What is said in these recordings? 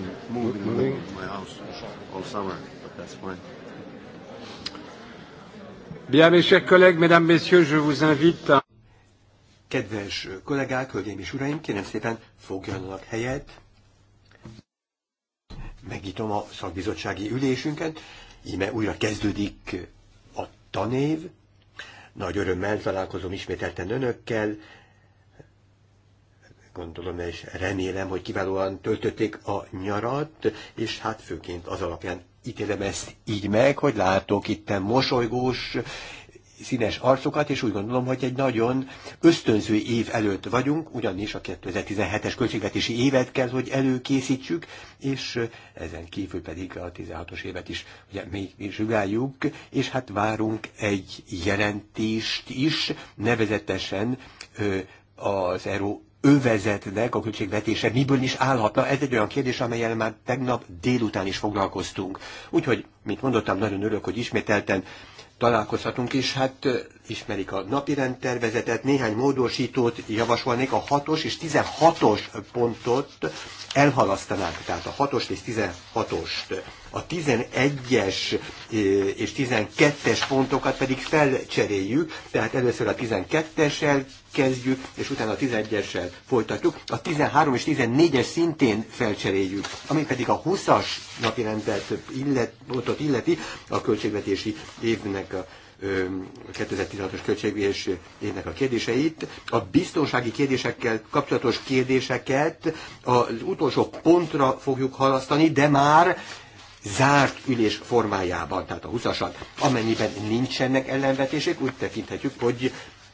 been moving, moving. my house all summer, but that's fine. Bien, mes chers collègues, mesdames, messieurs, je vous invite à... Kedves kollégák, hölgyeim és uraim, kérem szépen foglaljanak helyet. Megnyitom a szakbizottsági ülésünket. Íme újra kezdődik a tanév. Nagy örömmel találkozom ismételten önökkel, gondolom és remélem, hogy kiválóan töltötték a nyarat, és hát főként az alapján ítélem ezt így meg, hogy látok itt mosolygós, színes arcokat, és úgy gondolom, hogy egy nagyon ösztönző év előtt vagyunk, ugyanis a 2017-es költségvetési évet kell, hogy előkészítsük, és ezen kívül pedig a 16-os évet is ugye, még vizsgáljuk, és hát várunk egy jelentést is, nevezetesen az Euró övezetnek a költségvetése miből is állhatna? Ez egy olyan kérdés, amelyel már tegnap délután is foglalkoztunk. Úgyhogy, mint mondottam, nagyon örülök, hogy ismételten találkozhatunk, és hát ismerik a napi rendtervezetet, néhány módosítót javasolnék, a 6-os és 16-os pontot elhalasztanánk, tehát a 6-os és 16-ost, a 11-es és 12-es pontokat pedig felcseréljük, tehát először a 12-essel kezdjük, és utána a 11-essel folytatjuk. A 13 és 14-es szintén felcseréljük, ami pedig a 20-as napi rendet illet, illeti a költségvetési évnek a 2016-os költségvés évnek a kérdéseit, a biztonsági kérdésekkel kapcsolatos kérdéseket az utolsó pontra fogjuk halasztani, de már zárt ülés formájában, tehát a 20-asat, amennyiben nincsenek ellenvetések, úgy tekinthetjük, hogy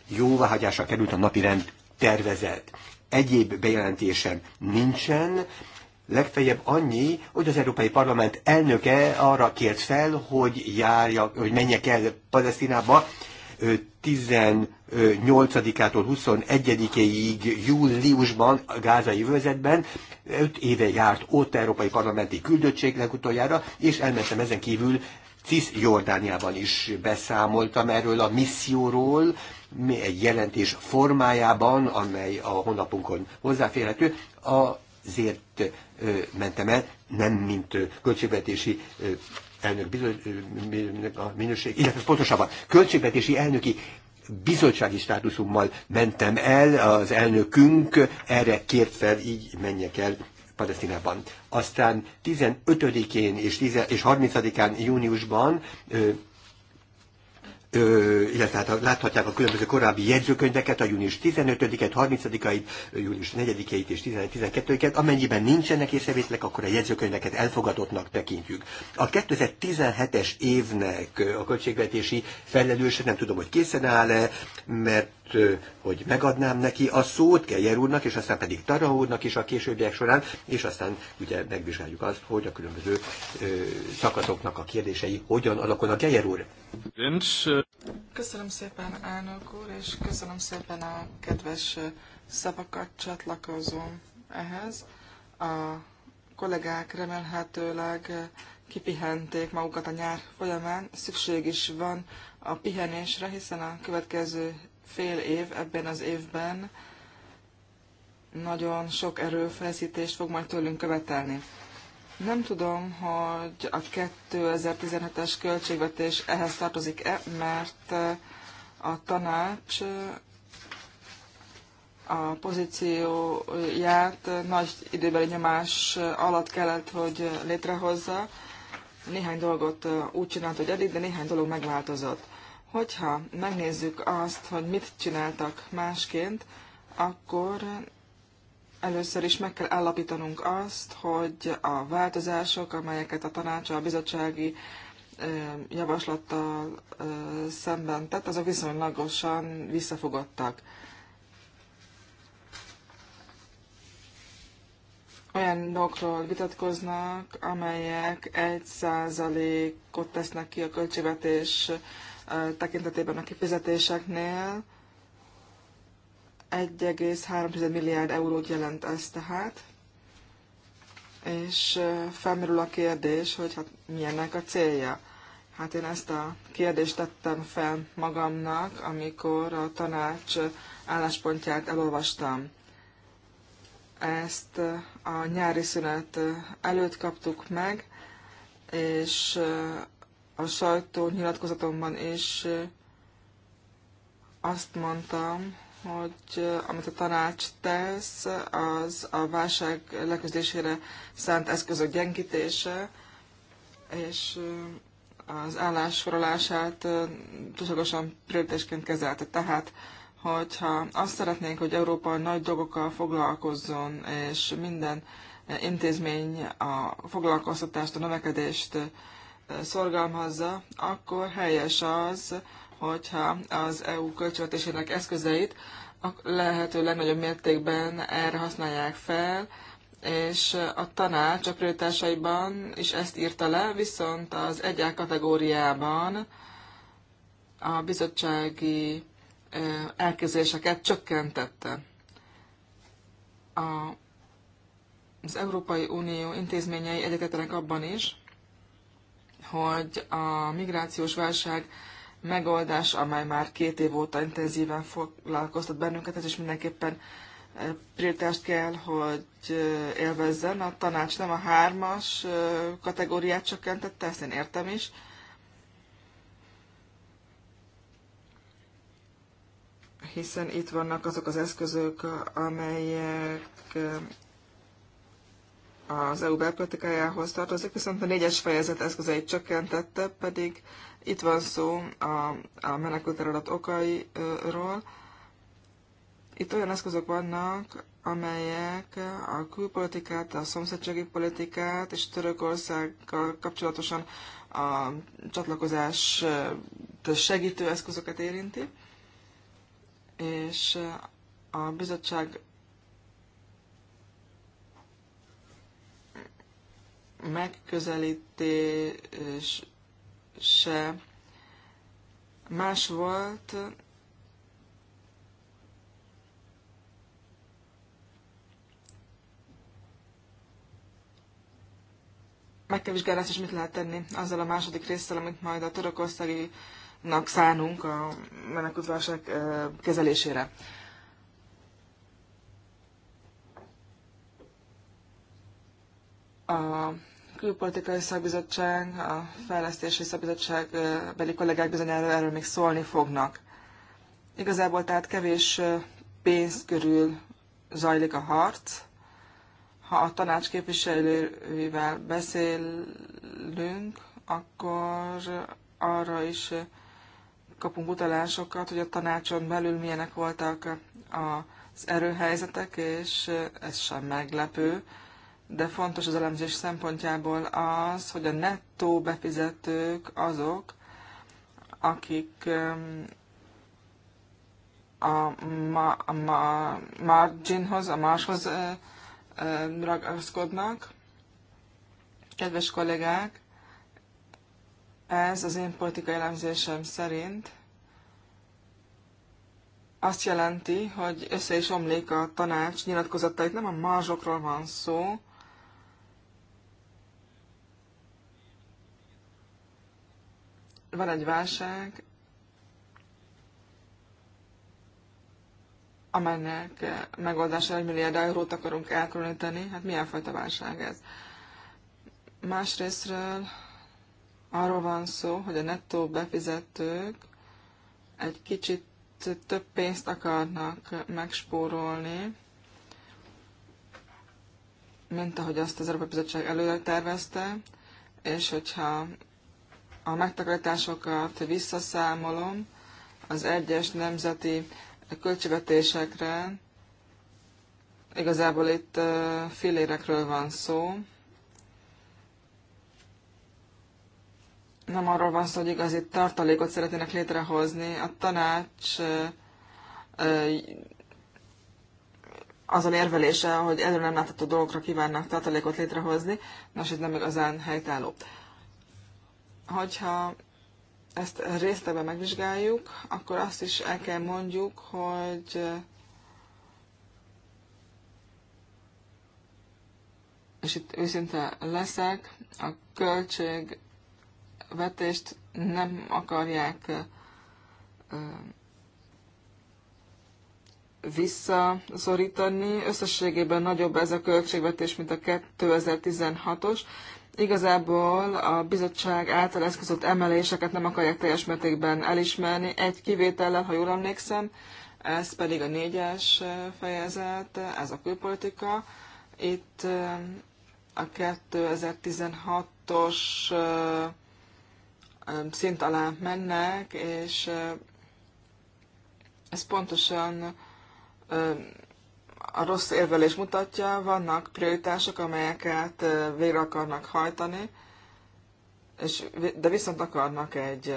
jóváhagyásra került a napirend tervezet. Egyéb bejelentésem nincsen, legfeljebb annyi, hogy az Európai Parlament elnöke arra kért fel, hogy járja, hogy menjek el Palesztinába 18-ától 21-ig júliusban a gázai övezetben, 5 éve járt ott Európai Parlamenti küldöttség legutoljára, és elmentem ezen kívül Cisz Jordániában is beszámoltam erről a misszióról, egy jelentés formájában, amely a honlapunkon hozzáférhető, azért mentem el, nem mint költségvetési elnök a minőség, illetve pontosabban költségvetési elnöki bizottsági státuszummal mentem el, az elnökünk erre kért fel, így menjek el Palesztinában. Aztán 15-én és, 10, és 30-án júniusban illetve hát láthatják a különböző korábbi jegyzőkönyveket, a június 15-et, 30-ait, június 4-ét és 12 ét Amennyiben nincsenek észrevétlek, akkor a jegyzőkönyveket elfogadottnak tekintjük. A 2017-es évnek a költségvetési felelőse, nem tudom, hogy készen áll-e, mert hogy megadnám neki a szót Geyer úrnak, és aztán pedig Tara úrnak is a későbbiek során, és aztán ugye megvizsgáljuk azt, hogy a különböző ö, szakaszoknak a kérdései hogyan alakulnak. Geyer úr! Köszönöm szépen, elnök úr, és köszönöm szépen a kedves szavakat csatlakozom ehhez. A kollégák remélhetőleg kipihenték magukat a nyár folyamán, szükség is van a pihenésre, hiszen a következő fél év ebben az évben nagyon sok erőfeszítést fog majd tőlünk követelni. Nem tudom, hogy a 2017-es költségvetés ehhez tartozik-e, mert eh, a tanács eh, a pozícióját nagy időbeli nyomás alatt kellett, hogy létrehozza. Néhány dolgot eh, úgy csinált, hogy eddig, de néhány dolog megváltozott. Hogyha megnézzük azt, hogy mit csináltak másként, akkor először is meg kell állapítanunk azt, hogy a változások, amelyeket a tanácsa a bizottsági javaslattal szemben tett, azok viszonylagosan visszafogadtak. Olyan dolgokról vitatkoznak, amelyek egy százalékot tesznek ki a költségvetés tekintetében a kifizetéseknél. 1,3 milliárd eurót jelent ez tehát, és felmerül a kérdés, hogy hát milyennek a célja. Hát én ezt a kérdést tettem fel magamnak, amikor a tanács álláspontját elolvastam. Ezt a nyári szünet előtt kaptuk meg, és a sajtó nyilatkozatomban is eh, azt mondtam, hogy eh, amit a tanács tesz, az a válság leküzdésére szánt eszközök gyengítése, és eh, az állásforolását túlságosan prioritásként kezelte. Tehát, hogyha azt szeretnénk, hogy Európa nagy dolgokkal foglalkozzon, és minden intézmény a foglalkoztatást, a növekedést szorgalmazza, akkor helyes az, hogyha az EU költségvetésének eszközeit a lehető legnagyobb mértékben erre használják fel, és a tanács a prioritásaiban is ezt írta le, viszont az egyá kategóriában a bizottsági elképzeléseket csökkentette. A, az Európai Unió intézményei egyetetlenek abban is, hogy a migrációs válság megoldás, amely már két év óta intenzíven foglalkoztat bennünket, ez is mindenképpen eh, prioritást kell, hogy eh, élvezzen. A tanács nem a hármas eh, kategóriát csökkentette, ezt én értem is. Hiszen itt vannak azok az eszközök, amelyek az EU belpolitikájához tartozik, viszont a négyes fejezet eszközeit csökkentette, pedig itt van szó a, a menekülterület okairól. Itt olyan eszközök vannak, amelyek a külpolitikát, a szomszédsági politikát és Törökországgal kapcsolatosan a csatlakozás segítő eszközöket érinti, és a bizottság megközelítése más volt, meg kell vizsgálni azt is, mit lehet tenni azzal a második résszel, amit majd a törökországinak szánunk a menekültválság kezelésére. A külpolitikai szakbizottság, a fejlesztési szakbizottság beli kollégák bizonyára erről még szólni fognak. Igazából tehát kevés pénz körül zajlik a harc. Ha a tanács képviselőivel beszélünk, akkor arra is kapunk utalásokat, hogy a tanácson belül milyenek voltak az erőhelyzetek, és ez sem meglepő de fontos az elemzés szempontjából az, hogy a nettó befizetők azok, akik a, ma, a ma, marginhoz, a máshoz ragaszkodnak. Kedves kollégák, ez az én politikai elemzésem szerint azt jelenti, hogy össze is omlik a tanács nyilatkozatait. Nem a marzsokról van szó, van egy válság, amelynek megoldására egy milliárd eurót akarunk elkülöníteni, hát milyen fajta válság ez? Másrésztről arról van szó, hogy a nettó befizetők egy kicsit több pénzt akarnak megspórolni, mint ahogy azt az Európai Bizottság előre tervezte, és hogyha a megtakarításokat visszaszámolom az egyes nemzeti költségvetésekre. Igazából itt filérekről van szó. Nem arról van szó, hogy igazi tartalékot szeretnének létrehozni. A tanács azon érvelése, hogy előre nem látható dolgokra kívánnak tartalékot létrehozni, nos, ez nem igazán helytálló hogyha ezt részletben megvizsgáljuk, akkor azt is el kell mondjuk, hogy és itt őszinte leszek, a költségvetést nem akarják visszaszorítani. Összességében nagyobb ez a költségvetés, mint a 2016-os, Igazából a bizottság által eszközött emeléseket nem akarják teljes mértékben elismerni, egy kivétellel, ha jól emlékszem, ez pedig a négyes fejezet, ez a külpolitika. Itt eh, a 2016-os eh, szint alá mennek, és eh, ez pontosan a rossz érvelés mutatja, vannak prioritások, amelyeket végre akarnak hajtani, és, de viszont akarnak egy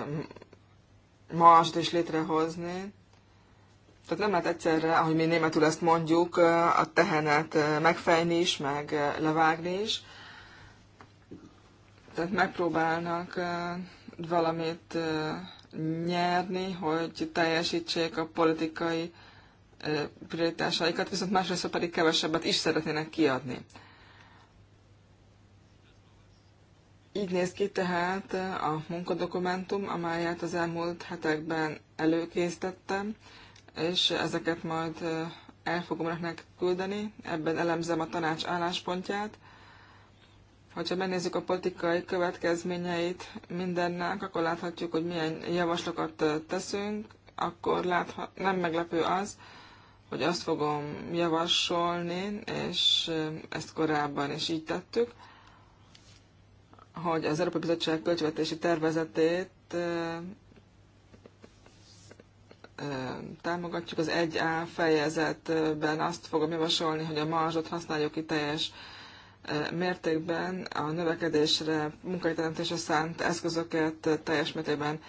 mást is létrehozni. Tehát nem lehet egyszerre, ahogy mi németül ezt mondjuk, a tehenet megfejni is, meg levágni is. Tehát megpróbálnak valamit nyerni, hogy teljesítsék a politikai prioritásaikat, viszont másrészt pedig kevesebbet is szeretnének kiadni. Így néz ki tehát a munkadokumentum, amelyet az elmúlt hetekben előkészítettem, és ezeket majd el fogom önöknek küldeni, ebben elemzem a tanács álláspontját. Hogyha megnézzük a politikai következményeit mindennek, akkor láthatjuk, hogy milyen javaslatokat teszünk, akkor látha- nem meglepő az, hogy azt fogom javasolni, és eh, ezt korábban is így tettük, hogy az Európai Bizottság költségvetési tervezetét eh, eh, támogatjuk. Az 1A fejezetben azt fogom javasolni, hogy a marzsot használjuk ki teljes mértékben, a növekedésre, munkahelyteremtésre szánt eszközöket teljes mértékben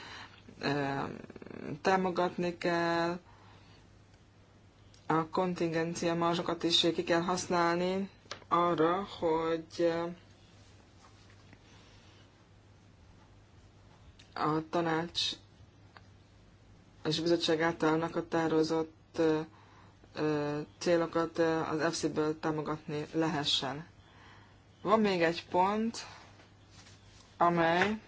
támogatni kell, a kontingencia marzsokat is ki kell használni arra, hogy eh, a tanács és a bizottság által meghatározott eh, célokat eh, az FC-ből támogatni lehessen. Van még egy pont, amely,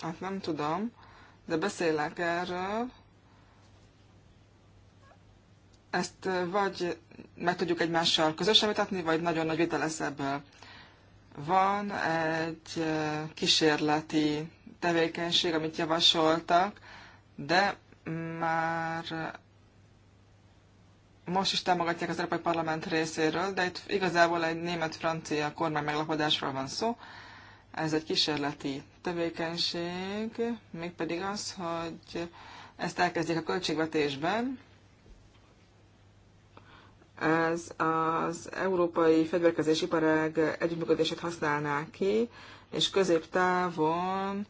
hát nem tudom, de beszélek erről, ezt vagy meg tudjuk egymással közösen vitatni, vagy nagyon nagy vita lesz ebből. Van egy kísérleti tevékenység, amit javasoltak, de már most is támogatják az Európai Parlament részéről, de itt igazából egy német-francia kormány meglapodásról van szó. Ez egy kísérleti tevékenység, mégpedig az, hogy ezt elkezdjék a költségvetésben, ez az európai Fegyverkezési iparág együttműködését használná ki, és középtávon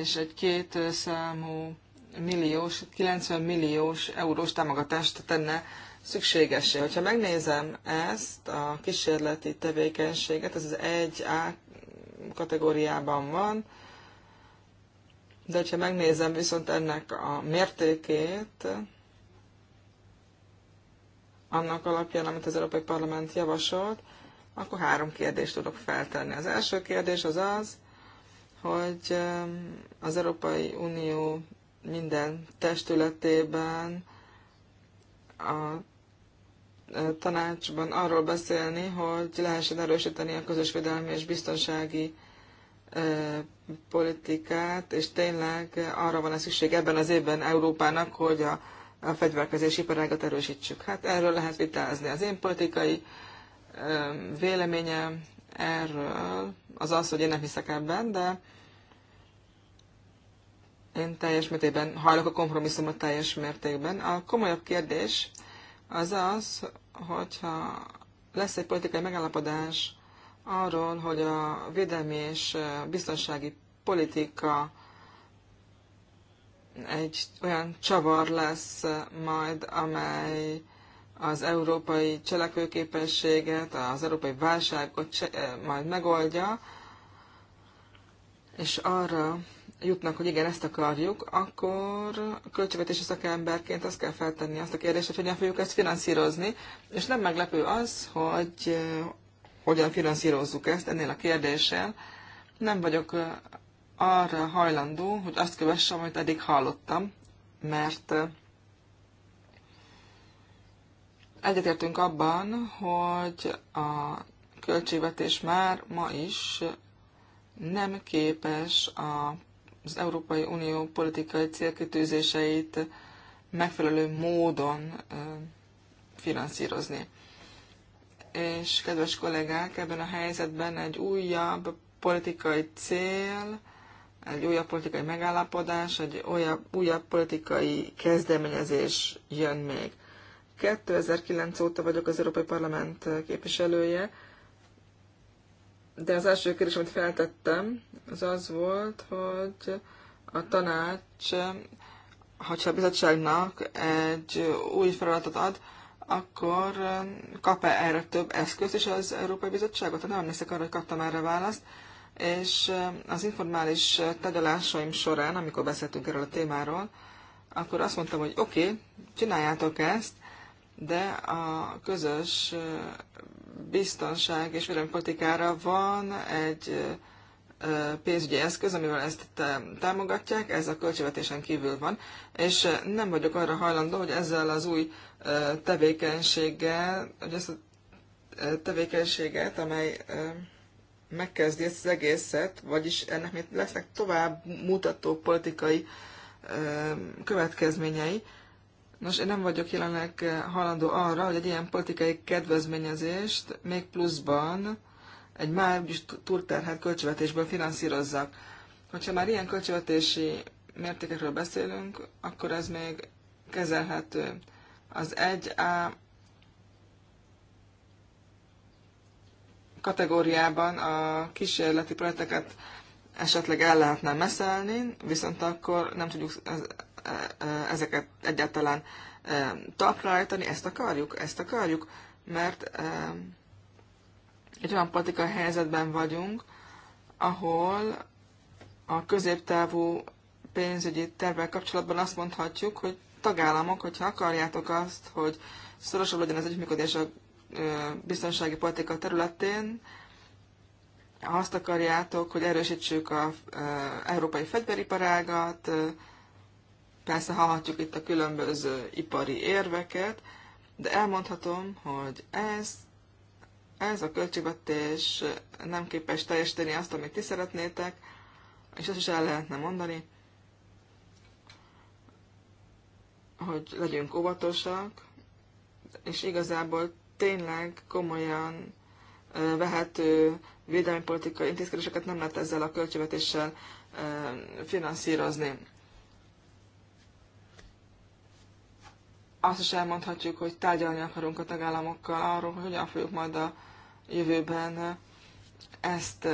és egy két számú milliós, 90 milliós eurós támogatást tenne szükségesé. Hogyha megnézem ezt a kísérleti tevékenységet, ez az 1A kategóriában van, de ha megnézem viszont ennek a mértékét, annak alapján, amit az Európai Parlament javasolt, akkor három kérdést tudok feltenni. Az első kérdés az az, hogy az Európai Unió minden testületében a e, tanácsban arról beszélni, hogy lehessen erősíteni a közös védelmi és biztonsági e, politikát, és tényleg arra van a szükség ebben az évben Európának, hogy a a fegyverkezési iparágat erősítsük. Hát erről lehet vitázni. Az én politikai véleményem erről az az, hogy én nem hiszek ebben, de én teljes mértékben hajlok a kompromisszumot teljes mértékben. A komolyabb kérdés az az, hogyha lesz egy politikai megállapodás arról, hogy a védelmi és biztonsági politika egy olyan csavar lesz majd, amely az európai cselekvőképességet, az európai válságot eh, majd megoldja, és arra jutnak, hogy igen, ezt akarjuk, akkor a költségvetési szakemberként azt kell feltenni azt a kérdést, hogy hogyan fogjuk ezt finanszírozni, és nem meglepő az, hogy eh, hogyan finanszírozzuk ezt ennél a kérdéssel. Nem vagyok eh, arra hajlandó, hogy azt kövessem, amit eddig hallottam, mert egyetértünk abban, hogy a költségvetés már ma is nem képes az Európai Unió politikai célkitűzéseit megfelelő módon finanszírozni. És kedves kollégák, ebben a helyzetben egy újabb politikai cél egy újabb politikai megállapodás, egy olyan újabb politikai kezdeményezés jön még. 2009 óta vagyok az Európai Parlament képviselője, de az első kérdés, amit feltettem, az az volt, hogy a tanács, ha a bizottságnak egy új feladatot ad, akkor kap-e erre több eszközt is az Európai Bizottságot? Hát nem emlékszek arra, hogy kaptam erre választ és eh, az informális tárgyalásaim során, amikor beszéltünk erről a témáról, akkor azt mondtam, hogy oké, okay, csináljátok ezt, de a közös eh, biztonság és véleménypolitikára van egy eh, pénzügyi eszköz, amivel ezt támogatják, ez a költségvetésen kívül van, és nem vagyok arra hajlandó, hogy ezzel az új tevékenységgel, hogy ezt a tevékenységet, amely megkezdi ezt az egészet, vagyis ennek még lesznek tovább mutató politikai következményei. Nos, én nem vagyok jelenleg halandó arra, hogy egy ilyen politikai kedvezményezést még pluszban egy már úgyis túlterhelt költségvetésből finanszírozzak. Hogyha már ilyen költségvetési mértékekről beszélünk, akkor ez még kezelhető. Az 1A kategóriában a kísérleti projekteket esetleg el lehetne meszelni, viszont akkor nem tudjuk e, e, e, ezeket egyáltalán talpra ezt akarjuk, ezt akarjuk, mert egy olyan politikai helyzetben vagyunk, ahol a középtávú pénzügyi tervvel kapcsolatban azt mondhatjuk, hogy tagállamok, hogyha akarjátok azt, hogy szorosabb legyen az együttműködés a biztonsági politika területén. Azt akarjátok, hogy erősítsük az európai fegyveriparágat, persze hallhatjuk itt a különböző ipari érveket, de elmondhatom, hogy ez, ez a költségvetés nem képes teljesíteni azt, amit ti szeretnétek, és azt is el lehetne mondani, hogy legyünk óvatosak, és igazából tényleg komolyan vehető védelmi politikai intézkedéseket nem lehet ezzel a költségvetéssel finanszírozni. Azt is elmondhatjuk, hogy tárgyalni akarunk a tagállamokkal arról, hogy hogyan fogjuk majd a jövőben ezt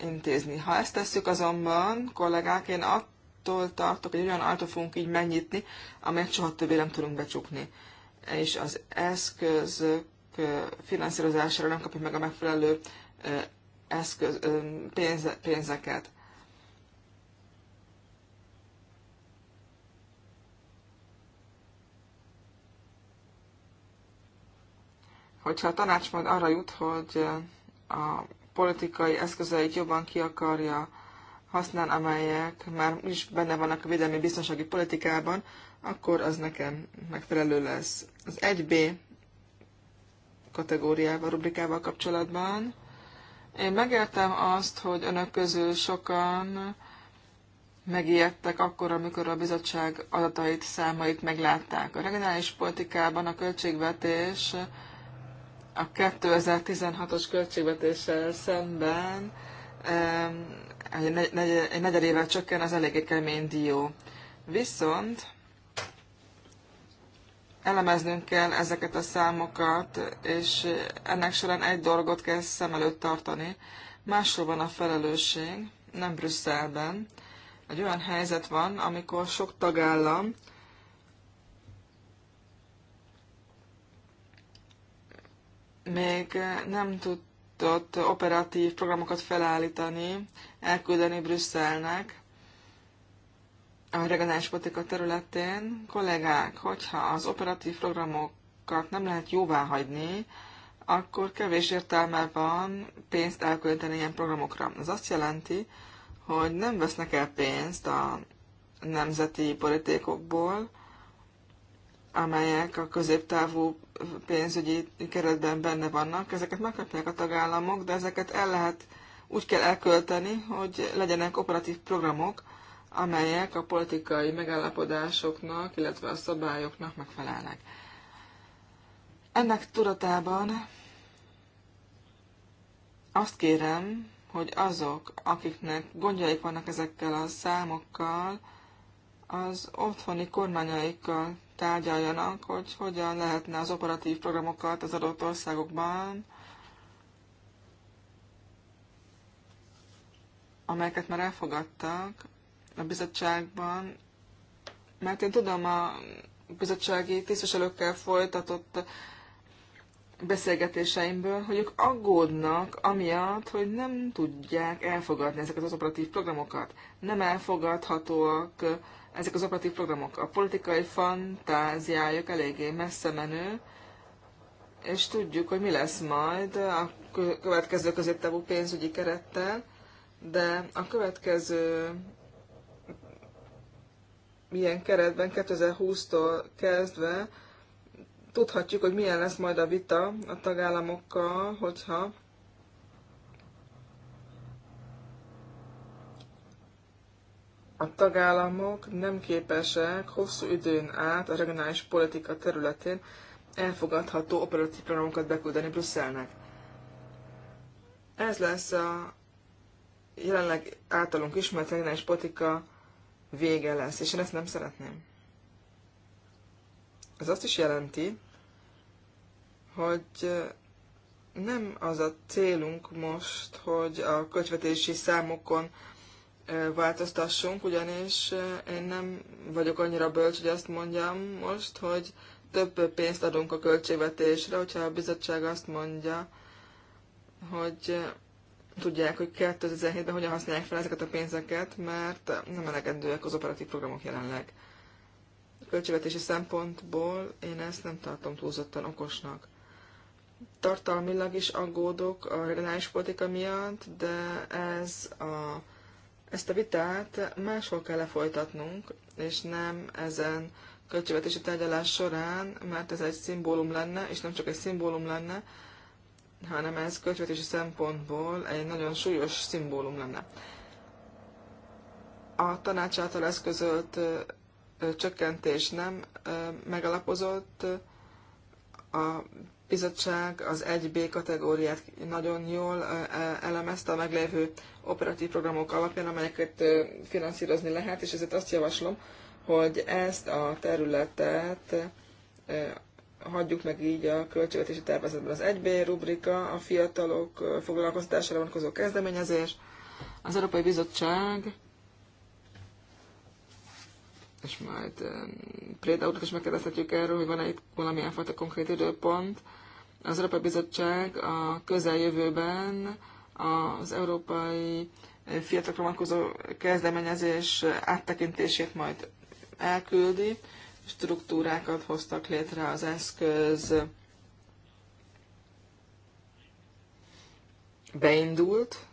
intézni. Ha ezt tesszük azonban, kollégák, én attól tartok, hogy olyan ajtót fogunk így megnyitni, amelyet soha többé nem tudunk becsukni és az eszközök finanszírozására nem kapja meg a megfelelő eszköz, pénze, pénzeket. Hogyha a tanács majd arra jut, hogy a politikai eszközeit jobban ki akarja használni, amelyek már is benne vannak a védelmi biztonsági politikában, akkor az nekem megfelelő lesz. Az 1B kategóriával, rubrikával kapcsolatban én megértem azt, hogy önök közül sokan megijedtek akkor, amikor a bizottság adatait, számait meglátták. A regionális politikában a költségvetés a 2016-os költségvetéssel szemben egy negyedével csökken, az eléggé kemény dió. Viszont elemeznünk kell ezeket a számokat, és ennek során egy dolgot kell szem előtt tartani. Máshol van a felelősség, nem Brüsszelben. Egy olyan helyzet van, amikor sok tagállam még nem tudott operatív programokat felállítani, elküldeni Brüsszelnek, a regionális politika területén, kollégák, hogyha az operatív programokat nem lehet jóvá hagyni, akkor kevés értelme van pénzt elkölteni ilyen programokra. Ez azt jelenti, hogy nem vesznek el pénzt a nemzeti politikokból, amelyek a középtávú pénzügyi keretben benne vannak. Ezeket megkapják a tagállamok, de ezeket el lehet úgy kell elkölteni, hogy legyenek operatív programok, amelyek a politikai megállapodásoknak, illetve a szabályoknak megfelelnek. Ennek tudatában azt kérem, hogy azok, akiknek gondjaik vannak ezekkel a számokkal, az otthoni kormányaikkal tárgyaljanak, hogy hogyan lehetne az operatív programokat az adott országokban, amelyeket már elfogadtak, a bizottságban, mert én tudom a bizottsági tisztviselőkkel folytatott beszélgetéseimből, hogy ők aggódnak amiatt, hogy nem tudják elfogadni ezeket az operatív programokat. Nem elfogadhatóak ezek az operatív programok. A politikai fantáziájuk eléggé messze menő, és tudjuk, hogy mi lesz majd a következő középtávú pénzügyi kerettel, de a következő milyen keretben 2020-tól kezdve tudhatjuk, hogy milyen lesz majd a vita a tagállamokkal, hogyha a tagállamok nem képesek hosszú időn át a regionális politika területén elfogadható operatív programokat beküldeni Brüsszelnek. Ez lesz a jelenleg általunk ismert regionális politika vége lesz, és én ezt nem szeretném. Ez azt is jelenti, hogy nem az a célunk most, hogy a költvetési számokon változtassunk, ugyanis én nem vagyok annyira bölcs, hogy azt mondjam most, hogy több pénzt adunk a költségvetésre, hogyha a bizottság azt mondja, hogy tudják, hogy 2017-ben hogyan használják fel ezeket a pénzeket, mert nem elegendőek az operatív programok jelenleg. A költségvetési szempontból én ezt nem tartom túlzottan okosnak. Tartalmilag is aggódok a regionális politika miatt, de ez a, ezt a vitát máshol kell lefolytatnunk, és nem ezen költségvetési tárgyalás során, mert ez egy szimbólum lenne, és nem csak egy szimbólum lenne, hanem ez költségvetési szempontból egy nagyon súlyos szimbólum lenne. A tanács által eszközölt csökkentés nem megalapozott, a bizottság az 1B kategóriát nagyon jól e, elemezte a meglévő operatív programok alapján, amelyeket finanszírozni lehet, és ezért azt javaslom, hogy ezt a területet hagyjuk meg így a költségvetési tervezetben az 1B rubrika, a fiatalok foglalkoztatására vonatkozó kezdeményezés, az Európai Bizottság, és majd Préda urat is megkérdezhetjük erről, hogy van-e itt valamilyen fajta konkrét időpont. Az Európai Bizottság a közeljövőben az európai fiatalokra vonatkozó kezdeményezés áttekintését majd elküldi, struktúrákat hoztak létre az eszköz beindult.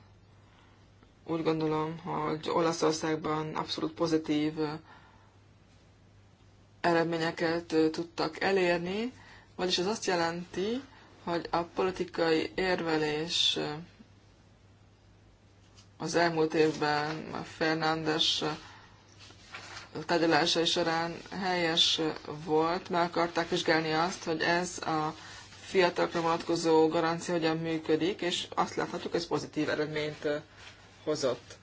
Úgy gondolom, hogy Olaszországban abszolút pozitív eredményeket tudtak elérni, vagyis az azt jelenti, hogy a politikai érvelés az elmúlt évben Fernándes tárgyalásai során helyes volt, mert akarták vizsgálni azt, hogy ez a fiatalokra vonatkozó garancia hogyan működik, és azt láthatjuk, ez pozitív eredményt hozott.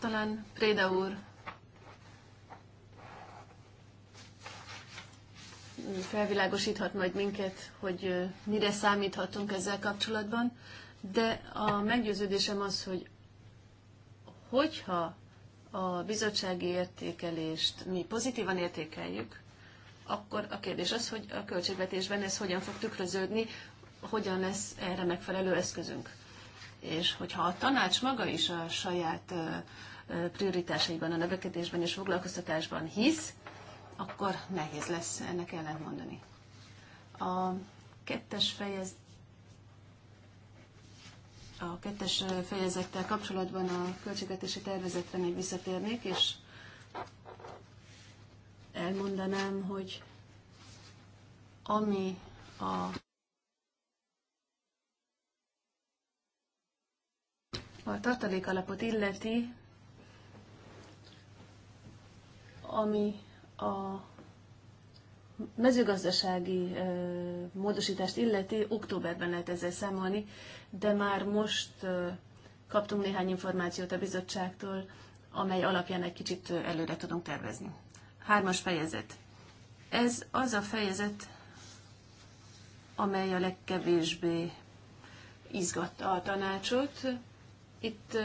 Talán Préda úr felvilágosíthat majd minket, hogy mire számíthatunk ezzel kapcsolatban, de a meggyőződésem az, hogy Hogyha a bizottsági értékelést mi pozitívan értékeljük, akkor a kérdés az, hogy a költségvetésben ez hogyan fog tükröződni, hogyan lesz erre megfelelő eszközünk. És hogyha a tanács maga is a saját prioritásaiban, a növekedésben és foglalkoztatásban hisz, akkor nehéz lesz ennek ellentmondani. A kettes fejez, a kettes fejezettel kapcsolatban a költségvetési tervezetre még visszatérnék, és elmondanám, hogy ami a a alapot illeti, ami a mezőgazdasági módosítást illeti, októberben lehet ezzel számolni, de már most kaptunk néhány információt a bizottságtól, amely alapján egy kicsit előre tudunk tervezni. Hármas fejezet. Ez az a fejezet, amely a legkevésbé izgatta a tanácsot. Itt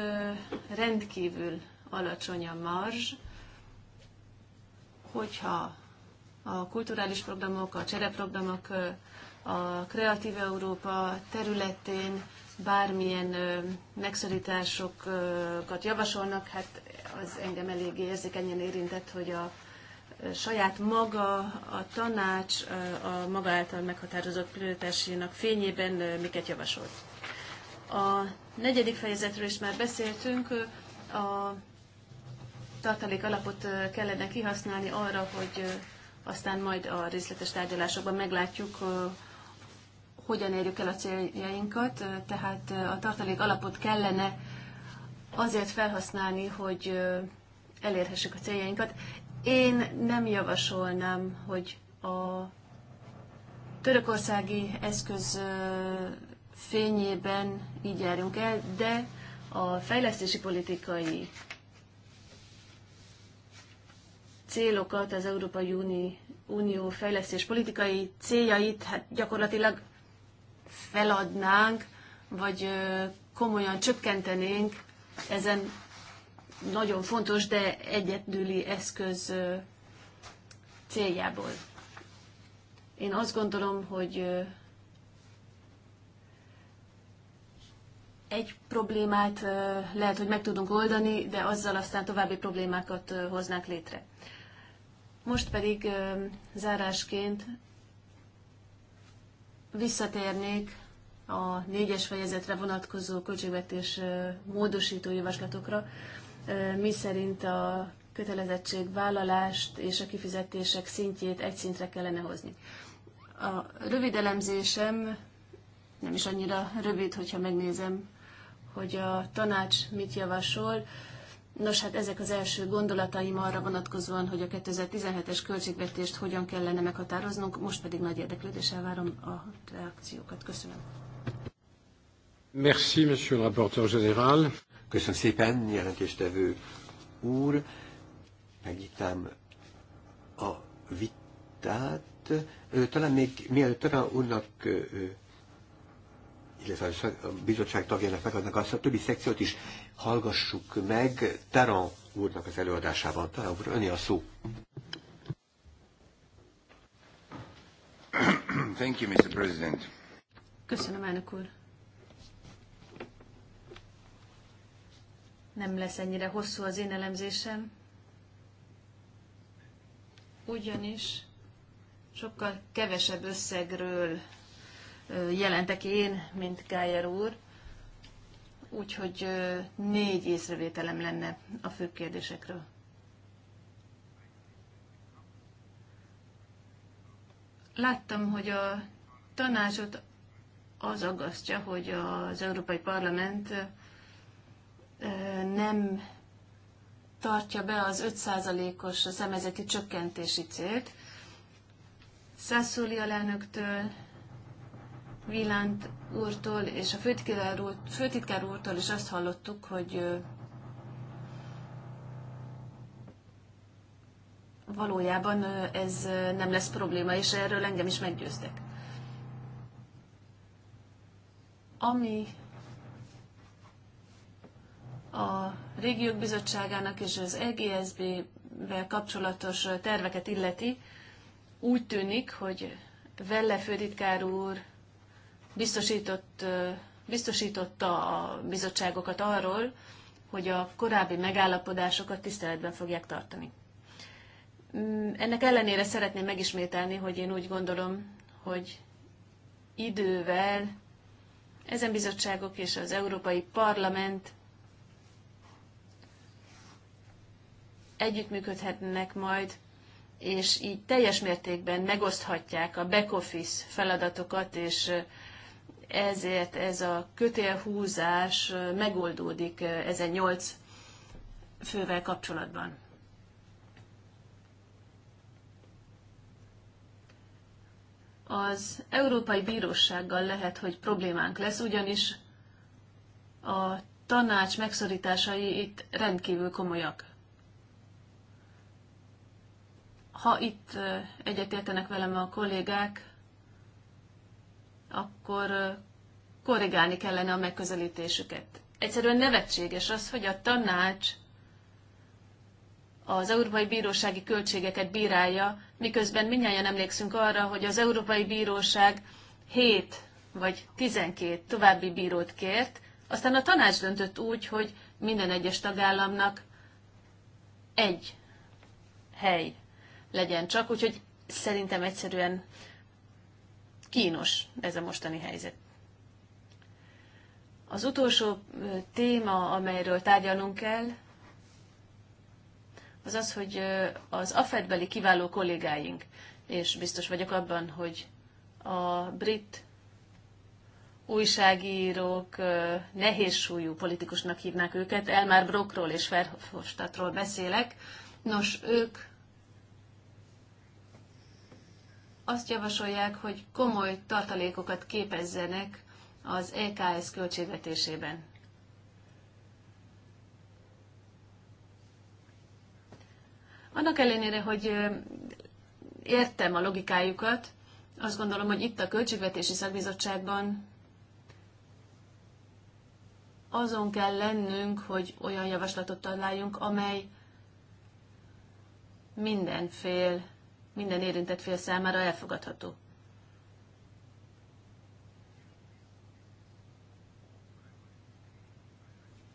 rendkívül alacsony a marzs, hogyha a kulturális programok, a csereprogramok, a Kreatív Európa területén bármilyen megszorításokat javasolnak, hát az engem eléggé érzékenyen érintett, hogy a saját maga, a tanács a maga által meghatározott prioritásainak fényében miket javasolt. A negyedik fejezetről is már beszéltünk, a tartalék alapot kellene kihasználni arra, hogy aztán majd a részletes tárgyalásokban meglátjuk, hogyan érjük el a céljainkat, tehát a tartalék alapot kellene azért felhasználni, hogy elérhessük a céljainkat. Én nem javasolnám, hogy a törökországi eszköz fényében így járjunk el, de a fejlesztési politikai célokat, az Európai Unió, fejlesztés politikai céljait hát gyakorlatilag feladnánk, vagy komolyan csökkentenénk ezen nagyon fontos, de egyedüli eszköz céljából. Én azt gondolom, hogy egy problémát lehet, hogy meg tudunk oldani, de azzal aztán további problémákat hoznánk létre. Most pedig zárásként visszatérnék a négyes fejezetre vonatkozó költségvetés módosító javaslatokra, mi szerint a vállalást és a kifizetések szintjét egy szintre kellene hozni. A rövid elemzésem nem is annyira rövid, hogyha megnézem, hogy a tanács mit javasol. Nos, hát ezek az első gondolataim arra vonatkozóan, hogy a 2017-es költségvetést hogyan kellene meghatároznunk, most pedig nagy érdeklődéssel várom a reakciókat. Köszönöm. Merci, monsieur le rapporteur général. Köszönöm szépen, jelentéstevő úr. Megnyitám a vitát. Talán még mielőtt Tara úrnak illetve a bizottság tagjának megadnak azt, a többi szekciót is hallgassuk meg Taran úrnak az előadásában. Taran úr, öné a szó. Thank you, Mr. President. Köszönöm, elnök úr. Nem lesz ennyire hosszú az én elemzésem, ugyanis sokkal kevesebb összegről jelentek én, mint Gájer úr úgyhogy négy észrevételem lenne a fő kérdésekről. Láttam, hogy a tanácsot az aggasztja, hogy az Európai Parlament nem tartja be az 5%-os szemezeti csökkentési célt. Szászóli alelnöktől villant úrtól és a főtitkár, úr, főtitkár úrtól is azt hallottuk, hogy valójában ez nem lesz probléma, és erről engem is meggyőztek. Ami a régiók bizottságának és az EGSB-vel kapcsolatos terveket illeti, úgy tűnik, hogy Velle főtitkár úr biztosított, biztosította a bizottságokat arról, hogy a korábbi megállapodásokat tiszteletben fogják tartani. Mm, ennek ellenére szeretném megismételni, hogy én úgy gondolom, hogy idővel ezen bizottságok és az Európai Parlament együttműködhetnek majd, és így teljes mértékben megoszthatják a back-office feladatokat és ezért ez a kötélhúzás megoldódik ezen nyolc fővel kapcsolatban. Az Európai Bírósággal lehet, hogy problémánk lesz, ugyanis a tanács megszorításai itt rendkívül komolyak. Ha itt egyetértenek velem a kollégák, akkor korrigálni kellene a megközelítésüket. Egyszerűen nevetséges az, hogy a tanács az Európai Bírósági költségeket bírálja, miközben minnyáján emlékszünk arra, hogy az Európai Bíróság 7 vagy 12 további bírót kért, aztán a tanács döntött úgy, hogy minden egyes tagállamnak egy hely legyen csak, úgyhogy szerintem egyszerűen kínos ez a mostani helyzet. Az utolsó téma, amelyről tárgyalnunk kell, az az, hogy az AFED-beli kiváló kollégáink, és biztos vagyok abban, hogy a brit újságírók nehézsúlyú politikusnak hívnák őket, Elmar Brockról és Verhofstadtról beszélek. Nos, ők azt javasolják, hogy komoly tartalékokat képezzenek az EKS költségvetésében. Annak ellenére, hogy értem a logikájukat, azt gondolom, hogy itt a Költségvetési Szakbizottságban azon kell lennünk, hogy olyan javaslatot találjunk, amely minden fél minden érintett fél számára elfogadható.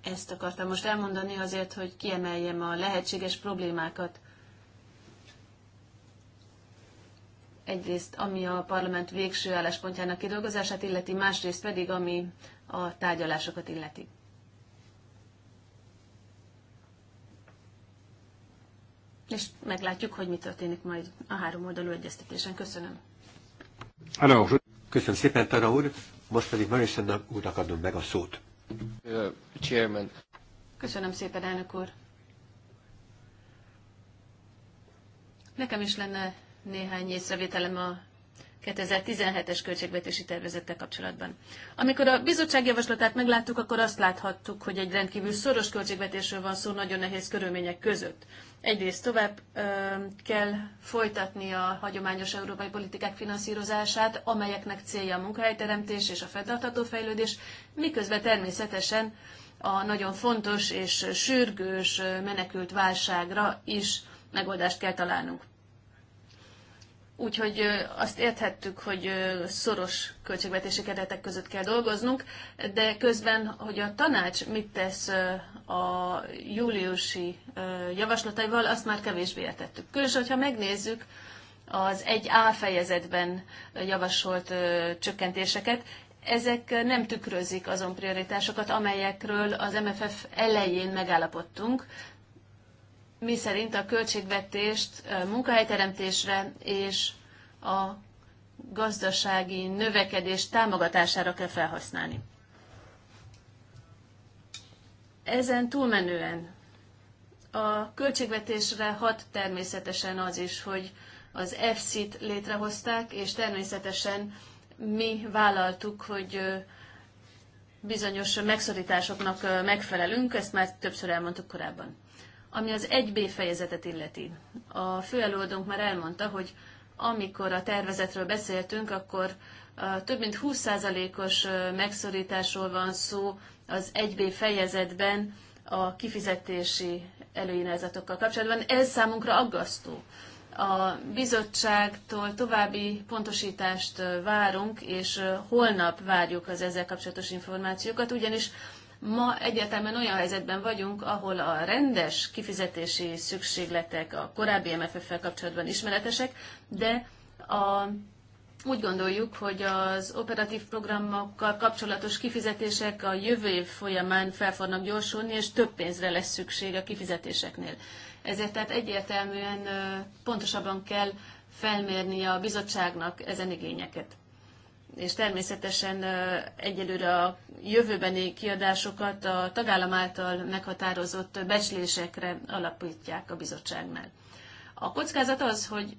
Ezt akartam most elmondani azért, hogy kiemeljem a lehetséges problémákat. Egyrészt, ami a parlament végső álláspontjának kidolgozását illeti, másrészt pedig, ami a tárgyalásokat illeti. és meglátjuk, hogy mi történik majd a három oldalú egyeztetésen. Köszönöm. Hello. Köszönöm szépen, Tara úr. Most pedig Marisen úrnak adom meg a szót. Uh, chairman. Köszönöm szépen, elnök úr. Nekem is lenne néhány észrevételem a 2017-es költségvetési tervezette kapcsolatban. Amikor a bizottság javaslatát megláttuk, akkor azt láthattuk, hogy egy rendkívül szoros költségvetésről van szó nagyon nehéz körülmények között. Egyrészt tovább ö, kell folytatni a hagyományos európai politikák finanszírozását, amelyeknek célja a munkahelyteremtés és a fenntartható fejlődés, miközben természetesen a nagyon fontos és sürgős menekült válságra is megoldást kell találnunk. Úgyhogy azt érthettük, hogy szoros költségvetési keretek között kell dolgoznunk, de közben, hogy a tanács mit tesz a júliusi javaslataival, azt már kevésbé értettük. Különösen, hogyha megnézzük az egy A fejezetben javasolt csökkentéseket, ezek nem tükrözik azon prioritásokat, amelyekről az MFF elején megállapodtunk, mi szerint a költségvetést munkahelyteremtésre és a gazdasági növekedés támogatására kell felhasználni. Ezen túlmenően a költségvetésre hat természetesen az is, hogy az EFSZ-t létrehozták, és természetesen mi vállaltuk, hogy bizonyos megszorításoknak megfelelünk, ezt már többször elmondtuk korábban. Ami az 1B fejezetet illeti. A főelőadónk már elmondta, hogy amikor a tervezetről beszéltünk, akkor több mint 20%-os megszorításról van szó az 1B fejezetben a kifizetési előírásokkal. kapcsolatban. Ez számunkra aggasztó. A bizottságtól további pontosítást várunk, és holnap várjuk az ezzel kapcsolatos információkat, ugyanis Ma egyetemen olyan helyzetben vagyunk, ahol a rendes kifizetési szükségletek a korábbi MFF-fel kapcsolatban ismeretesek, de a úgy gondoljuk, hogy az operatív programokkal kapcsolatos kifizetések a jövő év folyamán fel fognak gyorsulni, és több pénzre lesz szükség a kifizetéseknél. Ezért tehát egyértelműen pontosabban kell felmérni a bizottságnak ezen igényeket és természetesen egyelőre a jövőbeni kiadásokat a tagállam által meghatározott becslésekre alapítják a bizottságnál. A kockázat az, hogy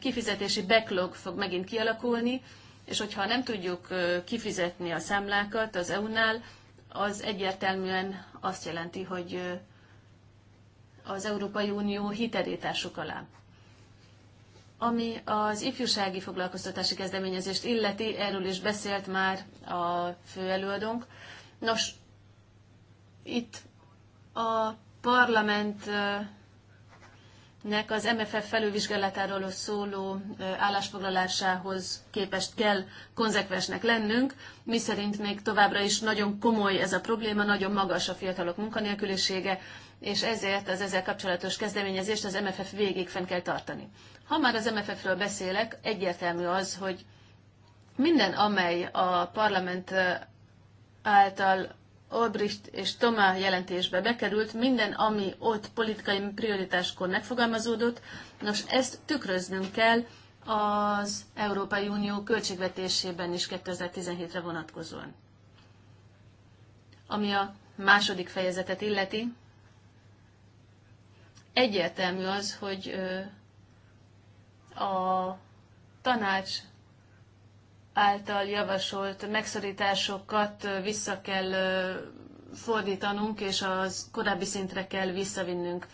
kifizetési backlog fog megint kialakulni, és hogyha nem tudjuk kifizetni a számlákat az EU-nál, az egyértelműen azt jelenti, hogy az Európai Unió hitelét alá. Ami az ifjúsági foglalkoztatási kezdeményezést illeti, erről is beszélt már a főelőadónk. Nos, itt a parlamentnek az MFF felülvizsgálatáról szóló állásfoglalásához képest kell konzekvensnek lennünk, miszerint még továbbra is nagyon komoly ez a probléma, nagyon magas a fiatalok munkanélkülisége, és ezért az ezzel kapcsolatos kezdeményezést az MFF végig fenn kell tartani. Ha már az MFF-ről beszélek, egyértelmű az, hogy minden, amely a parlament által Olbricht és Tomá jelentésbe bekerült, minden, ami ott politikai prioritáskor megfogalmazódott, nos, ezt tükröznünk kell az Európai Unió költségvetésében is 2017-re vonatkozóan. Ami a második fejezetet illeti, egyértelmű az, hogy a tanács által javasolt megszorításokat vissza kell fordítanunk, és az korábbi szintre kell visszavinnünk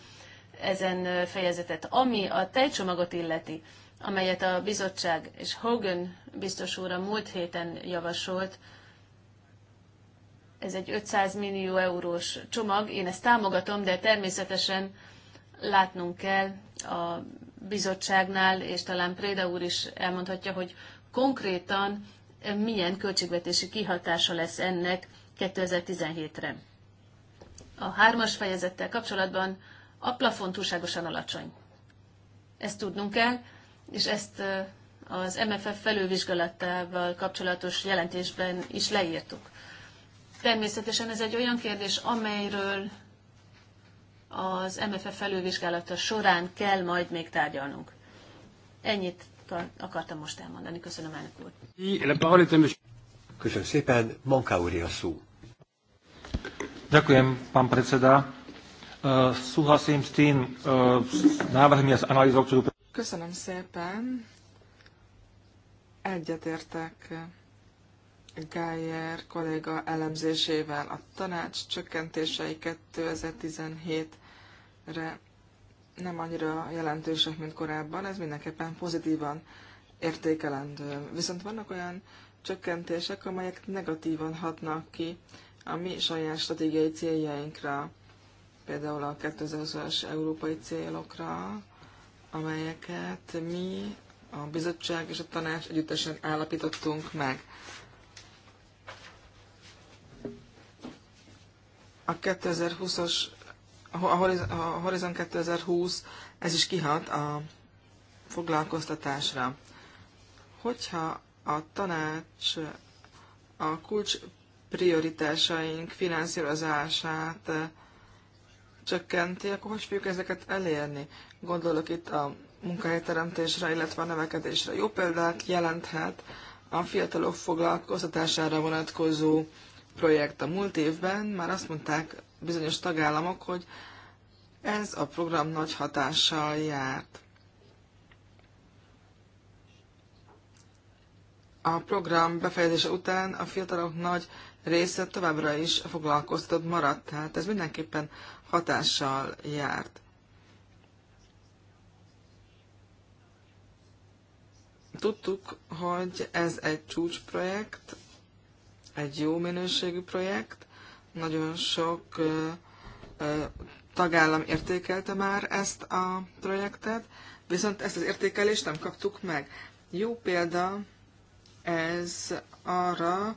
ezen fejezetet. Ami a tejcsomagot illeti, amelyet a bizottság és Hogan biztos úr a múlt héten javasolt, ez egy 500 millió eurós csomag, én ezt támogatom, de természetesen látnunk kell a bizottságnál, és talán Préda úr is elmondhatja, hogy konkrétan milyen költségvetési kihatása lesz ennek 2017-re. A hármas fejezettel kapcsolatban a plafon túlságosan alacsony. Ezt tudnunk kell, és ezt az MFF felővizsgálatával kapcsolatos jelentésben is leírtuk. Természetesen ez egy olyan kérdés, amelyről az MFF felülvizsgálata során kell majd még tárgyalnunk. Ennyit akartam most elmondani. Köszönöm, elnök úr. Köszönöm szépen. Manka úr a szó. Ďakujem, pán predseda. E, súhlasím s tým e, návrhmi a analýzou, ktorú... Köszönöm szépen. Egyetértek Geyer kolléga elemzésével a tanács csökkentései 2017-re nem annyira jelentősek, mint korábban, ez mindenképpen pozitívan értékelendő. Viszont vannak olyan csökkentések, amelyek negatívan hatnak ki a mi saját stratégiai céljainkra, például a 2020-as európai célokra, amelyeket mi, a bizottság és a tanács együttesen állapítottunk meg. a 2020-as, a Horizon 2020, ez is kihat a foglalkoztatásra. Hogyha a tanács a kulcs prioritásaink finanszírozását eh, csökkenti, akkor hogy fogjuk ezeket elérni? Gondolok itt a munkahelyteremtésre, illetve a növekedésre. Jó példát jelenthet a fiatalok foglalkoztatására vonatkozó projekt a múlt évben, már azt mondták bizonyos tagállamok, hogy ez a program nagy hatással járt. A program befejezése után a fiatalok nagy része továbbra is foglalkoztat maradt, tehát ez mindenképpen hatással járt. Tudtuk, hogy ez egy csúcsprojekt, egy jó minőségű projekt, nagyon sok tagállam értékelte már ezt a projektet, viszont ezt az értékelést nem kaptuk meg. Jó példa ez arra,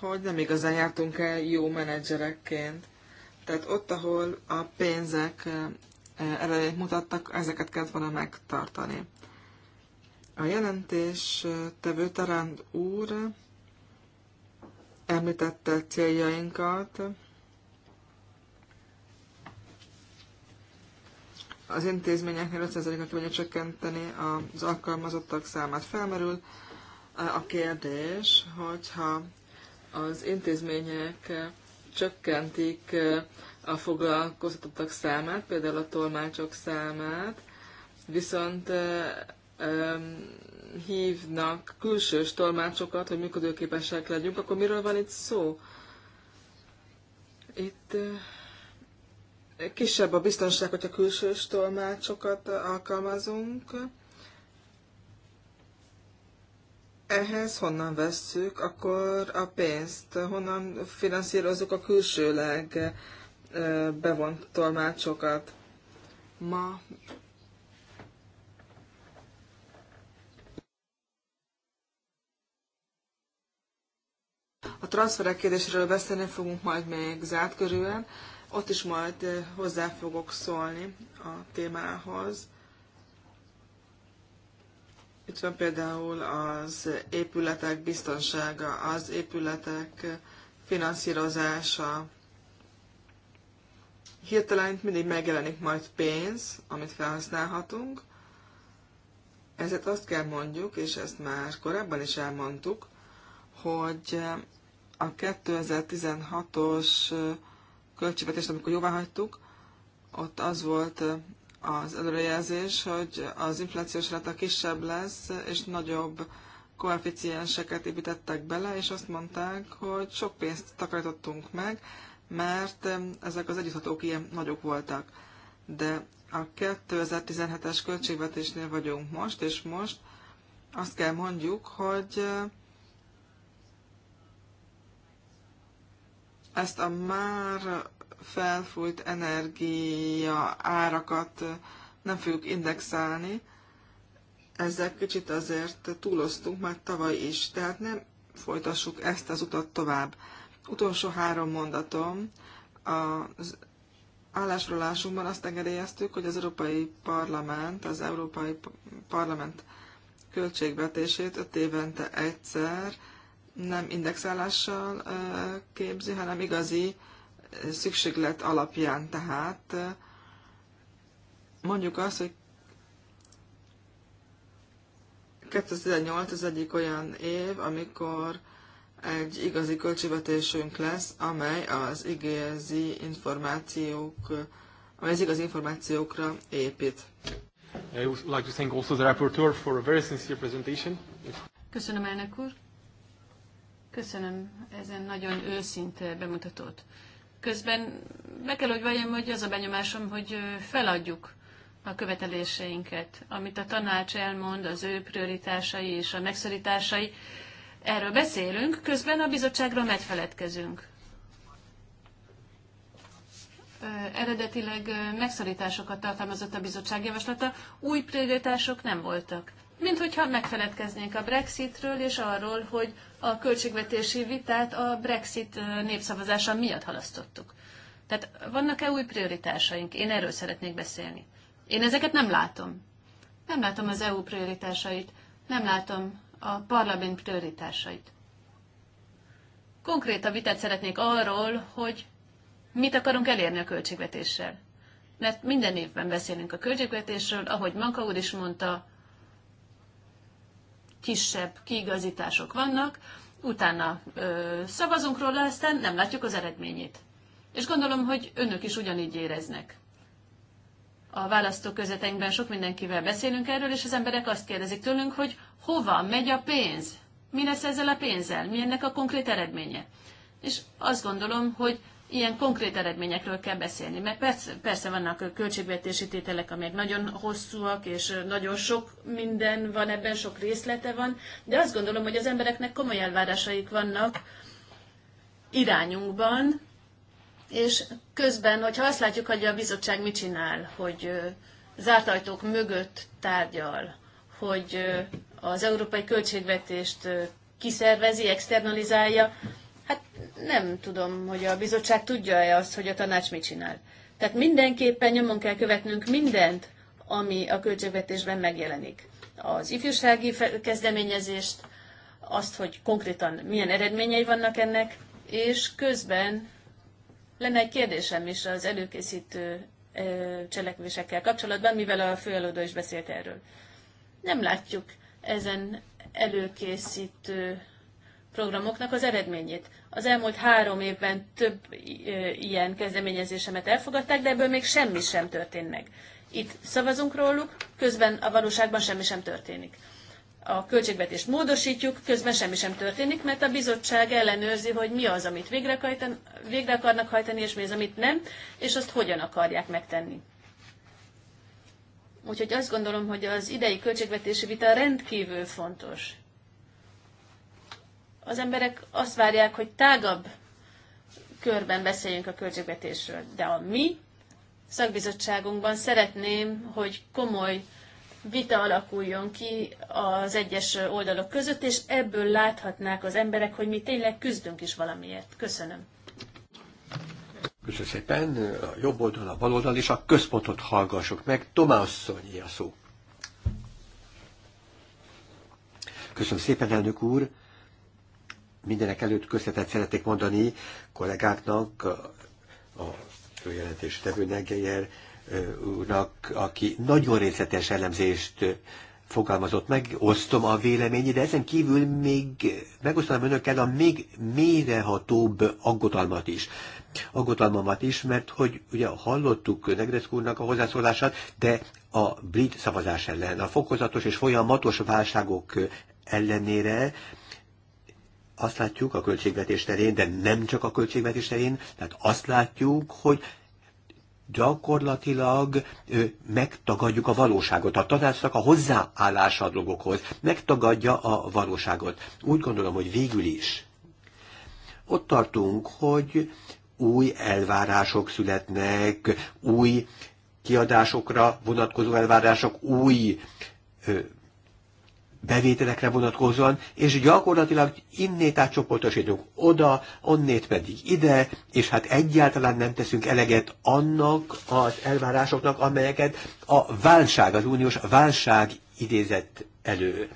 hogy nem igazán jártunk el jó menedzserekként. Tehát ott, ahol a pénzek eredményt mutattak, ezeket kellett volna megtartani. A jelentés tevő Tarand úr említette céljainkat. Az intézményeknél 5 ot vagy csökkenteni az alkalmazottak számát. Felmerül eh, a kérdés, hogyha az intézmények eh, csökkentik eh, a foglalkoztatottak számát, például a tolmácsok számát, viszont hívnak külsős tolmácsokat, hogy működőképesek legyünk, akkor miről van itt szó? Itt eh, kisebb a biztonság, hogyha külsős tolmácsokat alkalmazunk. Ehhez honnan vesszük akkor a pénzt? Honnan finanszírozzuk a külsőleg eh, bevont tolmácsokat? Ma A transferek kérdéséről beszélni fogunk majd még zárt körülön. Ott is majd eh, hozzá fogok szólni a témához. Itt van például az épületek biztonsága, az épületek finanszírozása. Hirtelen mindig megjelenik majd pénz, amit felhasználhatunk. Ezért azt kell mondjuk, és ezt már korábban is elmondtuk, hogy eh, a 2016-os költségvetést, amikor jóvá hagytuk, ott az volt az előrejelzés, hogy az inflációs ráta kisebb lesz, és nagyobb koeficienseket építettek bele, és azt mondták, hogy sok pénzt takarítottunk meg, mert ezek az együtthatók ilyen nagyok voltak. De a 2017-es költségvetésnél vagyunk most, és most azt kell mondjuk, hogy ezt a már felfújt energia árakat nem fogjuk indexálni, ezzel kicsit azért túloztunk már tavaly is, tehát nem folytassuk ezt az utat tovább. Utolsó három mondatom. Az állásrólásunkban azt engedélyeztük, hogy az Európai Parlament, az Európai Parlament költségvetését öt évente egyszer nem indexálással képzi, hanem igazi szükséglet alapján. Tehát mondjuk azt, hogy 2018 az egyik olyan év, amikor egy igazi költségvetésünk lesz, amely az igazi információk, amely az igazi információkra épít. I would like to thank also the rapporteur for a very sincere presentation. Köszönöm elnök úr. Köszönöm ezen nagyon őszinte bemutatót. Közben be kell, hogy valljam, hogy az a benyomásom, hogy feladjuk a követeléseinket, amit a tanács elmond, az ő prioritásai és a megszorításai. Erről beszélünk, közben a bizottságra megfeledkezünk. Eredetileg megszorításokat tartalmazott a bizottság javaslata, új prioritások nem voltak. Mint hogyha megfeledkeznénk a Brexitről és arról, hogy a költségvetési vitát a Brexit népszavazása miatt halasztottuk. Tehát vannak-e új prioritásaink? Én erről szeretnék beszélni. Én ezeket nem látom. Nem látom az EU prioritásait, nem látom a parlament prioritásait. Konkrét a vitát szeretnék arról, hogy mit akarunk elérni a költségvetéssel. Mert minden évben beszélünk a költségvetésről, ahogy Manka úr is mondta, kisebb kiigazítások vannak, utána ö, szavazunk róla, aztán nem látjuk az eredményét. És gondolom, hogy önök is ugyanígy éreznek. A választóközeteinkben sok mindenkivel beszélünk erről, és az emberek azt kérdezik tőlünk, hogy hova megy a pénz? Mi lesz ezzel a pénzzel? Mi ennek a konkrét eredménye? És azt gondolom, hogy ilyen konkrét eredményekről kell beszélni. Mert persze, persze vannak költségvetési tételek, amelyek nagyon hosszúak, és nagyon sok minden van ebben, sok részlete van, de azt gondolom, hogy az embereknek komoly elvárásaik vannak irányunkban, és közben, hogyha azt látjuk, hogy a bizottság mit csinál, hogy zárt ajtók mögött tárgyal, hogy az európai költségvetést kiszervezi, externalizálja, Hát nem tudom, hogy a bizottság tudja-e azt, hogy a tanács mit csinál. Tehát mindenképpen nyomon kell követnünk mindent, ami a költségvetésben megjelenik. Az ifjúsági kezdeményezést, azt, hogy konkrétan milyen eredményei vannak ennek, és közben lenne egy kérdésem is az előkészítő cselekvésekkel kapcsolatban, mivel a főelődő is beszélt erről. Nem látjuk ezen előkészítő programoknak az eredményét. Az elmúlt három évben több ilyen kezdeményezésemet elfogadták, de ebből még semmi sem történt meg. Itt szavazunk róluk, közben a valóságban semmi sem történik. A költségvetést módosítjuk, közben semmi sem történik, mert a bizottság ellenőrzi, hogy mi az, amit végre akarnak hajtani, és mi az, amit nem, és azt hogyan akarják megtenni. Úgyhogy azt gondolom, hogy az idei költségvetési vita rendkívül fontos az emberek azt várják, hogy tágabb körben beszéljünk a költségvetésről. De a mi szakbizottságunkban szeretném, hogy komoly vita alakuljon ki az egyes oldalok között, és ebből láthatnák az emberek, hogy mi tényleg küzdünk is valamiért. Köszönöm. Köszönöm szépen. A jobb oldal, a bal oldal és a központot hallgassuk meg. Szonyi a szó. Köszönöm szépen, elnök úr mindenek előtt köszönetet szeretnék mondani kollégáknak, a főjelentés tevőnek, Geyer úrnak, aki nagyon részletes elemzést fogalmazott meg, osztom a véleményi, de ezen kívül még megosztanám önökkel a még mélyrehatóbb aggodalmat is. Aggodalmamat is, mert hogy ugye hallottuk Negresz úrnak a hozzászólását, de a brit szavazás ellen, a fokozatos és folyamatos válságok ellenére azt látjuk a költségvetés terén, de nem csak a költségvetés terén, tehát azt látjuk, hogy gyakorlatilag ö, megtagadjuk a valóságot. A tanácsnak a hozzáállása a dolgokhoz megtagadja a valóságot. Úgy gondolom, hogy végül is. Ott tartunk, hogy új elvárások születnek, új kiadásokra vonatkozó elvárások, új ö, bevételekre vonatkozóan, és gyakorlatilag innét átcsoportosítunk oda, onnét pedig ide, és hát egyáltalán nem teszünk eleget annak az elvárásoknak, amelyeket a válság, az uniós válság idézett elő.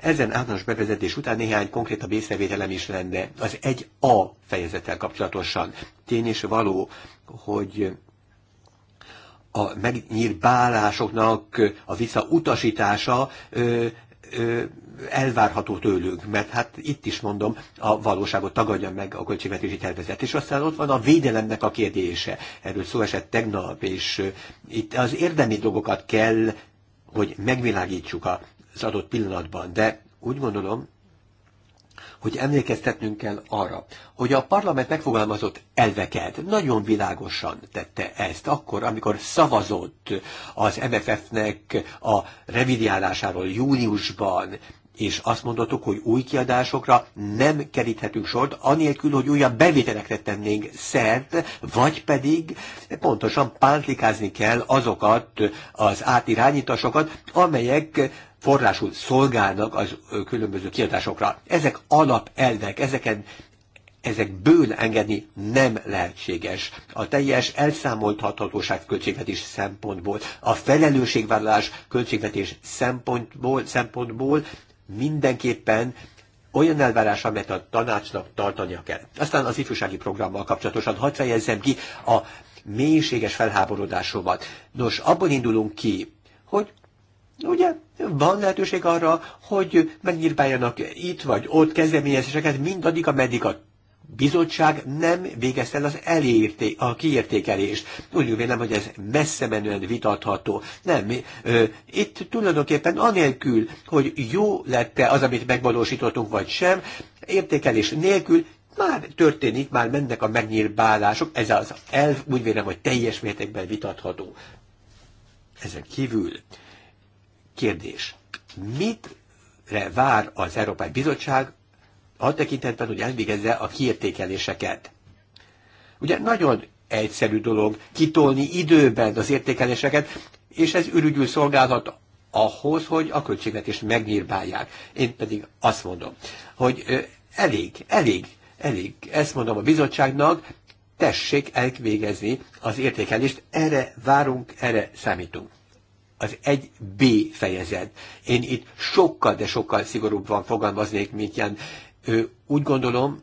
Ezen általános bevezetés után néhány konkrétabb észrevételem is lenne az 1A fejezettel kapcsolatosan. Tény és való, hogy a bálásoknak a visszautasítása elvárható tőlünk, mert hát itt is mondom, a valóságot tagadja meg a költségvetési tervezet. És aztán ott van a védelemnek a kérdése. Erről szó esett tegnap, és itt az érdemi dolgokat kell, hogy megvilágítsuk az adott pillanatban. De úgy gondolom, hogy emlékeztetnünk kell arra, hogy a parlament megfogalmazott elveket nagyon világosan tette ezt, akkor, amikor szavazott az MFF-nek a revidiálásáról júniusban, és azt mondottuk, hogy új kiadásokra nem keríthetünk sort, anélkül, hogy újabb bevételekre tennénk szert, vagy pedig pontosan pántlikázni kell azokat az átirányításokat, amelyek forrásul szolgálnak az különböző kiadásokra. Ezek alapelvek, ezeken ezekből engedni nem lehetséges. A teljes elszámolthatóság költségvetés szempontból, a felelősségvállalás költségvetés szempontból, szempontból mindenképpen olyan elvárás, amelyet a tanácsnak tartania kell. Aztán az ifjúsági programmal kapcsolatosan hadd fejezzem ki a mélységes felháborodásomat. Nos, abból indulunk ki, hogy Ugye van lehetőség arra, hogy megnyírpáljanak itt vagy ott kezdeményezéseket, mindaddig, ameddig a bizottság nem végezte el az elérté, a kiértékelést. Úgy vélem, hogy ez messze menően vitatható. Nem, ö, itt tulajdonképpen anélkül, hogy jó lett-e az, amit megvalósítottunk, vagy sem, értékelés nélkül már történik, már mennek a megnyírbálások, ez az elv úgy vélem, hogy teljes mértékben vitatható. Ezen kívül Kérdés. Mitre vár az Európai Bizottság a tekintetben, hogy elvégezze a kiértékeléseket? Ugye nagyon egyszerű dolog kitolni időben az értékeléseket, és ez ürügyül szolgálhat ahhoz, hogy a költségvetést megnyírbálják. Én pedig azt mondom, hogy elég, elég, elég, ezt mondom a bizottságnak, tessék elvégezni az értékelést, erre várunk, erre számítunk az egy b fejezet. Én itt sokkal, de sokkal szigorúbban fogalmaznék, mint ilyen. Úgy gondolom,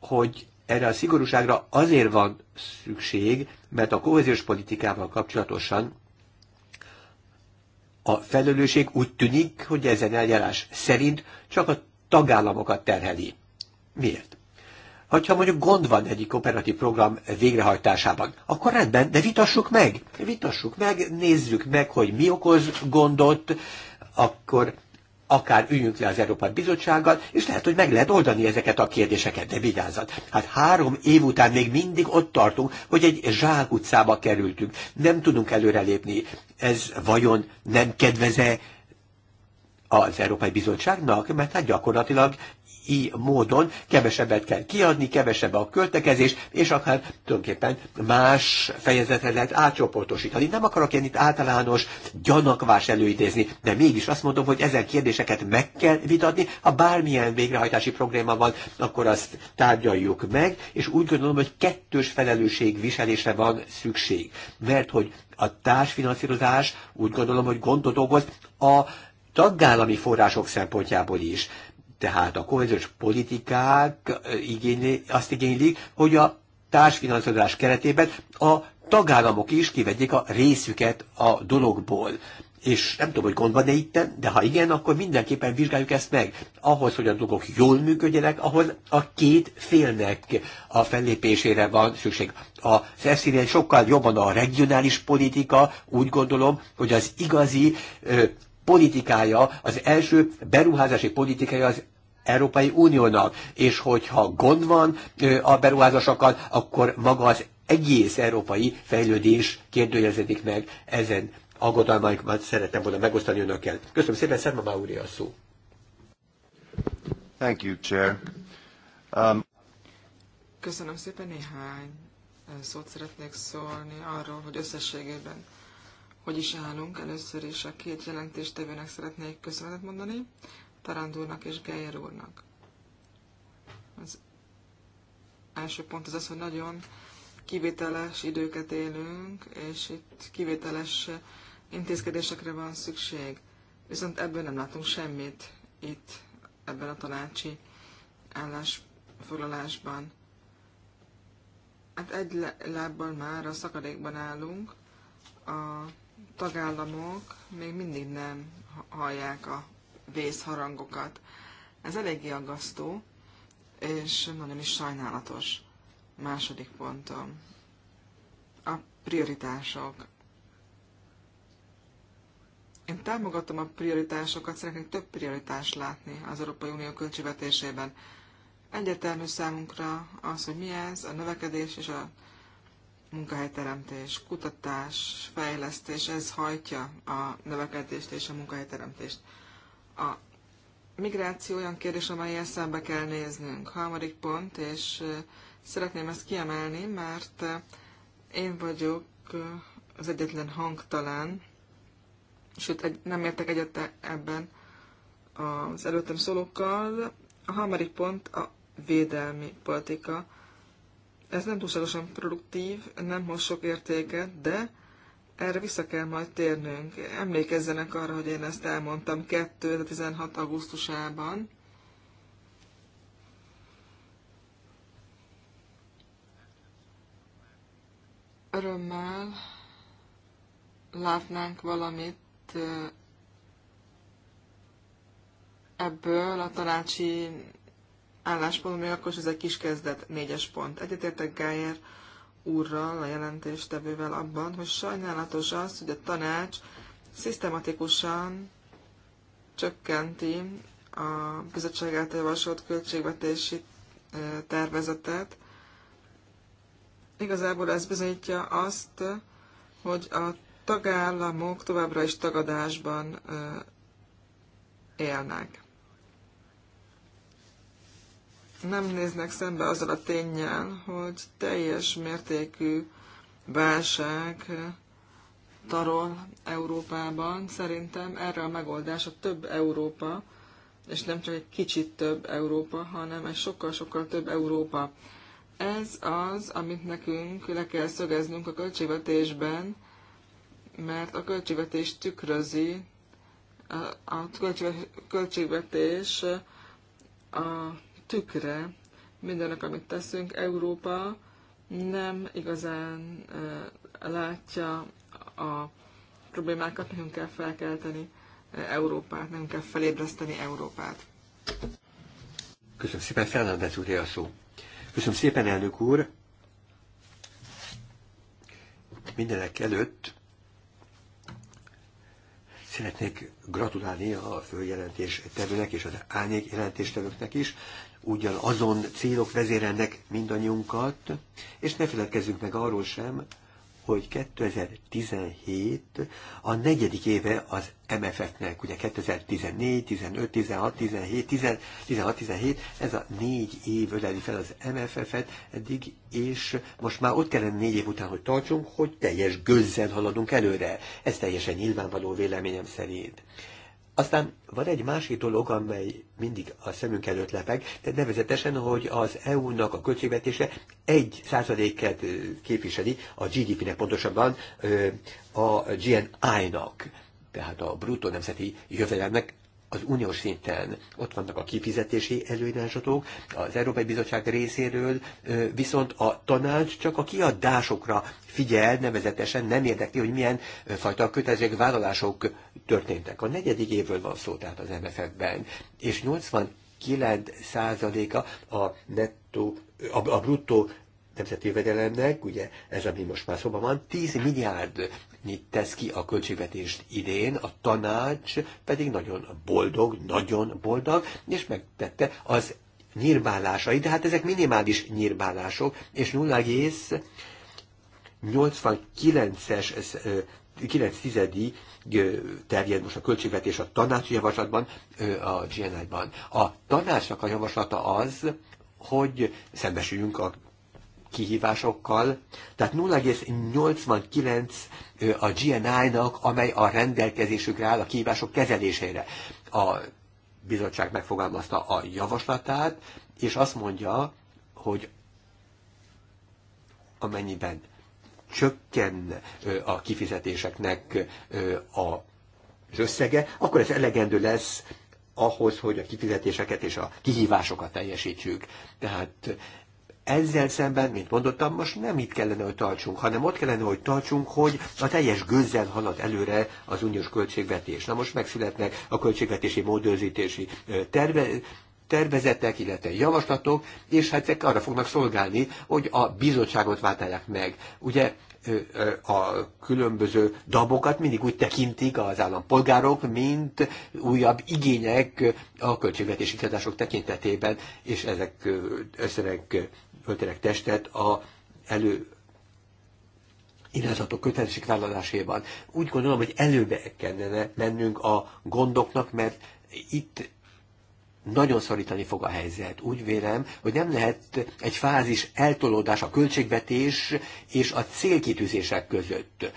hogy erre a szigorúságra azért van szükség, mert a kohéziós politikával kapcsolatosan a felelősség úgy tűnik, hogy ezen eljárás szerint csak a tagállamokat terheli. Miért? Hogyha mondjuk gond van egyik operatív program végrehajtásában, akkor rendben, de vitassuk meg. Vitassuk meg, nézzük meg, hogy mi okoz gondot, akkor akár üljünk le az Európai Bizottsággal, és lehet, hogy meg lehet oldani ezeket a kérdéseket, de vigyázzat. Hát három év után még mindig ott tartunk, hogy egy zsák utcába kerültünk. Nem tudunk előrelépni. Ez vajon nem kedveze az Európai Bizottságnak? Mert hát gyakorlatilag így módon kevesebbet kell kiadni, kevesebb a költekezés, és akár tulajdonképpen más fejezetre lehet átcsoportosítani. Nem akarok én itt általános gyanakvás előidézni, de mégis azt mondom, hogy ezen kérdéseket meg kell vitatni, ha bármilyen végrehajtási probléma van, akkor azt tárgyaljuk meg, és úgy gondolom, hogy kettős felelősség viselése van szükség. Mert hogy a társfinanszírozás úgy gondolom, hogy gondot okoz a tagállami források szempontjából is. Tehát a kohéziós politikák igényli, azt igénylik, hogy a társfinanszírozás keretében a tagállamok is kivegyék a részüket a dologból. És nem tudom, hogy gond van-e itt, de ha igen, akkor mindenképpen vizsgáljuk ezt meg. Ahhoz, hogy a dolgok jól működjenek, ahhoz a két félnek a fellépésére van szükség. A Szeszírián sokkal jobban a regionális politika, úgy gondolom, hogy az igazi ö, politikája, az első beruházási politikája az Európai Uniónak, és hogyha gond van a beruházásokkal, akkor maga az egész európai fejlődés kérdőjelezedik meg ezen aggodalmaimat szerettem volna megosztani önökkel. Köszönöm szépen, Szerma Mauri a szó. Thank you, Chair. Um... Köszönöm szépen, néhány szót szeretnék szólni arról, hogy összességében hogy is állunk. Először is a két jelentéstevőnek szeretnék köszönetet mondani. Tarandulnak és Geyer úrnak. Az első pont az az, hogy nagyon kivételes időket élünk, és itt kivételes intézkedésekre van szükség. Viszont ebből nem látunk semmit itt, ebben a tanácsi állásfoglalásban. Hát egy lábbal már a szakadékban állunk, a tagállamok még mindig nem hallják a vészharangokat. Ez eléggé aggasztó, és nagyon is sajnálatos. Második pontom. A prioritások. Én támogatom a prioritásokat, szeretnék több prioritást látni az Európai Unió költségvetésében. Egyetelmű számunkra az, hogy mi ez, a növekedés és a munkahelyteremtés, kutatás, fejlesztés, ez hajtja a növekedést és a munkahelyteremtést a migráció olyan kérdés, amelyel szembe kell néznünk. Harmadik pont, és szeretném ezt kiemelni, mert én vagyok az egyetlen hangtalán, sőt egy, nem értek egyet e, ebben az előttem szólókkal. A harmadik pont a védelmi politika. Ez nem túlságosan produktív, nem hoz sok értéket, de erre vissza kell majd térnünk. Emlékezzenek arra, hogy én ezt elmondtam 2016. augusztusában. Örömmel látnánk valamit ebből a tanácsi álláspontból, akkor is ez egy kis kezdet, négyes pont. Egyetértek Gájer úrral, a jelentéstevővel abban, hogy sajnálatos az, hogy a tanács szisztematikusan csökkenti a bizottság által javasolt költségvetési tervezetet. Igazából ez bizonyítja azt, hogy a tagállamok továbbra is tagadásban élnek nem néznek szembe azzal a tényel, hogy teljes mértékű válság tarol Európában. Szerintem erre a megoldás a több Európa, és nem csak egy kicsit több Európa, hanem egy sokkal-sokkal több Európa. Ez az, amit nekünk le kell szögeznünk a költségvetésben, mert a költségvetés tükrözi, a költségvetés a tükre mindennek, amit teszünk. Európa nem igazán látja a problémákat, nekünk kell felkelteni Európát, nekünk kell felébreszteni Európát. Köszönöm szépen, Fernández úr, a szó. Köszönöm szépen, elnök úr. Mindenek előtt szeretnék gratulálni a följelentés tevőnek és az árnyék jelentéstevőknek is azon célok vezérelnek mindannyiunkat, és ne feledkezzünk meg arról sem, hogy 2017 a negyedik éve az MFF-nek, ugye 2014, 15, 16, 17, 10, 16, 17, ez a négy év öleli fel az MFF-et eddig, és most már ott kellene négy év után, hogy tartsunk, hogy teljes gőzzel haladunk előre. Ez teljesen nyilvánvaló véleményem szerint. Aztán van egy másik dolog, amely mindig a szemünk előtt lepeg, de nevezetesen, hogy az EU-nak a költségvetése egy százaléket képviseli a GDP-nek, pontosabban a GNI-nak, tehát a bruttó nemzeti jövedelemnek az uniós szinten ott vannak a kifizetési előírásatok az Európai Bizottság részéről, viszont a tanács csak a kiadásokra figyel, nevezetesen nem érdekli, hogy milyen fajta vállalások történtek. A negyedik évről van szó, tehát az MFF-ben, és 89 százaléka a nettó, a, a bruttó nemzeti jövedelemnek, ugye ez, ami most már szóban van, 10 milliárd ni tesz ki a költségvetést idén, a tanács pedig nagyon boldog, nagyon boldog, és megtette az nyírbálásai, de hát ezek minimális nyírbálások, és 0,89-es 9 tizedi terjed most a költségvetés a tanácsi javaslatban, a GNI-ban. A tanácsnak a javaslata az, hogy szembesüljünk a kihívásokkal, tehát 0,89 a GNI-nak, amely a rendelkezésükre áll a kihívások kezelésére. A bizottság megfogalmazta a javaslatát, és azt mondja, hogy amennyiben csökken a kifizetéseknek az összege, akkor ez elegendő lesz ahhoz, hogy a kifizetéseket és a kihívásokat teljesítsük. Tehát ezzel szemben, mint mondottam, most nem itt kellene, hogy tartsunk, hanem ott kellene, hogy tartsunk, hogy a teljes gőzzel halad előre az uniós költségvetés. Na most megszületnek a költségvetési módőzítési terve, tervezetek, illetve javaslatok, és hát ezek arra fognak szolgálni, hogy a bizottságot váltálják meg. Ugye a különböző dabokat mindig úgy tekintik az állampolgárok, mint újabb igények a költségvetési kiadások tekintetében, és ezek összenek föltérek testet a elő irányzatok kötelesség vállalásában. Úgy gondolom, hogy előbe kellene mennünk a gondoknak, mert itt nagyon szorítani fog a helyzet. Úgy vélem, hogy nem lehet egy fázis eltolódás a költségvetés és a célkitűzések között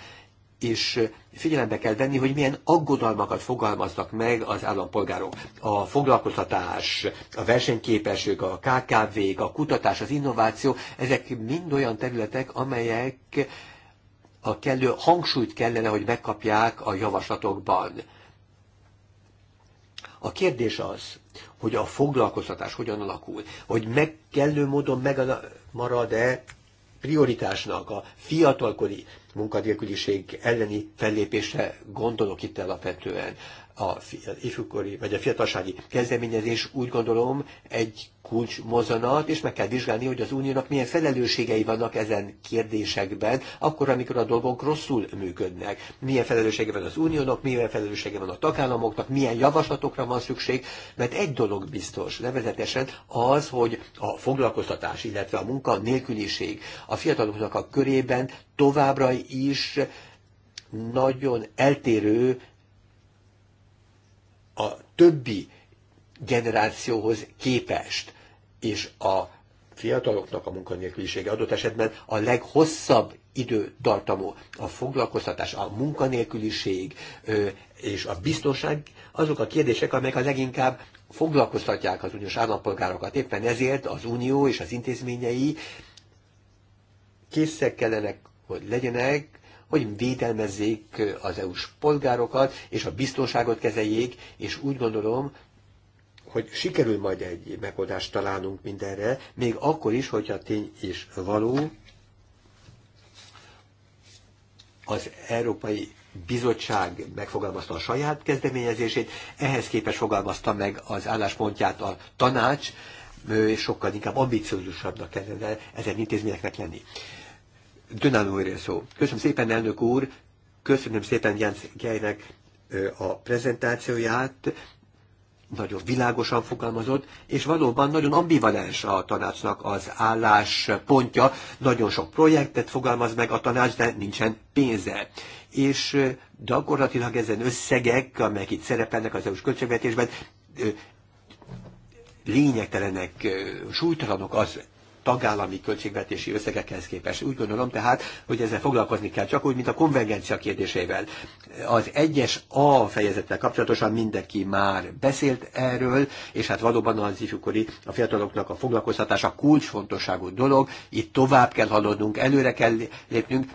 és figyelembe kell venni, hogy milyen aggodalmakat fogalmaznak meg az állampolgárok. A foglalkoztatás, a versenyképesség, a KKV-k, a kutatás, az innováció, ezek mind olyan területek, amelyek a kellő hangsúlyt kellene, hogy megkapják a javaslatokban. A kérdés az, hogy a foglalkoztatás hogyan alakul, hogy meg kellő módon megmarad-e prioritásnak a fiatalkori munkadélküliség elleni fellépésre gondolok itt alapvetően a ifjúkori vagy a fiatalsági kezdeményezés úgy gondolom egy kulcs mozanat, és meg kell vizsgálni, hogy az uniónak milyen felelősségei vannak ezen kérdésekben, akkor, amikor a dolgok rosszul működnek. Milyen felelőssége van az uniónak, milyen felelőssége van a tagállamoknak, milyen javaslatokra van szükség, mert egy dolog biztos, nevezetesen az, hogy a foglalkoztatás, illetve a munka nélküliség a fiataloknak a körében továbbra is nagyon eltérő a többi generációhoz képest, és a fiataloknak a munkanélkülisége adott esetben a leghosszabb időtartamú a foglalkoztatás, a munkanélküliség és a biztonság azok a kérdések, amelyek a leginkább foglalkoztatják az uniós állampolgárokat. Éppen ezért az unió és az intézményei készek kellenek, hogy legyenek hogy védelmezzék az EU-s polgárokat, és a biztonságot kezeljék, és úgy gondolom, hogy sikerül majd egy megoldást találnunk mindenre, még akkor is, hogyha tény és való, az Európai Bizottság megfogalmazta a saját kezdeményezését, ehhez képest fogalmazta meg az álláspontját a tanács, és sokkal inkább ambiciózusabbnak kellene ezen intézményeknek lenni. Dönán úr szó. Köszönöm szépen, elnök úr, köszönöm szépen Jens Gejnek a prezentációját, nagyon világosan fogalmazott, és valóban nagyon ambivalens a tanácsnak az álláspontja. Nagyon sok projektet fogalmaz meg a tanács, de nincsen pénze. És gyakorlatilag ezen összegek, amelyek itt szerepelnek az EU-s költségvetésben, lényegtelenek, súlytalanok az tagállami költségvetési összegekhez képest. Úgy gondolom tehát, hogy ezzel foglalkozni kell, csak úgy, mint a konvergencia kérdésével. Az egyes A fejezettel kapcsolatosan mindenki már beszélt erről, és hát valóban az ifjúkori, a fiataloknak a foglalkoztatása kulcsfontosságú dolog, itt tovább kell haladnunk, előre kell lépnünk,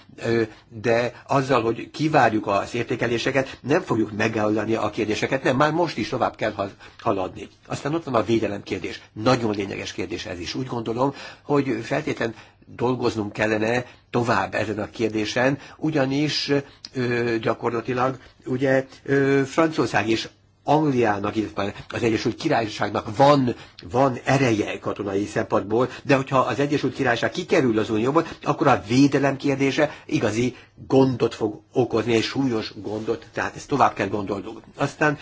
de azzal, hogy kivárjuk az értékeléseket, nem fogjuk megoldani a kérdéseket, nem, már most is tovább kell haladni. Aztán ott van a védelem kérdés. Nagyon lényeges kérdés ez is. Úgy gondolom, hogy feltétlen dolgoznunk kellene tovább ezen a kérdésen, ugyanis ö, gyakorlatilag ugye ö, Franciaország is Angliának, illetve az Egyesült Királyságnak van, van ereje katonai szempontból, de hogyha az Egyesült Királyság kikerül az Unióból, akkor a védelem kérdése igazi gondot fog okozni, egy súlyos gondot, tehát ezt tovább kell gondolnunk. Aztán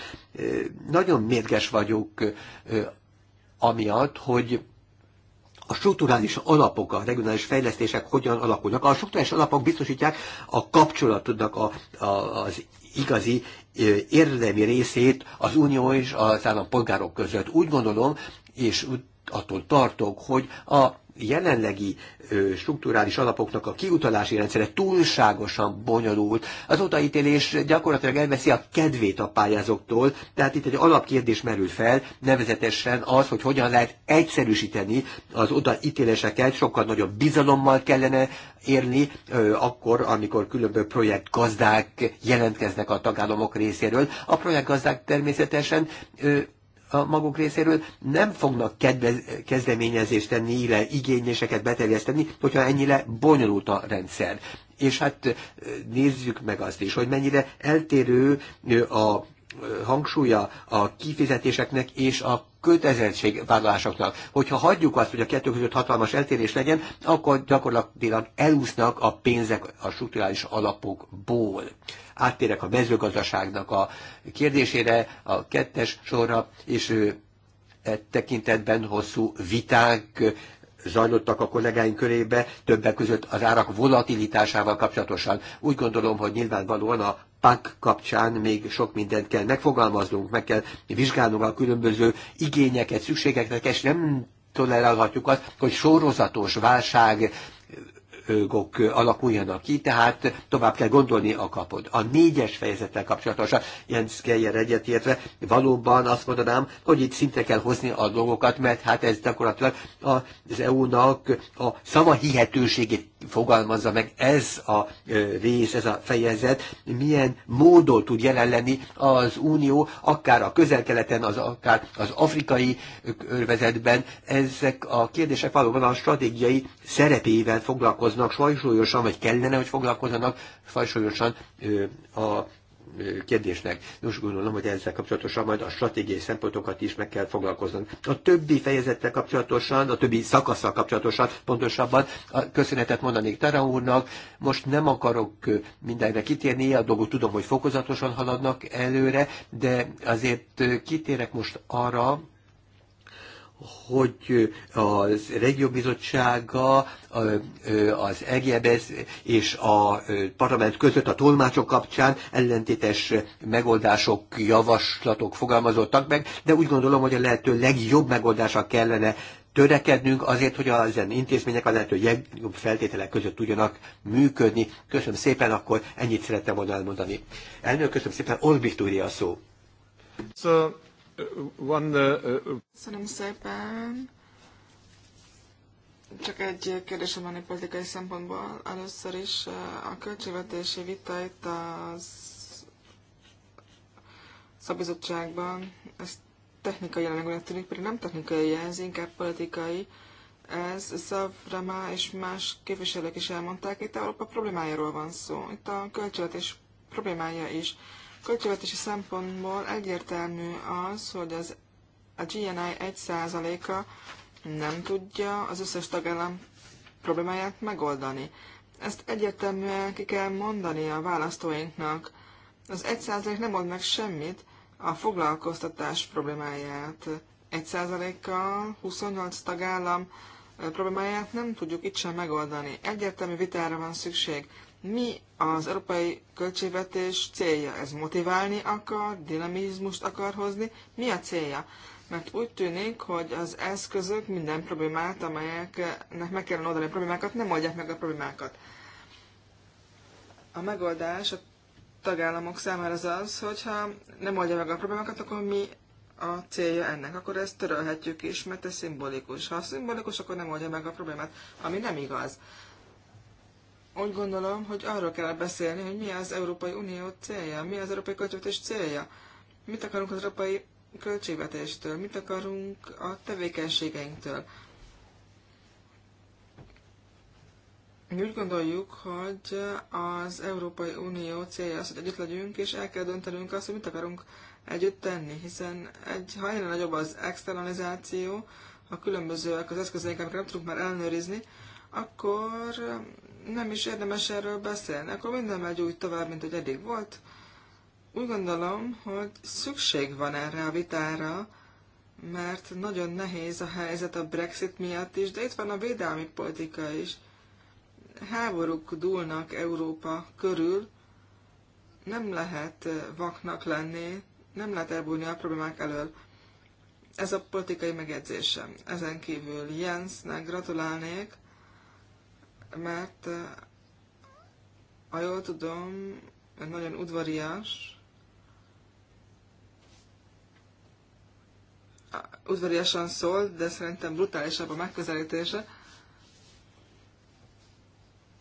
nagyon mérges vagyok amiatt, hogy a strukturális alapok, a regionális fejlesztések hogyan alakulnak. A strukturális alapok biztosítják a kapcsolatodnak a, a, az igazi érdemi részét az unió és az állampolgárok között. Úgy gondolom, és attól tartok, hogy a jelenlegi strukturális alapoknak a kiutalási rendszere túlságosan bonyolult. Az odaítélés gyakorlatilag elveszi a kedvét a pályázóktól, tehát itt egy alapkérdés merül fel, nevezetesen az, hogy hogyan lehet egyszerűsíteni az odaítéléseket, sokkal nagyobb bizalommal kellene érni, akkor, amikor különböző projektgazdák jelentkeznek a tagállamok részéről. A projektgazdák természetesen a maguk részéről nem fognak kedvez, kezdeményezést tenni, ile igényéseket beterjeszteni, hogyha ennyire bonyolult a rendszer. És hát nézzük meg azt is, hogy mennyire eltérő a hangsúlya a kifizetéseknek és a kötelezettségvállalásoknak. Hogyha hagyjuk azt, hogy a kettő között hatalmas eltérés legyen, akkor gyakorlatilag elúsznak a pénzek a strukturális alapokból. Áttérek a mezőgazdaságnak a kérdésére, a kettes sorra, és e tekintetben hosszú viták zajlottak a kollégáink körébe, többek között az árak volatilitásával kapcsolatosan. Úgy gondolom, hogy nyilvánvalóan a PAK kapcsán még sok mindent kell megfogalmaznunk, meg kell vizsgálnunk a különböző igényeket, szükségeket, és nem tolerálhatjuk azt, hogy sorozatos válság alakuljanak ki, tehát tovább kell gondolni a kapod. A négyes fejezettel kapcsolatosan ilyen Geyer egyetértve valóban azt mondanám, hogy itt szinte kell hozni a dolgokat, mert hát ez gyakorlatilag az EU-nak a szava hihetőségét fogalmazza meg ez a rész, ez a fejezet, milyen módon tud jelen lenni az Unió, akár a közel-keleten, az, akár az afrikai örvezetben. Ezek a kérdések valóban a stratégiai szerepével foglalkoznak, sajsúlyosan, vagy kellene, hogy foglalkozzanak sajsúlyosan a kérdésnek. Nos, gondolom, hogy ezzel kapcsolatosan majd a stratégiai szempontokat is meg kell foglalkoznunk. A többi fejezettel kapcsolatosan, a többi szakaszsal kapcsolatosan pontosabban a köszönetet mondanék Tara úrnak. Most nem akarok mindenre kitérni, a dolgot tudom, hogy fokozatosan haladnak előre, de azért kitérek most arra, hogy az Régió Bizottsága, az EGBS és a parlament között a tolmácsok kapcsán ellentétes megoldások, javaslatok fogalmazottak meg, de úgy gondolom, hogy a lehető legjobb megoldásra kellene törekednünk azért, hogy az intézmények a lehető legjobb feltételek között tudjanak működni. Köszönöm szépen, akkor ennyit szerettem volna elmondani. Elnök, köszönöm szépen, Orbit a szó. So Uh, Köszönöm szépen. Csak egy kérdésem van egy politikai szempontból. Először is uh, a költségvetési vita itt a szabizottságban, ez technikai jelenleg tűnik, pedig nem technikai ez, inkább politikai. Ez szavrama és más képviselők is elmondták, itt Európa problémájáról van szó, itt a költségvetés problémája is. Költségvetési szempontból egyértelmű az, hogy az, a GNI 1%-a nem tudja az összes tagállam problémáját megoldani. Ezt egyértelműen ki kell mondani a választóinknak. Az 1% nem old meg semmit, a foglalkoztatás problémáját 1%-kal, 28 tagállam eh, problémáját nem tudjuk itt sem megoldani. Egyértelmű vitára van szükség. Mi az európai költségvetés célja? Ez motiválni akar, dinamizmust akar hozni? Mi a célja? Mert úgy tűnik, hogy az eszközök minden problémát, amelyeknek meg kellene oldani a problémákat, nem oldják meg a problémákat. A megoldás a tagállamok számára az az, hogyha nem oldja meg a problémákat, akkor mi a célja ennek? Akkor ezt törölhetjük is, mert ez szimbolikus. Ha szimbolikus, akkor nem oldja meg a problémát, ami nem igaz úgy gondolom, hogy arról kell beszélni, hogy mi az Európai Unió célja, mi az Európai Költségvetés célja, mit akarunk az Európai Költségvetéstől, mit akarunk a tevékenységeinktől. Mi úgy gondoljuk, hogy az Európai Unió célja az, hogy együtt legyünk, és el kell döntenünk azt, hogy mit akarunk együtt tenni, hiszen egy, ha egyre nagyobb az externalizáció, a különbözőek az eszközeink, amiket nem tudunk már ellenőrizni, akkor nem is érdemes erről beszélni, akkor minden megy úgy tovább, mint hogy eddig volt. Úgy gondolom, hogy szükség van erre a vitára, mert nagyon nehéz a helyzet a Brexit miatt is, de itt van a védelmi politika is. Háborúk dúlnak Európa körül, nem lehet vaknak lenni, nem lehet elbújni a problémák elől. Ez a politikai megjegyzésem. Ezen kívül Jensnek gratulálnék mert ha jól tudom, nagyon udvarias, udvariasan szól, de szerintem brutálisabb a megközelítése.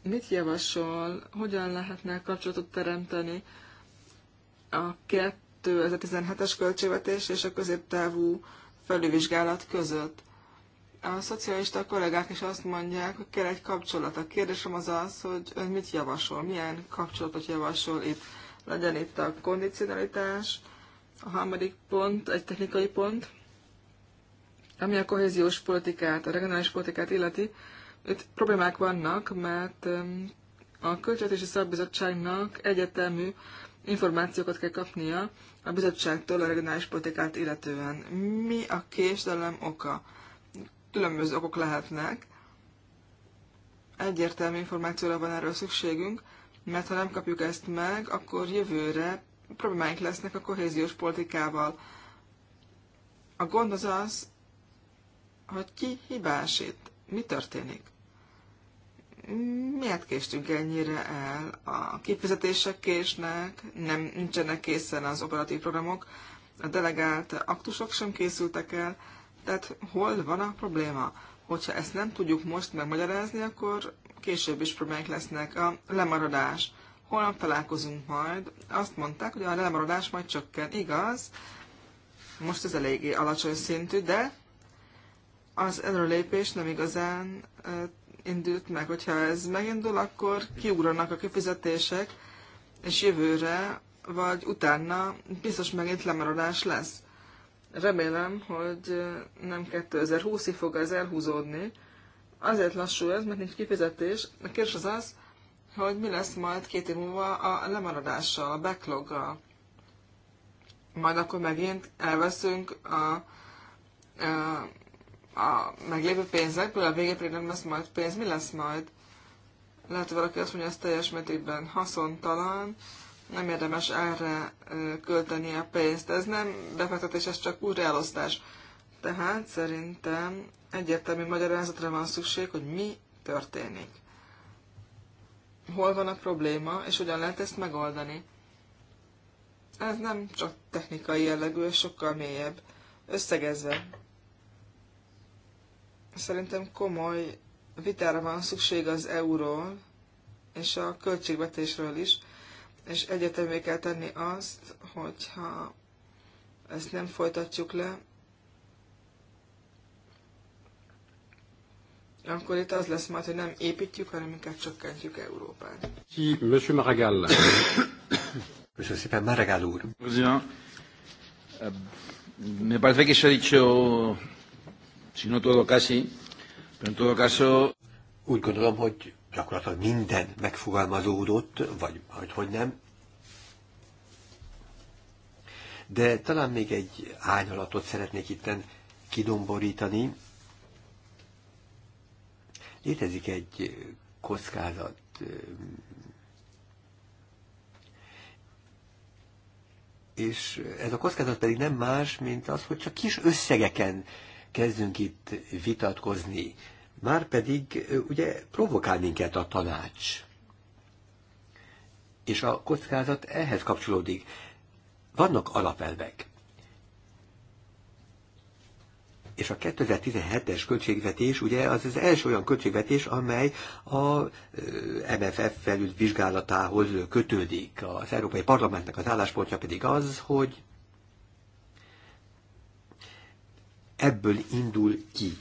Mit javasol, hogyan lehetne kapcsolatot teremteni a 2017-es költségvetés és a középtávú felülvizsgálat között? A szocialista kollégák is azt mondják, hogy kell egy kapcsolat. A kérdésem az az, hogy ön mit javasol, milyen kapcsolatot javasol itt. Legyen itt a kondicionalitás, a harmadik pont, egy technikai pont, ami a kohéziós politikát, a regionális politikát illeti. Itt problémák vannak, mert a Költségvetési Szakbizottságnak egyetemű információkat kell kapnia a bizottságtól a regionális politikát illetően. Mi a késdelem oka? különböző okok lehetnek. Egyértelmű információra van erről szükségünk, mert ha nem kapjuk ezt meg, akkor jövőre problémáink lesznek a kohéziós politikával. A gond az az, hogy ki hibás itt, mi történik. Miért késtünk ennyire el? A kifizetések késnek, nem nincsenek készen az operatív programok, a delegált aktusok sem készültek el, tehát hol van a probléma? Hogyha ezt nem tudjuk most megmagyarázni, akkor később is problémák lesznek. A lemaradás. Holnap találkozunk majd. Azt mondták, hogy a lemaradás majd csökken. Igaz, most ez eléggé alacsony szintű, de az előlépés nem igazán indult meg. Hogyha ez megindul, akkor kiugranak a kifizetések, és jövőre vagy utána biztos megint lemaradás lesz. Remélem, hogy nem 2020-ig fog ez elhúzódni. Azért lassú ez, mert nincs kifizetés. A kérdés az az, hogy mi lesz majd két év múlva a lemaradással, a backloggal. Majd akkor megint elveszünk a, a, a meglévő pénzekből, a végén pedig nem lesz majd pénz, mi lesz majd? Lehet, hogy valaki azt mondja, ez teljes mértékben haszontalan, nem érdemes erre költeni a pénzt. Ez nem befektetés, ez csak újraelosztás. Tehát szerintem egyértelmű magyarázatra van szükség, hogy mi történik. Hol van a probléma, és hogyan lehet ezt megoldani. Ez nem csak technikai jellegű, és sokkal mélyebb. Összegezve, szerintem komoly vitára van szükség az euról, és a költségvetésről is, és egyetemé kell tenni azt, hogyha ezt nem folytatjuk le, akkor itt az lesz majd, hogy nem építjük, hanem inkább csökkentjük Európát. Ki, Monsieur Maragall. Köszönöm szépen, Maragall úr. Me euh, parece que se ha dicho, si no todo casi, pero en todo caso... Úgy gondolom, hogy gyakorlatilag minden megfogalmazódott, vagy hogy, hogy nem. De talán még egy ányalatot szeretnék itten kidomborítani. Létezik egy kockázat és ez a kockázat pedig nem más, mint az, hogy csak kis összegeken kezdünk itt vitatkozni. Már pedig, ugye provokál minket a tanács. És a kockázat ehhez kapcsolódik. Vannak alapelvek. És a 2017-es költségvetés ugye az az első olyan költségvetés, amely a MFF vizsgálatához kötődik. Az Európai Parlamentnek az álláspontja pedig az, hogy ebből indul ki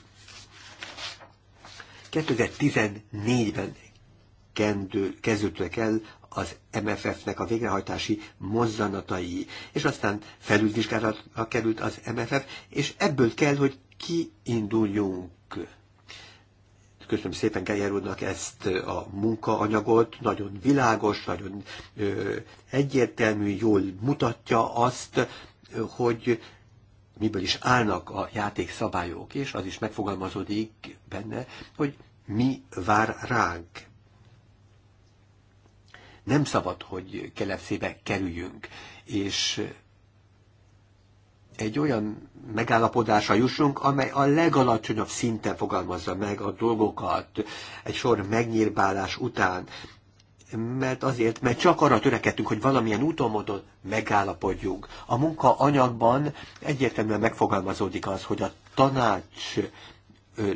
2014-ben kezdődtek el az MFF-nek a végrehajtási mozzanatai, és aztán felülvizsgálatra került az MFF, és ebből kell, hogy kiinduljunk. Köszönöm szépen Geyer úrnak ezt a munkaanyagot, nagyon világos, nagyon ö, egyértelmű, jól mutatja azt, hogy miből is állnak a játékszabályok, és az is megfogalmazódik benne, hogy mi vár ránk. Nem szabad, hogy kelepszébe kerüljünk, és egy olyan megállapodásra jussunk, amely a legalacsonyabb szinten fogalmazza meg a dolgokat egy sor megnyírbálás után mert azért, mert csak arra törekedtünk, hogy valamilyen úton módon megállapodjunk. A anyagban egyértelműen megfogalmazódik az, hogy a tanács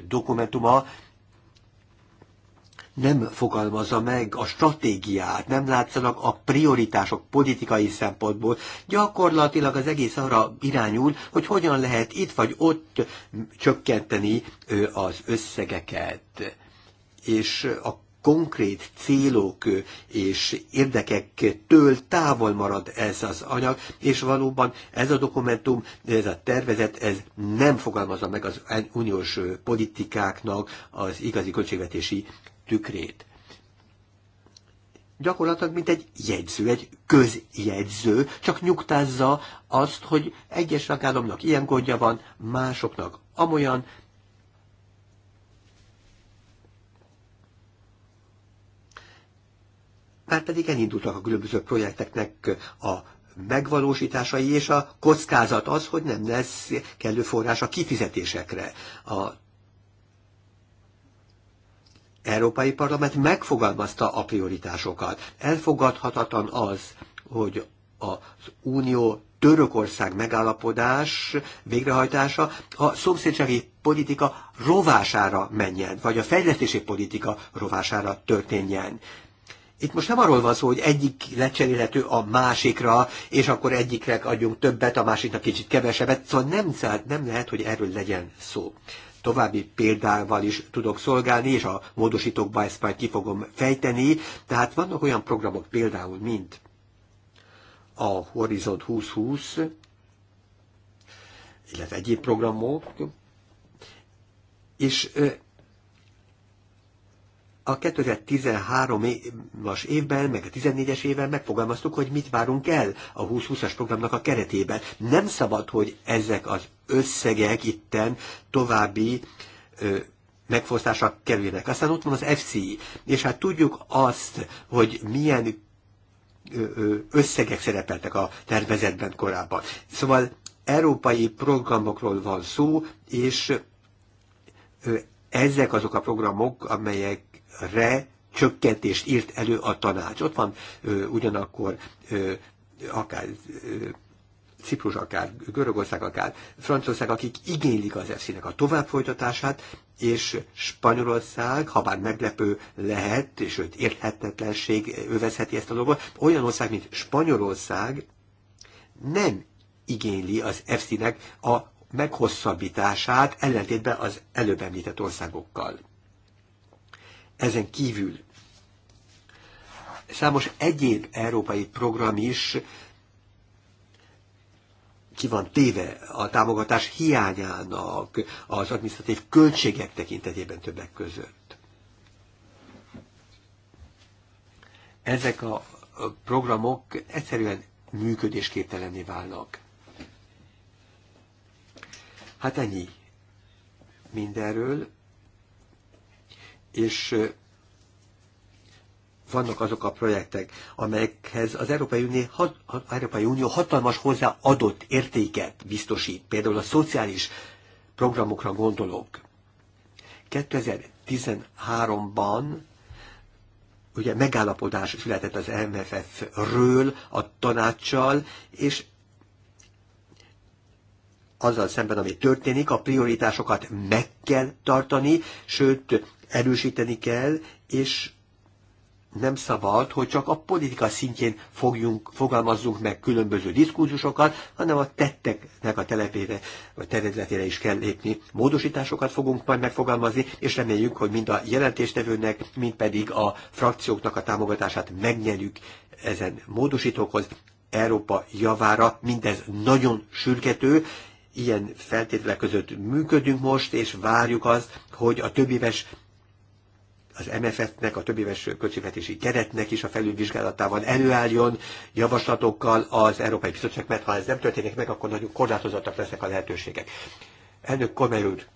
dokumentuma nem fogalmazza meg a stratégiát, nem látszanak a prioritások politikai szempontból. Gyakorlatilag az egész arra irányul, hogy hogyan lehet itt vagy ott csökkenteni az összegeket. És a konkrét célok és érdekektől távol marad ez az anyag, és valóban ez a dokumentum, ez a tervezet, ez nem fogalmazza meg az uniós politikáknak az igazi költségvetési tükrét gyakorlatilag mint egy jegyző, egy közjegyző, csak nyugtázza azt, hogy egyes tagállamnak ilyen gondja van, másoknak amolyan, már pedig elindultak a különböző projekteknek a megvalósításai, és a kockázat az, hogy nem lesz kellő forrás a kifizetésekre. A Európai Parlament megfogalmazta a prioritásokat. Elfogadhatatlan az, hogy az Unió Törökország megállapodás végrehajtása a szomszédsági politika rovására menjen, vagy a fejlesztési politika rovására történjen. Itt most nem arról van szó, hogy egyik lecserélhető a másikra, és akkor egyiknek adjunk többet, a másiknak kicsit kevesebbet. Szóval nem, nem lehet, hogy erről legyen szó. További példával is tudok szolgálni, és a módosítókba ezt majd ki fogom fejteni. Tehát vannak olyan programok például, mint a Horizont 2020, illetve egyéb programok, és a 2013-as évben, meg a 14-es évben megfogalmaztuk, hogy mit várunk el a 2020-as programnak a keretében. Nem szabad, hogy ezek az összegek itten további ö, megfosztásra kerüljenek. Aztán ott van az FCI, és hát tudjuk azt, hogy milyen összegek szerepeltek a tervezetben korábban. Szóval európai programokról van szó, és ezek azok a programok, amelyek re csökkentést írt elő a tanács. Ott van ö, ugyanakkor ö, akár ö, Ciprus, akár Görögország, akár Franciaország, akik igénylik az efsz a a továbbfolytatását, és Spanyolország, ha bár meglepő lehet, és őt érthetetlenség övezheti ezt a dolgot, olyan ország, mint Spanyolország nem igényli az EFSZ-nek a meghosszabbítását ellentétben az előbb említett országokkal. Ezen kívül számos egyéb európai program is ki van téve a támogatás hiányának az adminisztratív költségek tekintetében többek között. Ezek a programok egyszerűen működésképtelenné válnak. Hát ennyi mindenről és vannak azok a projektek, amelyekhez az Európai Unió, hat, az Európai Unió hatalmas hozzáadott értéket biztosít, például a szociális programokra gondolok. 2013-ban ugye megállapodás született az MFF-ről a tanácssal, és azzal szemben, ami történik, a prioritásokat meg kell tartani, sőt, erősíteni kell, és nem szabad, hogy csak a politika szintjén fogjunk, fogalmazzunk meg különböző diskurzusokat, hanem a tetteknek a telepére, vagy területére is kell lépni. Módosításokat fogunk majd megfogalmazni, és reméljük, hogy mind a jelentéstevőnek, mind pedig a frakcióknak a támogatását megnyerjük ezen módosítókhoz. Európa javára mindez nagyon sürgető, ilyen feltételek között működünk most, és várjuk azt, hogy a többi éves az MFF-nek, a többéves költségvetési keretnek is a felülvizsgálatában előálljon javaslatokkal az Európai Bizottság, mert ha ez nem történik meg, akkor nagyon korlátozottak lesznek a lehetőségek. Elnök Kormely úr.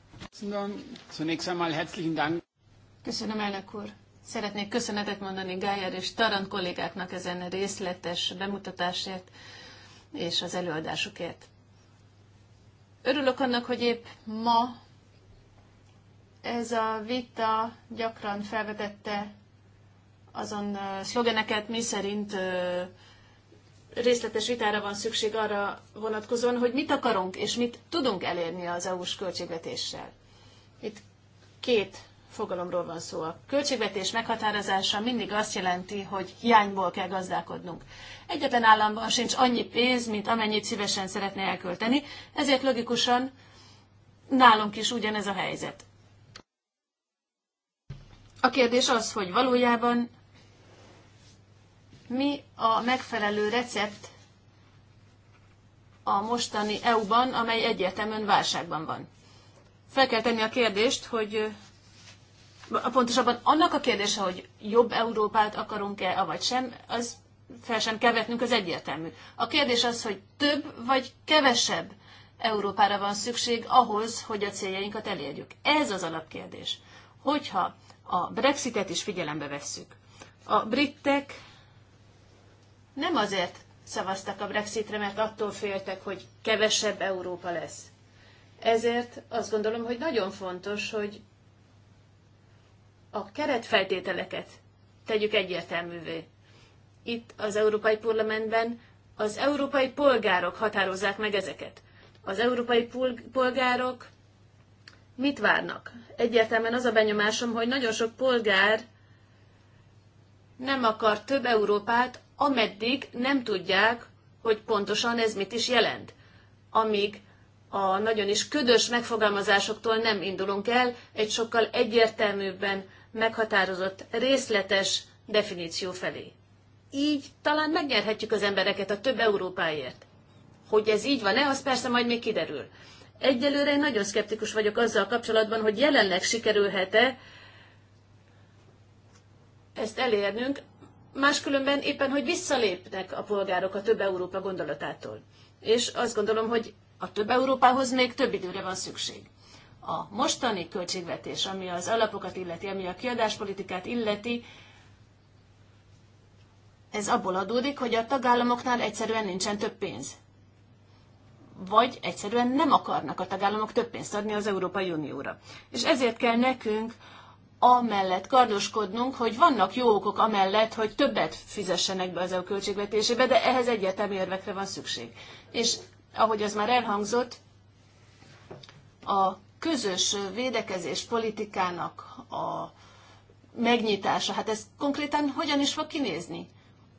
Köszönöm, elnök úr. Szeretnék köszönetet mondani Gájer és Tarant kollégáknak ezen a részletes bemutatásért és az előadásukért. Örülök annak, hogy épp ma ez a vita gyakran felvetette azon szlogeneket, mi szerint részletes vitára van szükség arra vonatkozóan, hogy mit akarunk és mit tudunk elérni az EU-s költségvetéssel. Itt két fogalomról van szó. A költségvetés meghatározása mindig azt jelenti, hogy hiányból kell gazdálkodnunk. Egyetlen államban sincs annyi pénz, mint amennyit szívesen szeretne elkölteni, ezért logikusan nálunk is ugyanez a helyzet. A kérdés az, hogy valójában mi a megfelelő recept a mostani EU-ban, amely egyértelműen válságban van. Fel kell tenni a kérdést, hogy pontosabban annak a kérdése, hogy jobb Európát akarunk-e, avagy sem, az fel sem kell vetnünk, az egyértelmű. A kérdés az, hogy több vagy kevesebb Európára van szükség ahhoz, hogy a céljainkat elérjük. Ez az alapkérdés. Hogyha a Brexitet is figyelembe vesszük. A britek nem azért szavaztak a Brexitre, mert attól féltek, hogy kevesebb Európa lesz. Ezért azt gondolom, hogy nagyon fontos, hogy a keretfeltételeket tegyük egyértelművé. Itt az Európai Parlamentben az európai polgárok határozzák meg ezeket. Az európai polgárok mit várnak? Egyértelműen az a benyomásom, hogy nagyon sok polgár nem akar több Európát, ameddig nem tudják, hogy pontosan ez mit is jelent. Amíg a nagyon is ködös megfogalmazásoktól nem indulunk el, egy sokkal egyértelműbben meghatározott részletes definíció felé. Így talán megnyerhetjük az embereket a több Európáért. Hogy ez így van-e, az persze majd még kiderül. Egyelőre én nagyon szkeptikus vagyok azzal kapcsolatban, hogy jelenleg sikerülhet-e ezt elérnünk, máskülönben éppen, hogy visszalépnek a polgárok a több Európa gondolatától. És azt gondolom, hogy a több Európához még több időre van szükség. A mostani költségvetés, ami az alapokat illeti, ami a kiadáspolitikát illeti, ez abból adódik, hogy a tagállamoknál egyszerűen nincsen több pénz vagy egyszerűen nem akarnak a tagállamok több pénzt adni az Európai Unióra. És ezért kell nekünk amellett kardoskodnunk, hogy vannak jó okok amellett, hogy többet fizessenek be az EU költségvetésébe, de ehhez egyértelmű érvekre van szükség. És ahogy az már elhangzott, a közös védekezés politikának a megnyitása, hát ez konkrétan hogyan is fog kinézni?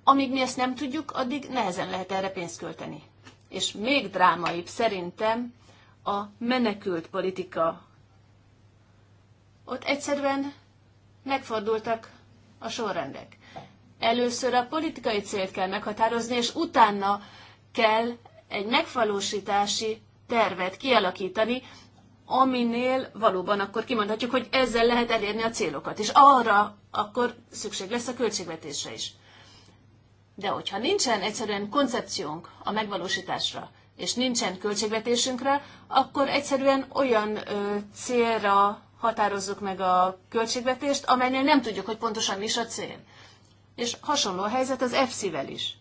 Amíg mi ezt nem tudjuk, addig nehezen lehet erre pénzt költeni és még drámaibb szerintem a menekült politika. Ott egyszerűen megfordultak a sorrendek. Először a politikai célt kell meghatározni, és utána kell egy megvalósítási tervet kialakítani, aminél valóban akkor kimondhatjuk, hogy ezzel lehet elérni a célokat, és arra akkor szükség lesz a költségvetésre is. De hogyha nincsen egyszerűen koncepciónk a megvalósításra, és nincsen költségvetésünkre, akkor egyszerűen olyan ö, célra határozzuk meg a költségvetést, amelynél nem tudjuk, hogy pontosan mi is a cél. És hasonló a helyzet az FC-vel is.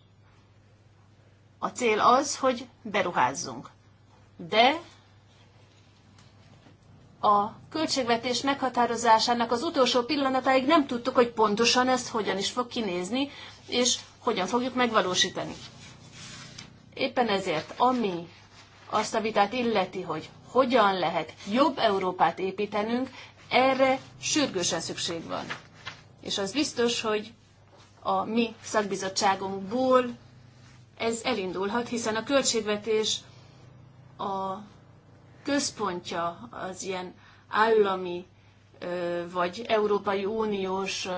A cél az, hogy beruházzunk. De a költségvetés meghatározásának az utolsó pillanatáig nem tudtuk, hogy pontosan ezt hogyan is fog kinézni, és hogyan fogjuk megvalósítani. Éppen ezért, ami azt a vitát illeti, hogy hogyan lehet jobb Európát építenünk, erre sürgősen szükség van. És az biztos, hogy a mi szakbizottságunkból ez elindulhat, hiszen a költségvetés a központja az ilyen állami vagy Európai Uniós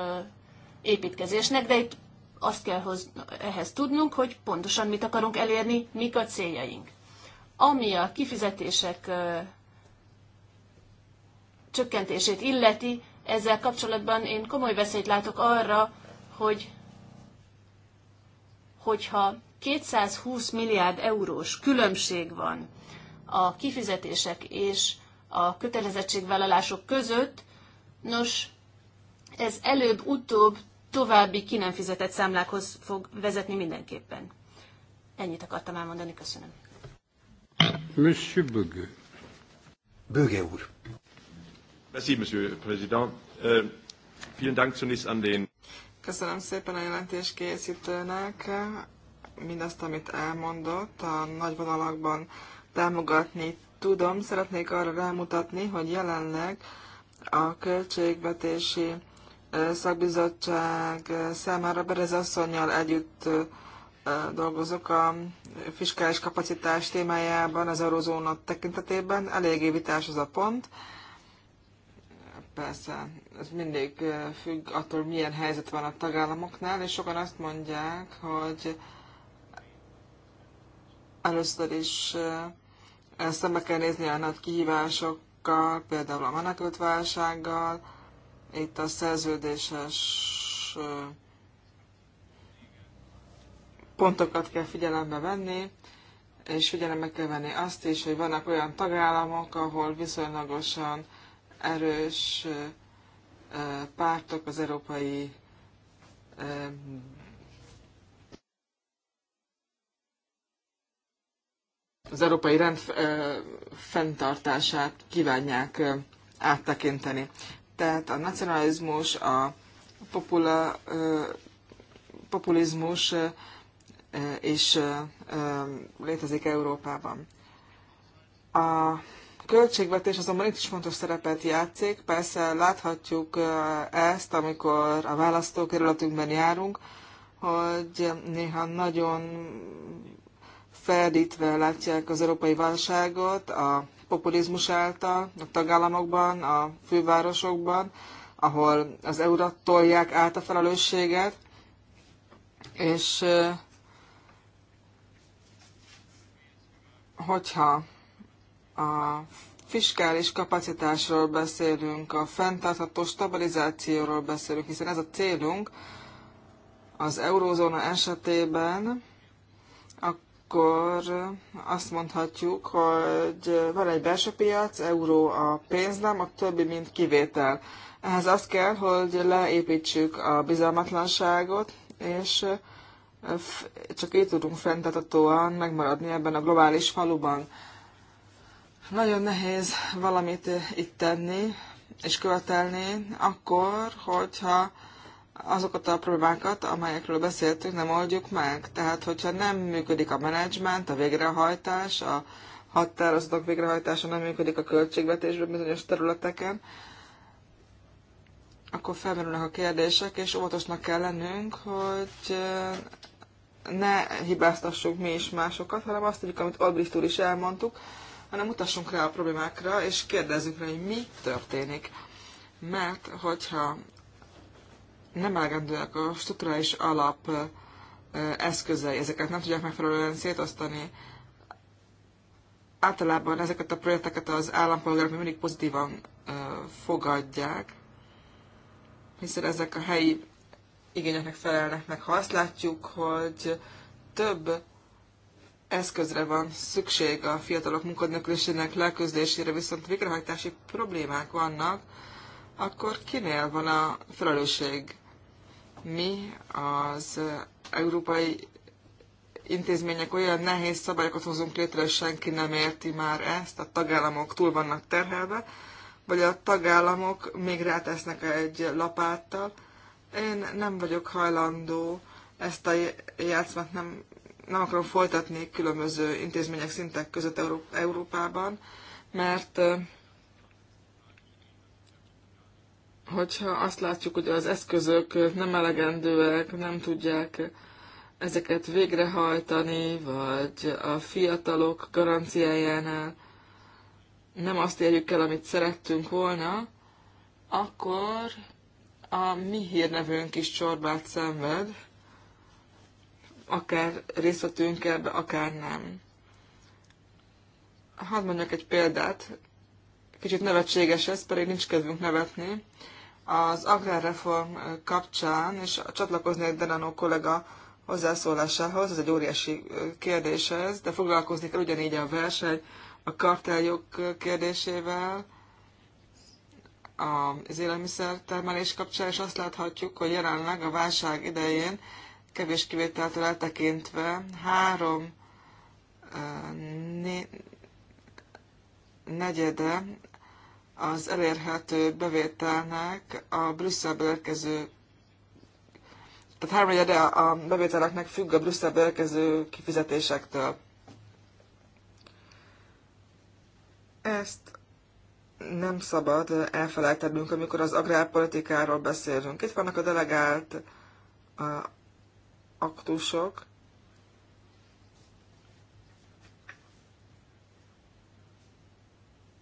építkezésnek, de itt azt kell hoz, ehhez tudnunk, hogy pontosan mit akarunk elérni, mik a céljaink. Ami a kifizetések csökkentését illeti, ezzel kapcsolatban én komoly veszélyt látok arra, hogy hogyha 220 milliárd eurós különbség van a kifizetések és a kötelezettségvállalások között, nos, ez előbb-utóbb további ki nem fizetett számlákhoz fog vezetni mindenképpen. Ennyit akartam elmondani, köszönöm. Monsieur Böge. Böge úr. Merci, Monsieur Président. Uh, vielen Dank zunächst an den... Köszönöm szépen a jelentés készítőnek mindazt, amit elmondott, a nagy vonalakban támogatni tudom. Szeretnék arra rámutatni, hogy jelenleg a költségvetési szakbizottság számára az asszonynal együtt dolgozok a fiskális kapacitás témájában, az eurozóna tekintetében. Eléggé vitás az a pont. Persze, ez mindig függ attól, milyen helyzet van a tagállamoknál, és sokan azt mondják, hogy először is szembe kell nézni a nagy kihívásokkal, például a menekültválsággal, itt a szerződéses pontokat kell figyelembe venni, és figyelembe kell venni azt is, hogy vannak olyan tagállamok, ahol viszonylagosan erős pártok az európai az európai rend fenntartását kívánják áttekinteni. Tehát a nacionalizmus, a popula, populizmus is létezik Európában. A költségvetés azonban itt is fontos szerepet játszik. Persze láthatjuk ezt, amikor a választókerületünkben járunk, hogy néha nagyon feldítve látják az európai válságot, a populizmus által a tagállamokban, a fővárosokban, ahol az eu tolják át a felelősséget, és hogyha a fiskális kapacitásról beszélünk, a fenntartható stabilizációról beszélünk, hiszen ez a célunk az eurózóna esetében, akkor azt mondhatjuk, hogy van egy belső piac, euró a pénznem, a többi mint kivétel. Ehhez az kell, hogy leépítsük a bizalmatlanságot, és eh, csak így tudunk fenntartatóan megmaradni ebben a globális faluban. Nagyon nehéz valamit eh, itt tenni és követelni, akkor, hogyha azokat a problémákat, amelyekről beszéltünk, nem oldjuk meg. Tehát, hogyha nem működik a menedzsment, a végrehajtás, a határozatok végrehajtása nem működik a költségvetésben bizonyos területeken, akkor felmerülnek a kérdések, és óvatosnak kell lennünk, hogy eh, ne hibáztassunk mi is másokat, hanem azt tudjuk, amit Albrecht úr is elmondtuk, hanem mutassunk rá a problémákra, és kérdezzünk rá, hogy mi történik. Mert hogyha nem elegendőek a strukturális alap eszközei, ezeket nem tudják megfelelően szétosztani. Általában ezeket a projekteket az állampolgárok mindig pozitívan fogadják, hiszen ezek a helyi igényeknek felelnek meg. Ha azt látjuk, hogy több eszközre van szükség a fiatalok munkadnökülésének leküzdésére, viszont végrehajtási problémák vannak, akkor kinél van a felelősség? mi az európai intézmények olyan nehéz szabályokat hozunk létre, hogy senki nem érti már ezt, a tagállamok túl vannak terhelve, vagy a tagállamok még rátesznek egy lapáttal. Én nem vagyok hajlandó ezt a játszmát nem, nem akarom folytatni különböző intézmények szintek között Európában, mert hogyha azt látjuk, hogy az eszközök nem elegendőek, nem tudják ezeket végrehajtani, vagy a fiatalok garanciájánál nem azt érjük el, amit szerettünk volna, akkor a mi hírnevünk is csorbát szenved, akár részletünk ebbe, akár nem. Hadd mondjak egy példát, kicsit nevetséges ez, pedig nincs kedvünk nevetni az agrárreform kapcsán, és csatlakozni egy Delano kollega hozzászólásához, ez egy óriási kérdés ez, de foglalkozni kell ugyanígy a verseny, a karteljog kérdésével, az élelmiszertermelés kapcsán, és azt láthatjuk, hogy jelenleg a válság idején kevés kivételtől eltekintve három né, negyede az elérhető bevételnek a Brüsszelbe érkező tehát háromnegyede a bevételeknek függ a Brüsszelbe érkező kifizetésektől. Ezt nem szabad elfelejtenünk, amikor az agrárpolitikáról beszélünk. Itt vannak a delegált aktusok,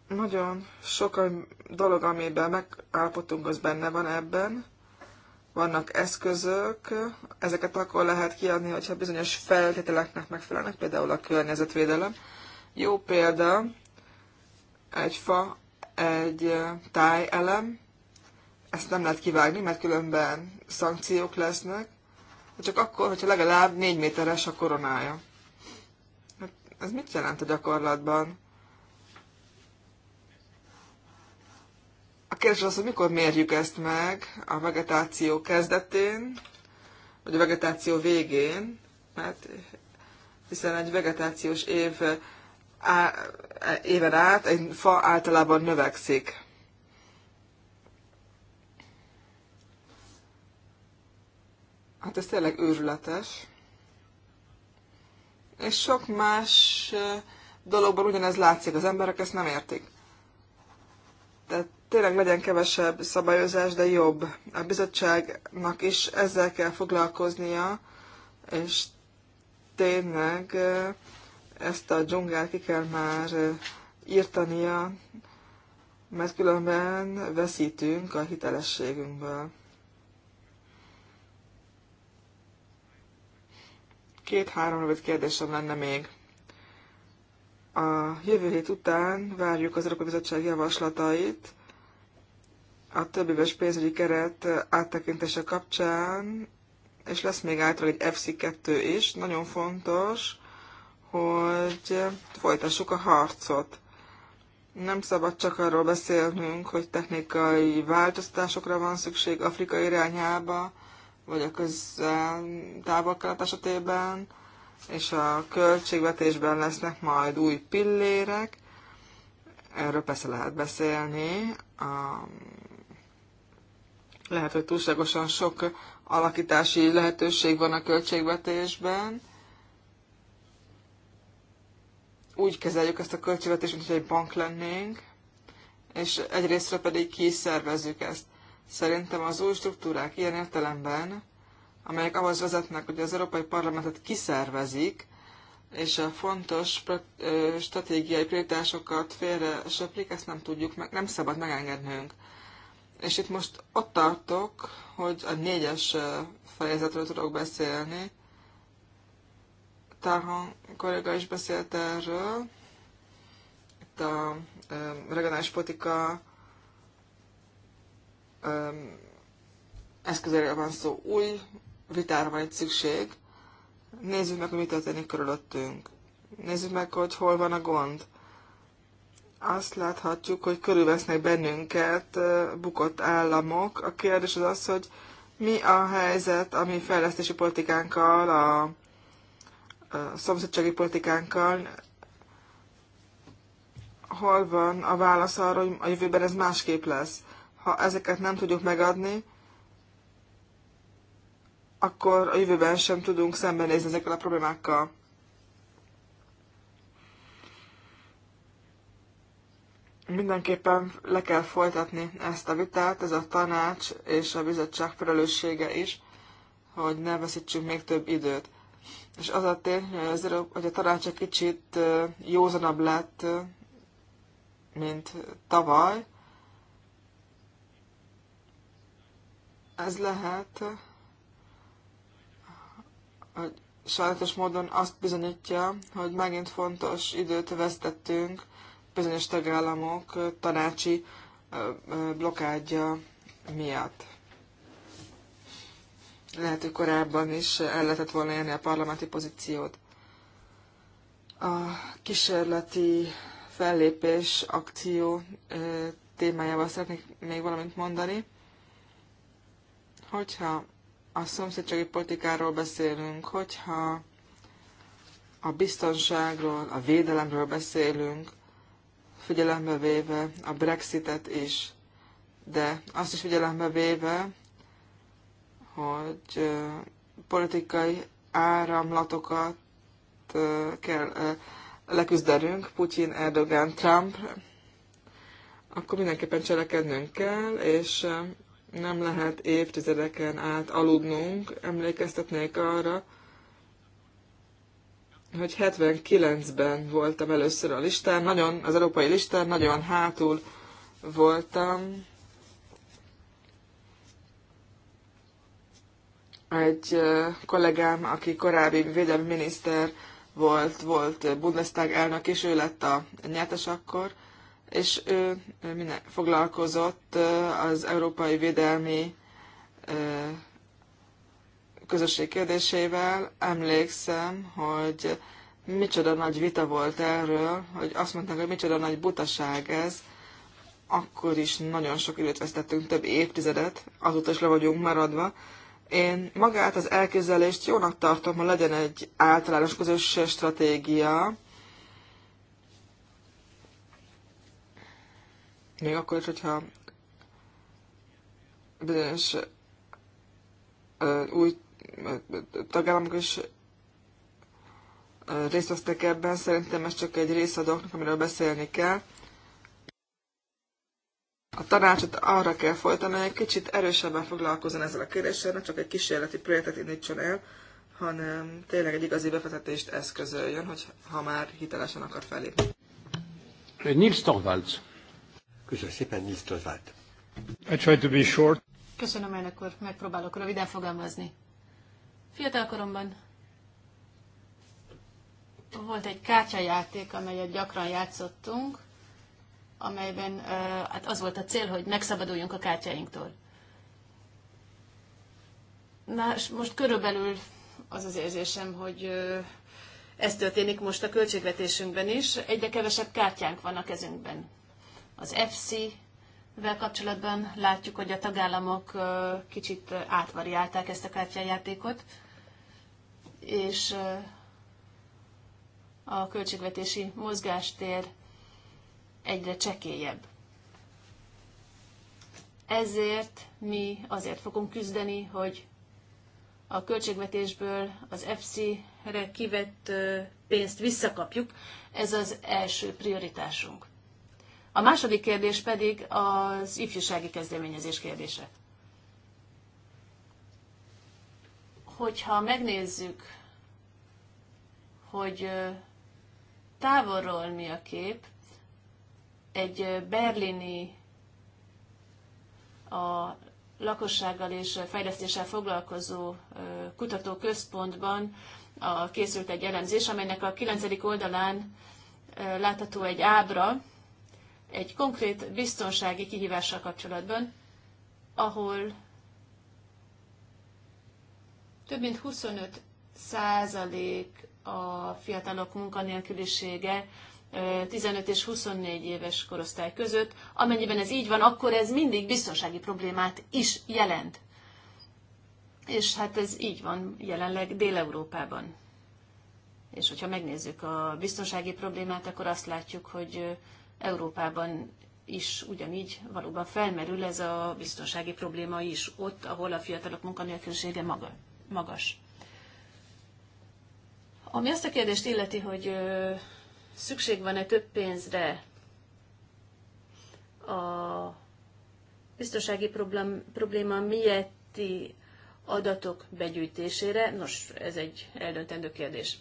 Nagyon sok dolog, amiben megállapodtunk, az benne van ebben. Vannak eszközök, ezeket akkor lehet kiadni, hogyha bizonyos feltételeknek megfelelnek, például a környezetvédelem. Jó példa, egy fa, egy tájelem, ezt nem lehet kivágni, mert különben szankciók lesznek, csak akkor, hogyha legalább 4 méteres a koronája. Hát ez mit jelent a gyakorlatban? A kérdés az, hogy mikor mérjük ezt meg a vegetáció kezdetén, vagy a vegetáció végén, mert hiszen egy vegetációs év á, éven át egy fa általában növekszik. Hát ez tényleg őrületes. És sok más eh, dologban ugyanez látszik, az emberek ezt nem értik. Tehát tényleg legyen kevesebb szabályozás, de jobb. A bizottságnak is ezzel kell foglalkoznia, és tényleg ezt a dzsungát ki kell már írtania, mert különben veszítünk a hitelességünkből. Két-három rövid kérdésem lenne még. A jövő hét után várjuk az Európai Bizottság javaslatait, a éves pénzügyi keret áttekintése kapcsán, és lesz még által egy FC2 is, nagyon fontos, hogy folytassuk a harcot. Nem szabad csak arról beszélnünk, hogy technikai változtatásokra van szükség Afrika irányába, vagy a közel esetében, és a költségvetésben lesznek majd új pillérek. Erről persze lehet beszélni a lehet, hogy túlságosan sok alakítási lehetőség van a költségvetésben. Úgy kezeljük ezt a költségvetést, mint hogy egy bank lennénk, és egyrésztről pedig kiszervezzük ezt. Szerintem az új struktúrák ilyen értelemben, amelyek ahhoz vezetnek, hogy az Európai Parlamentet kiszervezik, és a fontos stratégiai prioritásokat félre söplik, ezt nem tudjuk meg, nem szabad megengednünk. És itt most ott tartok, hogy a négyes fejezetről tudok beszélni. Táhan kolléga is beszélt erről. Itt a regionális politika eszközére van szó. Új vitára van egy szükség. Nézzük meg, hogy mi történik körülöttünk. Nézzük meg, hogy hol van a gond azt láthatjuk, hogy körülvesznek bennünket bukott államok. A kérdés az az, hogy mi a helyzet a mi fejlesztési politikánkkal, a, a szomszédsági politikánkkal, hol van a válasz arra, hogy a jövőben ez másképp lesz. Ha ezeket nem tudjuk megadni, akkor a jövőben sem tudunk szembenézni ezekkel a problémákkal. Mindenképpen le kell folytatni ezt a vitát, ez a tanács és a bizottság felelőssége is, hogy ne veszítsünk még több időt. És az a tény, hogy, az, hogy a tanács egy kicsit józanabb lett, mint tavaly, ez lehet, hogy sajnos módon azt bizonyítja, hogy megint fontos időt vesztettünk bizonyos tagállamok tanácsi blokádja miatt. Lehet, hogy korábban is el lehetett volna élni a parlamenti pozíciót. A kísérleti fellépés akció témájával szeretnék még valamit mondani. Hogyha a szomszédsági politikáról beszélünk, hogyha a biztonságról, a védelemről beszélünk, figyelembe véve a Brexitet is, de azt is figyelembe véve, hogy politikai áramlatokat kell leküzdenünk, Putyin, Erdogan, Trump, akkor mindenképpen cselekednünk kell, és nem lehet évtizedeken át aludnunk. Emlékeztetnék arra, hogy 79-ben voltam először a listán, nagyon, az európai listán, nagyon hátul voltam. Egy kollégám, aki korábbi védelmi miniszter volt, volt Bundestag elnök, és ő lett a nyertes akkor, és ő minden, foglalkozott az európai védelmi közösség kérdésével emlékszem, hogy micsoda nagy vita volt erről, hogy azt mondták, hogy micsoda nagy butaság ez, akkor is nagyon sok időt vesztettünk, több évtizedet, azóta is le vagyunk maradva. Én magát az elképzelést jónak tartom, hogy legyen egy általános közös stratégia, még akkor is, hogyha bizonyos új tagállamok is eh, részt vesztek ebben. Szerintem ez csak egy része a dolgoknak, amiről beszélni kell. A tanácsot arra kell folytani, hogy egy kicsit erősebben foglalkozzon ezzel a kérdéssel, ne csak egy kísérleti projektet indítson el, hanem tényleg egy igazi befektetést eszközöljön, hogy ha már hitelesen akar felépni. Nils Torvalds. Köszönöm szépen, Nils Torvalds. I try to be short. Köszönöm, elnök úr. Megpróbálok röviden fogalmazni. Fiatalkoromban volt egy kártyajáték, amelyet gyakran játszottunk, amelyben hát az volt a cél, hogy megszabaduljunk a kártyáinktól. Na, és most körülbelül az az érzésem, hogy ez történik most a költségvetésünkben is. Egyre kevesebb kártyánk van a kezünkben. Az FC-vel kapcsolatban látjuk, hogy a tagállamok kicsit átvariálták ezt a kártyajátékot és a költségvetési mozgástér egyre csekélyebb. Ezért mi azért fogunk küzdeni, hogy a költségvetésből az EFSI-re kivett pénzt visszakapjuk. Ez az első prioritásunk. A második kérdés pedig az ifjúsági kezdeményezés kérdése. hogyha megnézzük, hogy távolról mi a kép, egy berlini a lakossággal és fejlesztéssel foglalkozó kutatóközpontban készült egy elemzés, amelynek a 9. oldalán látható egy ábra, egy konkrét biztonsági kihívással kapcsolatban, ahol több mint 25 százalék a fiatalok munkanélkülisége 15 és 24 éves korosztály között. Amennyiben ez így van, akkor ez mindig biztonsági problémát is jelent. És hát ez így van jelenleg Dél-Európában. És hogyha megnézzük a biztonsági problémát, akkor azt látjuk, hogy Európában is ugyanígy valóban felmerül ez a biztonsági probléma is ott, ahol a fiatalok munkanélkülisége maga magas. Ami azt a kérdést illeti, hogy szükség van-e több pénzre a biztonsági problém, probléma miatti adatok begyűjtésére, nos, ez egy eldöntendő kérdés.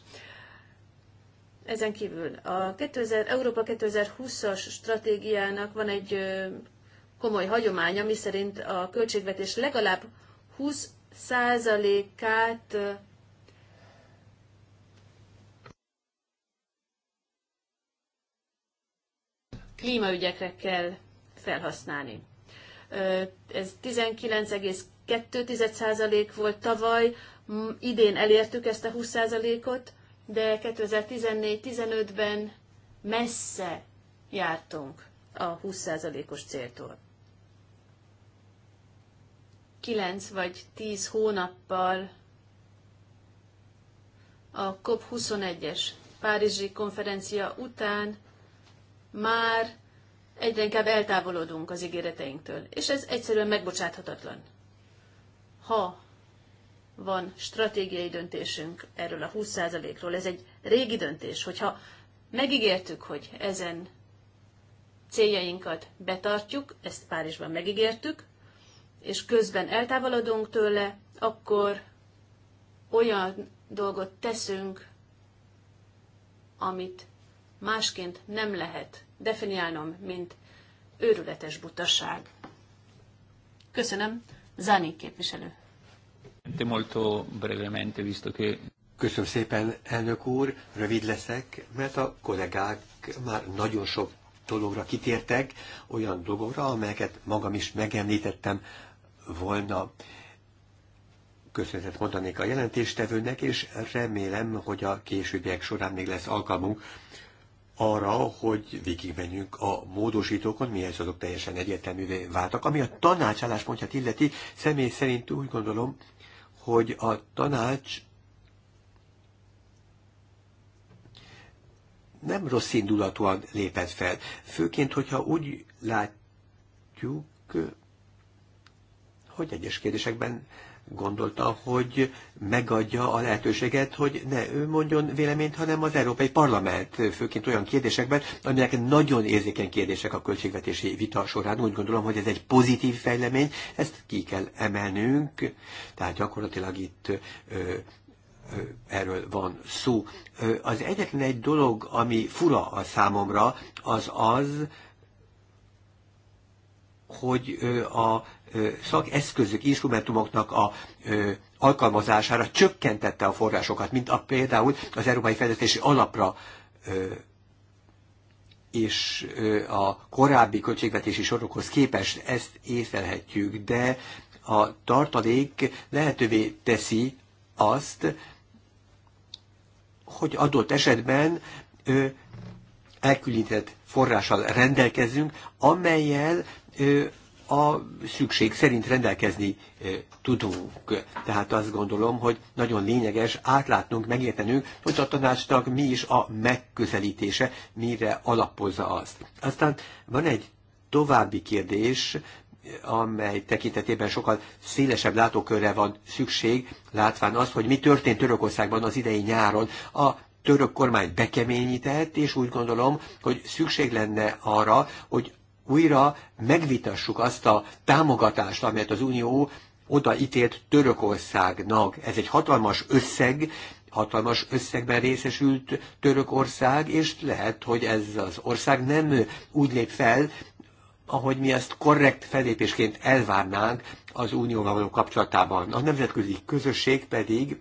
Ezen kívül a 2000, Európa 2020-as stratégiának van egy komoly hagyománya, miszerint a költségvetés legalább 20 százalékát klímaügyekre kell felhasználni. Ez 19,2% volt tavaly, idén elértük ezt a 20%-ot, de 2014-15-ben messze jártunk a 20%-os céltól. 9 vagy 10 hónappal a COP21-es Párizsi konferencia után már egyre inkább eltávolodunk az ígéreteinktől. És ez egyszerűen megbocsáthatatlan. Ha van stratégiai döntésünk erről a 20%-ról, ez egy régi döntés, hogyha megígértük, hogy ezen céljainkat betartjuk, ezt Párizsban megígértük, és közben eltávolodunk tőle, akkor olyan dolgot teszünk, amit másként nem lehet definiálnom, mint őrületes butaság. Köszönöm, Zani képviselő. Köszönöm szépen, elnök úr, rövid leszek, mert a kollégák már nagyon sok dologra kitértek, olyan dolgokra, amelyeket magam is megemlítettem volna. Köszönetet mondanék a jelentéstevőnek, és remélem, hogy a későbbiek során még lesz alkalmunk arra, hogy végigmenjünk a módosítókon, mihez azok teljesen egyértelművé váltak. Ami a tanács álláspontját illeti, személy szerint úgy gondolom, hogy a tanács nem rossz indulatúan lépett fel. Főként, hogyha úgy látjuk, hogy egyes kérdésekben gondolta, hogy megadja a lehetőséget, hogy ne ő mondjon véleményt, hanem az Európai Parlament, főként olyan kérdésekben, amelyek nagyon érzékeny kérdések a költségvetési vita során. Úgy gondolom, hogy ez egy pozitív fejlemény, ezt ki kell emelnünk, tehát gyakorlatilag itt ö, erről van szó. Az egyetlen egy dolog, ami fura a számomra, az az, hogy a szakeszközök, instrumentumoknak a alkalmazására csökkentette a forrásokat, mint a például az Európai Fejlesztési Alapra és a korábbi költségvetési sorokhoz képest ezt észlelhetjük, de a tartalék lehetővé teszi azt, hogy adott esetben elkülített elkülönített forrással rendelkezünk, amelyel a szükség szerint rendelkezni tudunk. Tehát azt gondolom, hogy nagyon lényeges átlátnunk, megértenünk, hogy a tanácsnak mi is a megközelítése, mire alapozza azt. Aztán van egy további kérdés, amely tekintetében sokkal szélesebb látókörre van szükség, látván az, hogy mi történt Törökországban az idei nyáron. A török kormány bekeményített, és úgy gondolom, hogy szükség lenne arra, hogy újra megvitassuk azt a támogatást, amelyet az Unió odaítélt Törökországnak. Ez egy hatalmas összeg, hatalmas összegben részesült Törökország, és lehet, hogy ez az ország nem úgy lép fel, ahogy mi ezt korrekt felépésként elvárnánk az unióval való kapcsolatában. A nemzetközi közösség pedig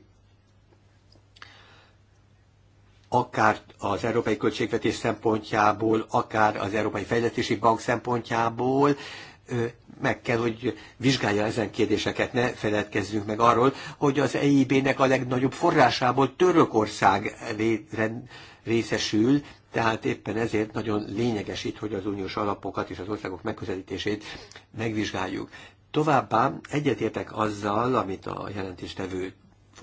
akár az európai költségvetés szempontjából, akár az Európai Fejlesztési Bank szempontjából meg kell, hogy vizsgálja ezen kérdéseket, ne feledkezzünk meg arról, hogy az EIB-nek a legnagyobb forrásából Törökország részesül, tehát éppen ezért nagyon lényeges itt, hogy az uniós alapokat és az országok megközelítését megvizsgáljuk. Továbbá egyetértek azzal, amit a jelentéstevő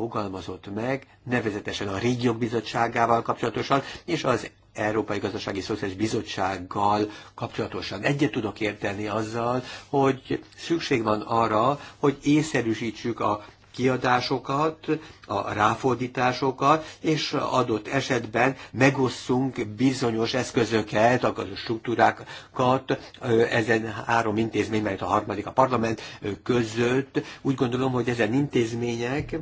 fogalmazott meg, nevezetesen a régiók bizottságával kapcsolatosan, és az Európai Gazdasági Szociális Bizottsággal kapcsolatosan. Egyet tudok érteni azzal, hogy szükség van arra, hogy észszerűsítsük a kiadásokat, a ráfordításokat, és adott esetben megosszunk bizonyos eszközöket, a struktúrákat ezen három intézmény, mert a harmadik a parlament között. Úgy gondolom, hogy ezen intézmények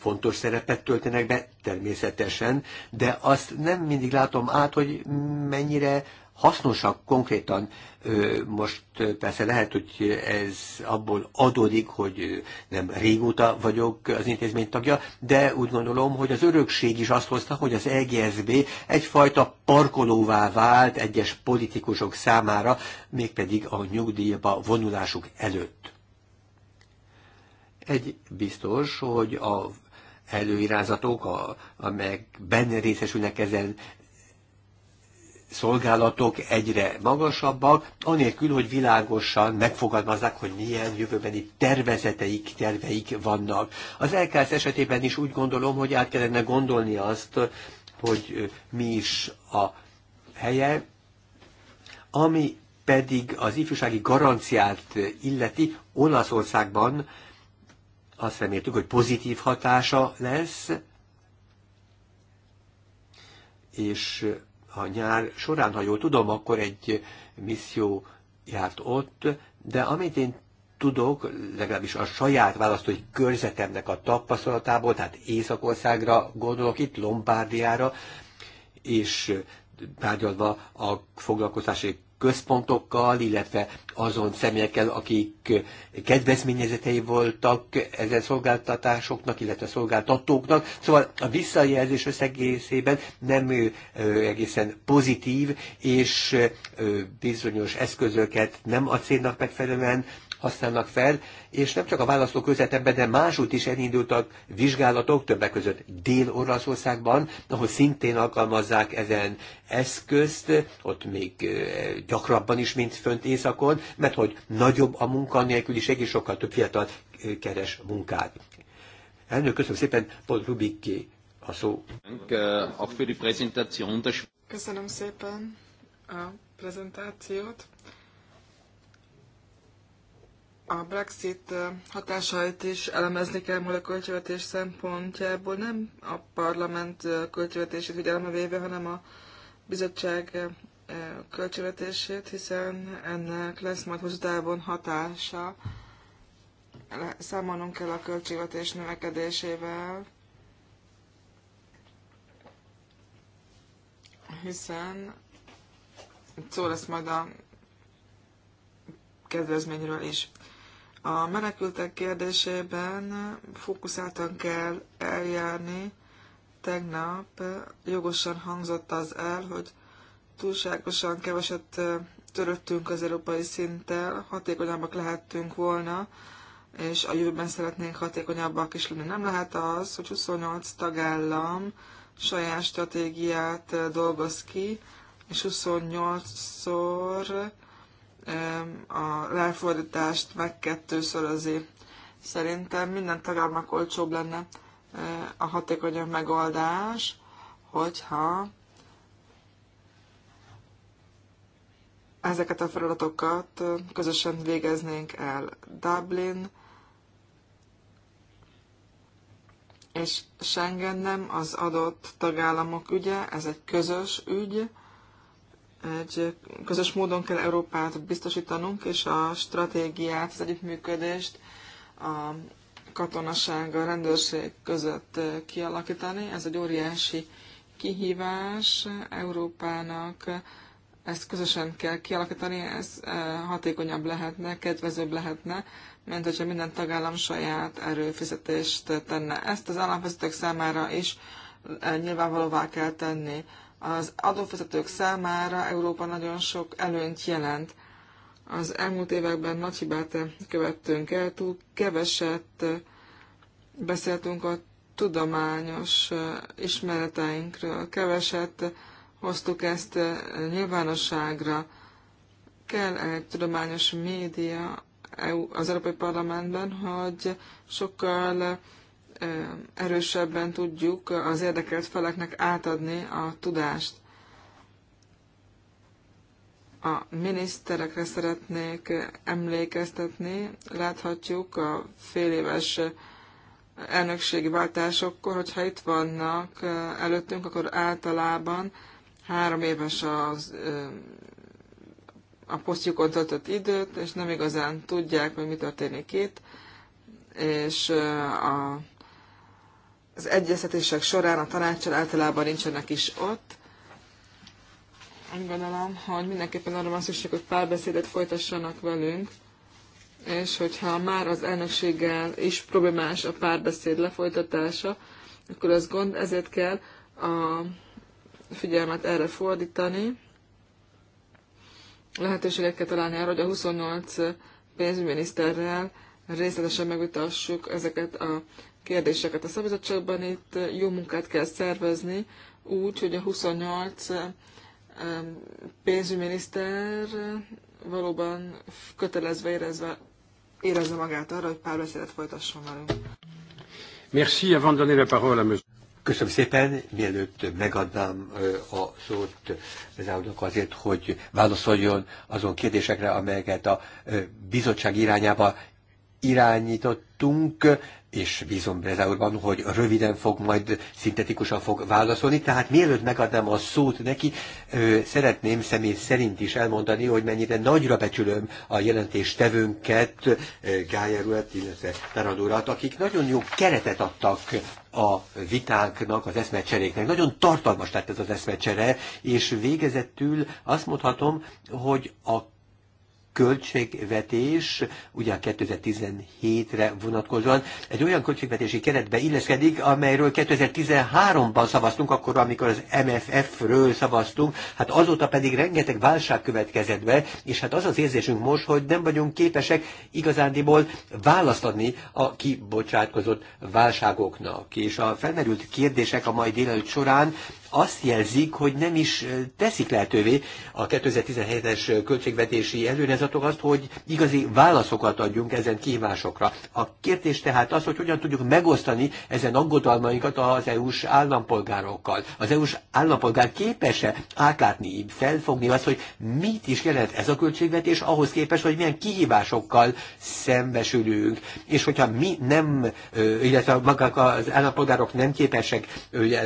fontos szerepet töltenek be, természetesen, de azt nem mindig látom át, hogy mennyire hasznosak konkrétan. Most persze lehet, hogy ez abból adódik, hogy nem régóta vagyok az intézmény tagja, de úgy gondolom, hogy az örökség is azt hozta, hogy az EGSB egyfajta parkolóvá vált egyes politikusok számára, mégpedig a nyugdíjba vonulásuk előtt. Egy biztos, hogy a előirázatok, a, amelyek benne részesülnek ezen szolgálatok egyre magasabbak, anélkül, hogy világosan megfogalmazzák, hogy milyen jövőbeni tervezeteik, terveik vannak. Az LKS esetében is úgy gondolom, hogy át kellene gondolni azt, hogy mi is a helye, ami pedig az ifjúsági garanciát illeti Olaszországban, azt reméltük, hogy pozitív hatása lesz, és a nyár során, ha jól tudom, akkor egy misszió járt ott, de amit én tudok, legalábbis a saját választói körzetemnek a tapasztalatából, tehát Északországra gondolok, itt Lombárdiára, és tárgyalva a foglalkoztási központokkal, illetve azon személyekkel, akik kedvezményezetei voltak ezen szolgáltatásoknak, illetve szolgáltatóknak. Szóval a visszajelzés összegészében nem ő egészen pozitív, és bizonyos eszközöket nem a célnak megfelelően használnak fel, és nem csak a választók közvetemben, de másút is elindultak vizsgálatok, többek között Dél-Olaszországban, ahol szintén alkalmazzák ezen eszközt, ott még gyakrabban is, mint fönt északon, mert hogy nagyobb a munkanélküliség, és sokkal több fiatal keres munkát. Elnök, köszönöm szépen, Paul Rubikké a szó. Köszönöm szépen a prezentációt a Brexit hatásait is elemezni kell majd a költségvetés szempontjából, nem a parlament költségvetését figyelembe véve, hanem a bizottság költségvetését, hiszen ennek lesz majd hosszú távon hatása. Számolnunk kell a költségvetés növekedésével, hiszen szó lesz majd a kedvezményről is. A menekültek kérdésében fókuszáltan kell eljárni. Tegnap jogosan hangzott az el, hogy túlságosan keveset töröttünk az európai szinttel, hatékonyabbak lehettünk volna, és a jövőben szeretnénk hatékonyabbak is lenni. Nem lehet az, hogy 28 tagállam saját stratégiát dolgoz ki, és 28-szor a lefordítást kettőszörözi. Szerintem minden tagállamnak olcsóbb lenne a hatékonyabb megoldás, hogyha ezeket a feladatokat közösen végeznénk el Dublin, és Schengen nem az adott tagállamok ügye, ez egy közös ügy, egy közös módon kell Európát biztosítanunk, és a stratégiát, az együttműködést a katonaság, a rendőrség között kialakítani. Ez egy óriási kihívás Európának, ezt közösen kell kialakítani, ez eh, hatékonyabb lehetne, kedvezőbb lehetne, mint hogyha minden tagállam saját erőfizetést tenne. Ezt az államfizetők számára is eh, nyilvánvalóvá kell tenni az adófizetők számára Európa nagyon sok előnyt jelent. Az elmúlt években nagy hibát követtünk el, túl keveset beszéltünk a tudományos eh, ismereteinkről, keveset hoztuk ezt eh, nyilvánosságra. Kell egy tudományos média az Európai Parlamentben, hogy sokkal erősebben tudjuk az érdekelt feleknek átadni a tudást. A miniszterekre szeretnék emlékeztetni. Láthatjuk a éves elnökségi váltásokkor, hogyha itt vannak előttünk, akkor általában három éves az, a posztjukon töltött időt, és nem igazán tudják, hogy mi történik itt, és a az egyeztetések során a tanácsal általában nincsenek is ott. Én gondolom, hogy mindenképpen arra van szükség, hogy párbeszédet folytassanak velünk, és hogyha már az elnökséggel is problémás a párbeszéd lefolytatása, akkor az gond, ezért kell a figyelmet erre fordítani. Lehetőséget kell találni arra, hogy a 28 pénzügyminiszterrel részletesen megvitassuk ezeket a kérdéseket. A szabizottságban itt jó munkát kell szervezni, úgy, hogy a 28 pénzügyminiszter valóban kötelezve érezve, érezze magát arra, hogy párbeszédet folytasson velünk. Merci, avant de donner la parole à monsieur. Köszönöm szépen, mielőtt megadnám a szót Záurnak azért, hogy válaszoljon azon kérdésekre, amelyeket a bizottság irányába irányítottunk és bízom Breda úrban, hogy röviden fog, majd szintetikusan fog válaszolni. Tehát mielőtt megadnám a szót neki, ö, szeretném személy szerint is elmondani, hogy mennyire nagyra becsülöm a jelentéstevőnket, Gájer urat, illetve Tarad urat, akik nagyon jó keretet adtak a vitánknak, az eszmecseréknek. Nagyon tartalmas lett ez az eszmecsere, és végezetül azt mondhatom, hogy a költségvetés, a 2017-re vonatkozóan, egy olyan költségvetési keretbe illeszkedik, amelyről 2013-ban szavaztunk, akkor, amikor az MFF-ről szavaztunk, hát azóta pedig rengeteg válság következett be, és hát az az érzésünk most, hogy nem vagyunk képesek igazándiból választ adni a kibocsátkozott válságoknak. És a felmerült kérdések a mai délelőtt során azt jelzik, hogy nem is teszik lehetővé a 2017-es költségvetési előrezatok azt, hogy igazi válaszokat adjunk ezen kihívásokra. A kérdés tehát az, hogy hogyan tudjuk megosztani ezen aggodalmainkat az EU-s állampolgárokkal. Az EU-s állampolgár képes-e átlátni, felfogni azt, hogy mit is jelent ez a költségvetés ahhoz képest, hogy milyen kihívásokkal szembesülünk. És hogyha mi nem, illetve magák az állampolgárok nem képesek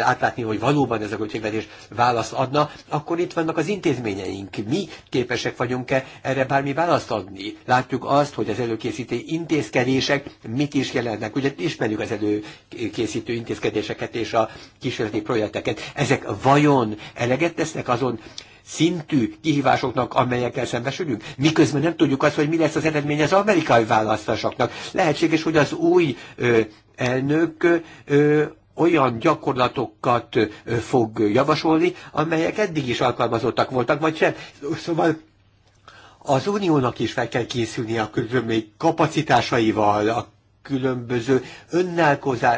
átlátni, hogy valóban ez a költségvetés választ adna, akkor itt vannak az intézményeink. Mi képesek vagyunk-e erre bármi választ adni? Látjuk azt, hogy az előkészítő intézkedések mit is jelentnek. Ugye ismerjük az előkészítő intézkedéseket és a kísérleti projekteket. Ezek vajon eleget tesznek azon szintű kihívásoknak, amelyekkel szembesülünk, miközben nem tudjuk azt, hogy mi lesz az eredmény az amerikai választásoknak. Lehetséges, hogy az új ö, elnök ö, olyan gyakorlatokat fog javasolni, amelyek eddig is alkalmazottak voltak, vagy sem. Szóval az uniónak is fel kell készülnie a különböző kapacitásaival, a különböző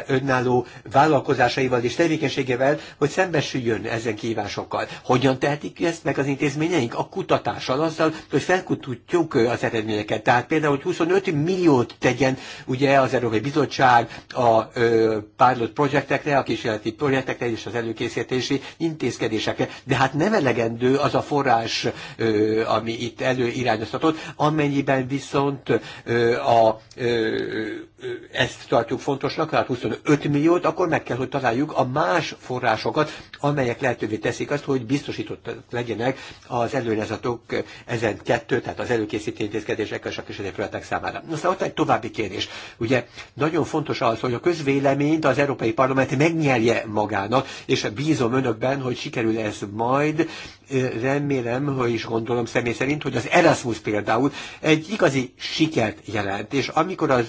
önálló vállalkozásaival és tevékenységével, hogy szembesüljön ezen kívásokkal. Hogyan tehetik ezt meg az intézményeink? A kutatással, azzal, hogy felkutatjuk az eredményeket. Tehát például, hogy 25 milliót tegyen ugye az Európai Bizottság a ö, pilot projektekre, a kísérleti projektekre és az előkészítési intézkedésekre. De hát nem elegendő az a forrás, ö, ami itt előirányoztatott, amennyiben viszont ö, a ö, ezt tartjuk fontosnak, hát 25 milliót, akkor meg kell, hogy találjuk a más forrásokat, amelyek lehetővé teszik azt, hogy biztosítottak legyenek az előnyezatok ezen kettő, tehát az előkészítő intézkedések és a kísérleti területek számára. Aztán ott egy további kérdés. Ugye nagyon fontos az, hogy a közvéleményt az Európai Parlament megnyerje magának, és bízom önökben, hogy sikerül ez majd. Remélem, hogy is gondolom személy szerint, hogy az Erasmus például egy igazi sikert jelent, és amikor az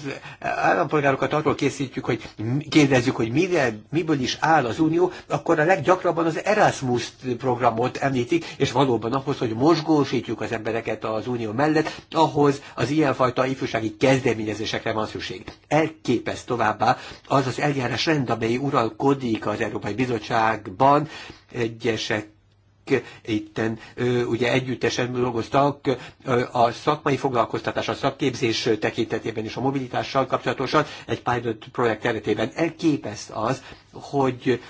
állampolgárokat arról készítjük, hogy kérdezzük, hogy mire, miből is áll az Unió, akkor a leggyakrabban az Erasmus programot említik, és valóban ahhoz, hogy mozgósítjuk az embereket az Unió mellett, ahhoz az ilyenfajta ifjúsági kezdeményezésekre van szükség. Elképes továbbá az az eljárás rend, amely uralkodik az Európai Bizottságban, egyesek itten ugye együttesen dolgoztak a szakmai foglalkoztatás, a szakképzés tekintetében és a mobilitással kapcsolatosan egy pilot projekt keretében elképeszt az, hogy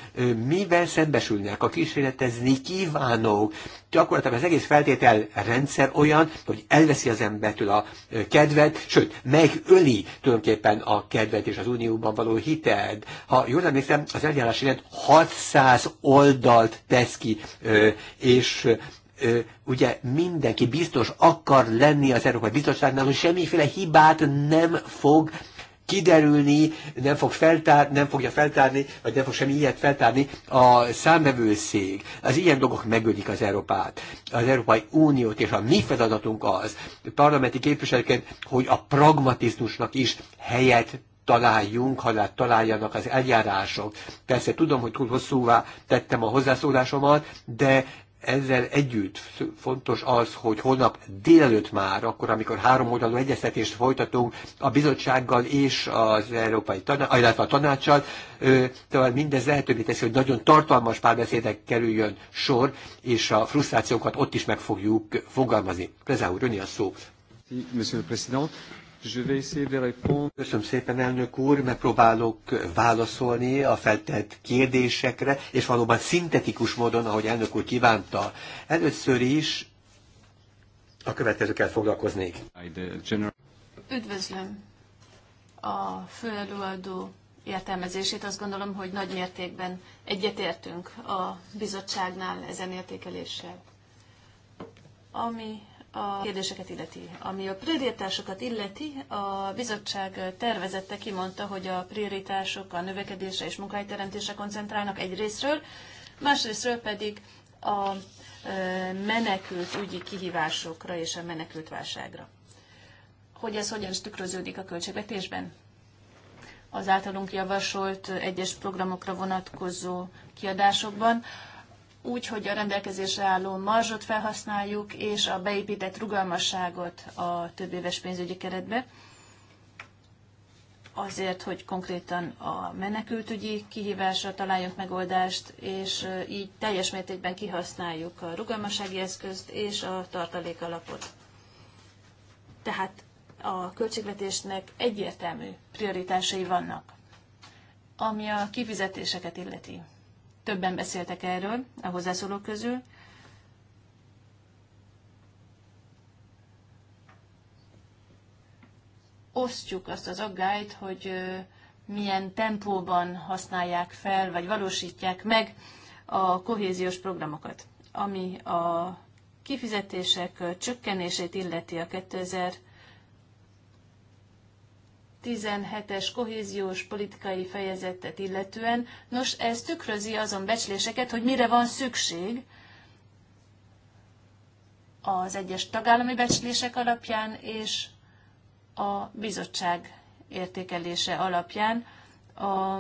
mivel szembesülnek a kísérletezni kívánók. Gyakorlatilag az egész feltétel rendszer olyan, hogy elveszi az embertől a kedvet, sőt, megöli tulajdonképpen a kedvet és az unióban való hited. Ha jól emlékszem, az eljárási rend 600 oldalt tesz ki, és ugye mindenki biztos akar lenni az Európai Bizottságnál, hogy semmiféle hibát nem fog kiderülni, nem, fog feltár, nem fogja feltárni, vagy nem fog semmi ilyet feltárni a számvevőszék. Az ilyen dolgok megölik az Európát, az Európai Uniót, és a mi feladatunk az, parlamenti képviselőként, hogy a pragmatizmusnak is helyet találjunk, ha találjanak az eljárások. Persze tudom, hogy túl hosszúvá tettem a hozzászólásomat, de ezzel együtt fontos az, hogy holnap délelőtt már, akkor, amikor három oldalú egyeztetést folytatunk a bizottsággal és az Európai Tanács, ah, illetve a tanácssal, tehát mindez lehetővé teszi, hogy nagyon tartalmas párbeszédek kerüljön sor, és a frusztrációkat ott is meg fogjuk fogalmazni. Prezául, Röni a szó. Monsieur le Président, Köszönöm szépen, elnök úr, megpróbálok válaszolni a feltett kérdésekre, és valóban szintetikus módon, ahogy elnök úr kívánta. Először is a következőkkel foglalkoznék. Üdvözlöm a főelőadó értelmezését. Azt gondolom, hogy nagy mértékben egyetértünk a bizottságnál ezen értékeléssel. Ami a kérdéseket illeti. Ami a prioritásokat illeti, a bizottság tervezette kimondta, hogy a prioritások a növekedése és munkahelyteremtése koncentrálnak egy részről, másrésztről pedig a menekült ügyi kihívásokra és a menekült válságra. Hogy ez hogyan is tükröződik a költségvetésben? Az általunk javasolt egyes programokra vonatkozó kiadásokban úgy, hogy a rendelkezésre álló marzsot felhasználjuk, és a beépített rugalmasságot a több éves pénzügyi keretbe, azért, hogy konkrétan a menekültügyi kihívásra találjunk megoldást, és így teljes mértékben kihasználjuk a rugalmassági eszközt és a tartalék alapot. Tehát a költségvetésnek egyértelmű prioritásai vannak, ami a kifizetéseket illeti. Többen beszéltek erről a hozzászólók közül. Osztjuk azt az aggályt, hogy milyen tempóban használják fel, vagy valósítják meg a kohéziós programokat, ami a kifizetések csökkenését illeti a 2000 17-es kohéziós politikai fejezetet illetően. Nos, ez tükrözi azon becsléseket, hogy mire van szükség az egyes tagállami becslések alapján és a bizottság értékelése alapján, a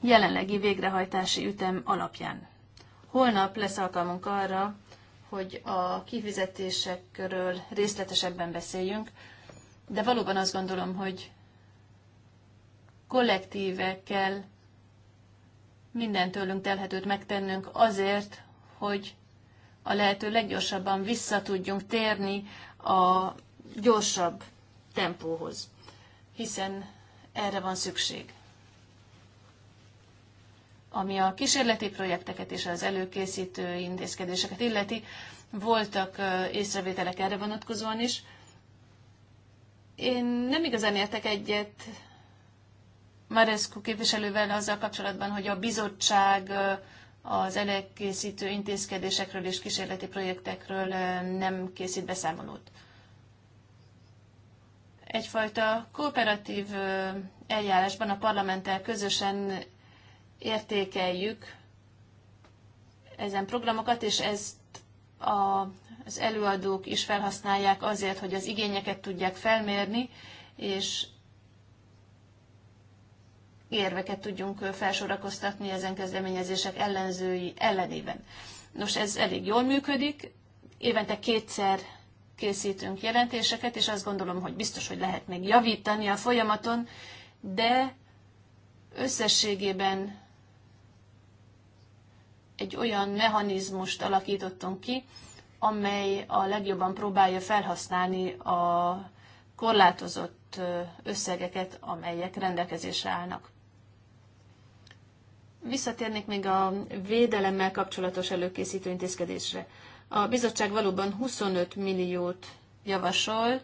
jelenlegi végrehajtási ütem alapján. Holnap lesz alkalmunk arra, hogy a kifizetésekről részletesebben beszéljünk, de valóban azt gondolom, hogy kollektívekkel mindentőlünk minden tőlünk telhetőt megtennünk azért, hogy a lehető leggyorsabban vissza tudjunk térni a gyorsabb tempóhoz, hiszen erre van szükség. Ami a kísérleti projekteket és az előkészítő intézkedéseket illeti, voltak észrevételek erre vonatkozóan is. Én nem igazán értek egyet Marescu képviselővel azzal kapcsolatban, hogy a bizottság az elekészítő intézkedésekről és kísérleti projektekről nem készít beszámolót. Egyfajta kooperatív eljárásban a parlamenttel közösen értékeljük ezen programokat, és ezt a, az előadók is felhasználják azért, hogy az igényeket tudják felmérni, és érveket tudjunk felsorakoztatni ezen kezdeményezések ellenzői ellenében. Nos, ez elég jól működik. Évente kétszer készítünk jelentéseket, és azt gondolom, hogy biztos, hogy lehet még javítani a folyamaton, de összességében egy olyan mechanizmust alakítottunk ki, amely a legjobban próbálja felhasználni a korlátozott összegeket, amelyek rendelkezésre állnak. Visszatérnék még a védelemmel kapcsolatos előkészítő intézkedésre. A bizottság valóban 25 milliót javasol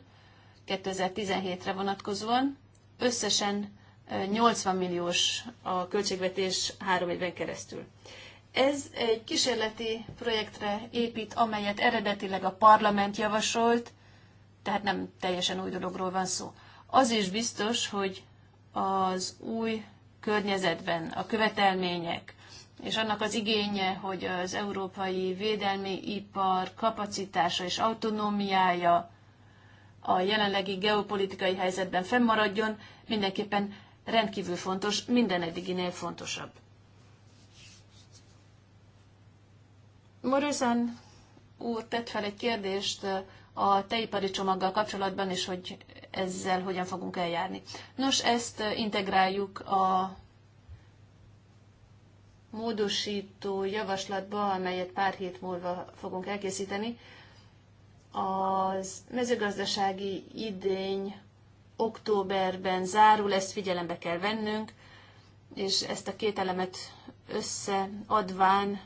2017-re vonatkozóan, összesen 80 milliós a költségvetés három évben keresztül. Ez egy kísérleti projektre épít, amelyet eredetileg a parlament javasolt, tehát nem teljesen új dologról van szó. Az is biztos, hogy az új környezetben a követelmények és annak az igénye, hogy az európai védelmi ipar kapacitása és autonómiája a jelenlegi geopolitikai helyzetben fennmaradjon, mindenképpen rendkívül fontos, minden eddiginél fontosabb. Morrison úr tett fel egy kérdést a teipari csomaggal kapcsolatban, és hogy ezzel hogyan fogunk eljárni. Nos, ezt integráljuk a módosító javaslatba, amelyet pár hét múlva fogunk elkészíteni. Az mezőgazdasági idény októberben zárul, ezt figyelembe kell vennünk, és ezt a két elemet összeadván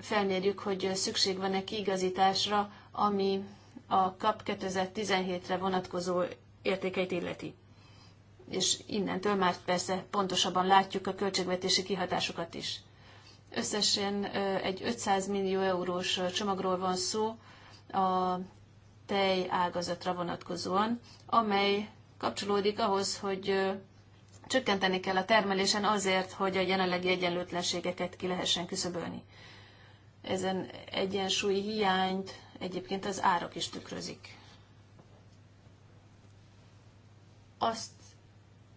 felmérjük, hogy szükség van-e kiigazításra, ami a KAP 2017-re vonatkozó értékeit illeti. És innentől már persze pontosabban látjuk a költségvetési kihatásokat is. Összesen egy 500 millió eurós csomagról van szó a tej ágazatra vonatkozóan, amely kapcsolódik ahhoz, hogy csökkenteni kell a termelésen azért, hogy a jelenlegi egyenlőtlenségeket ki lehessen küszöbölni. Ezen egyensúly hiányt egyébként az árak is tükrözik. Azt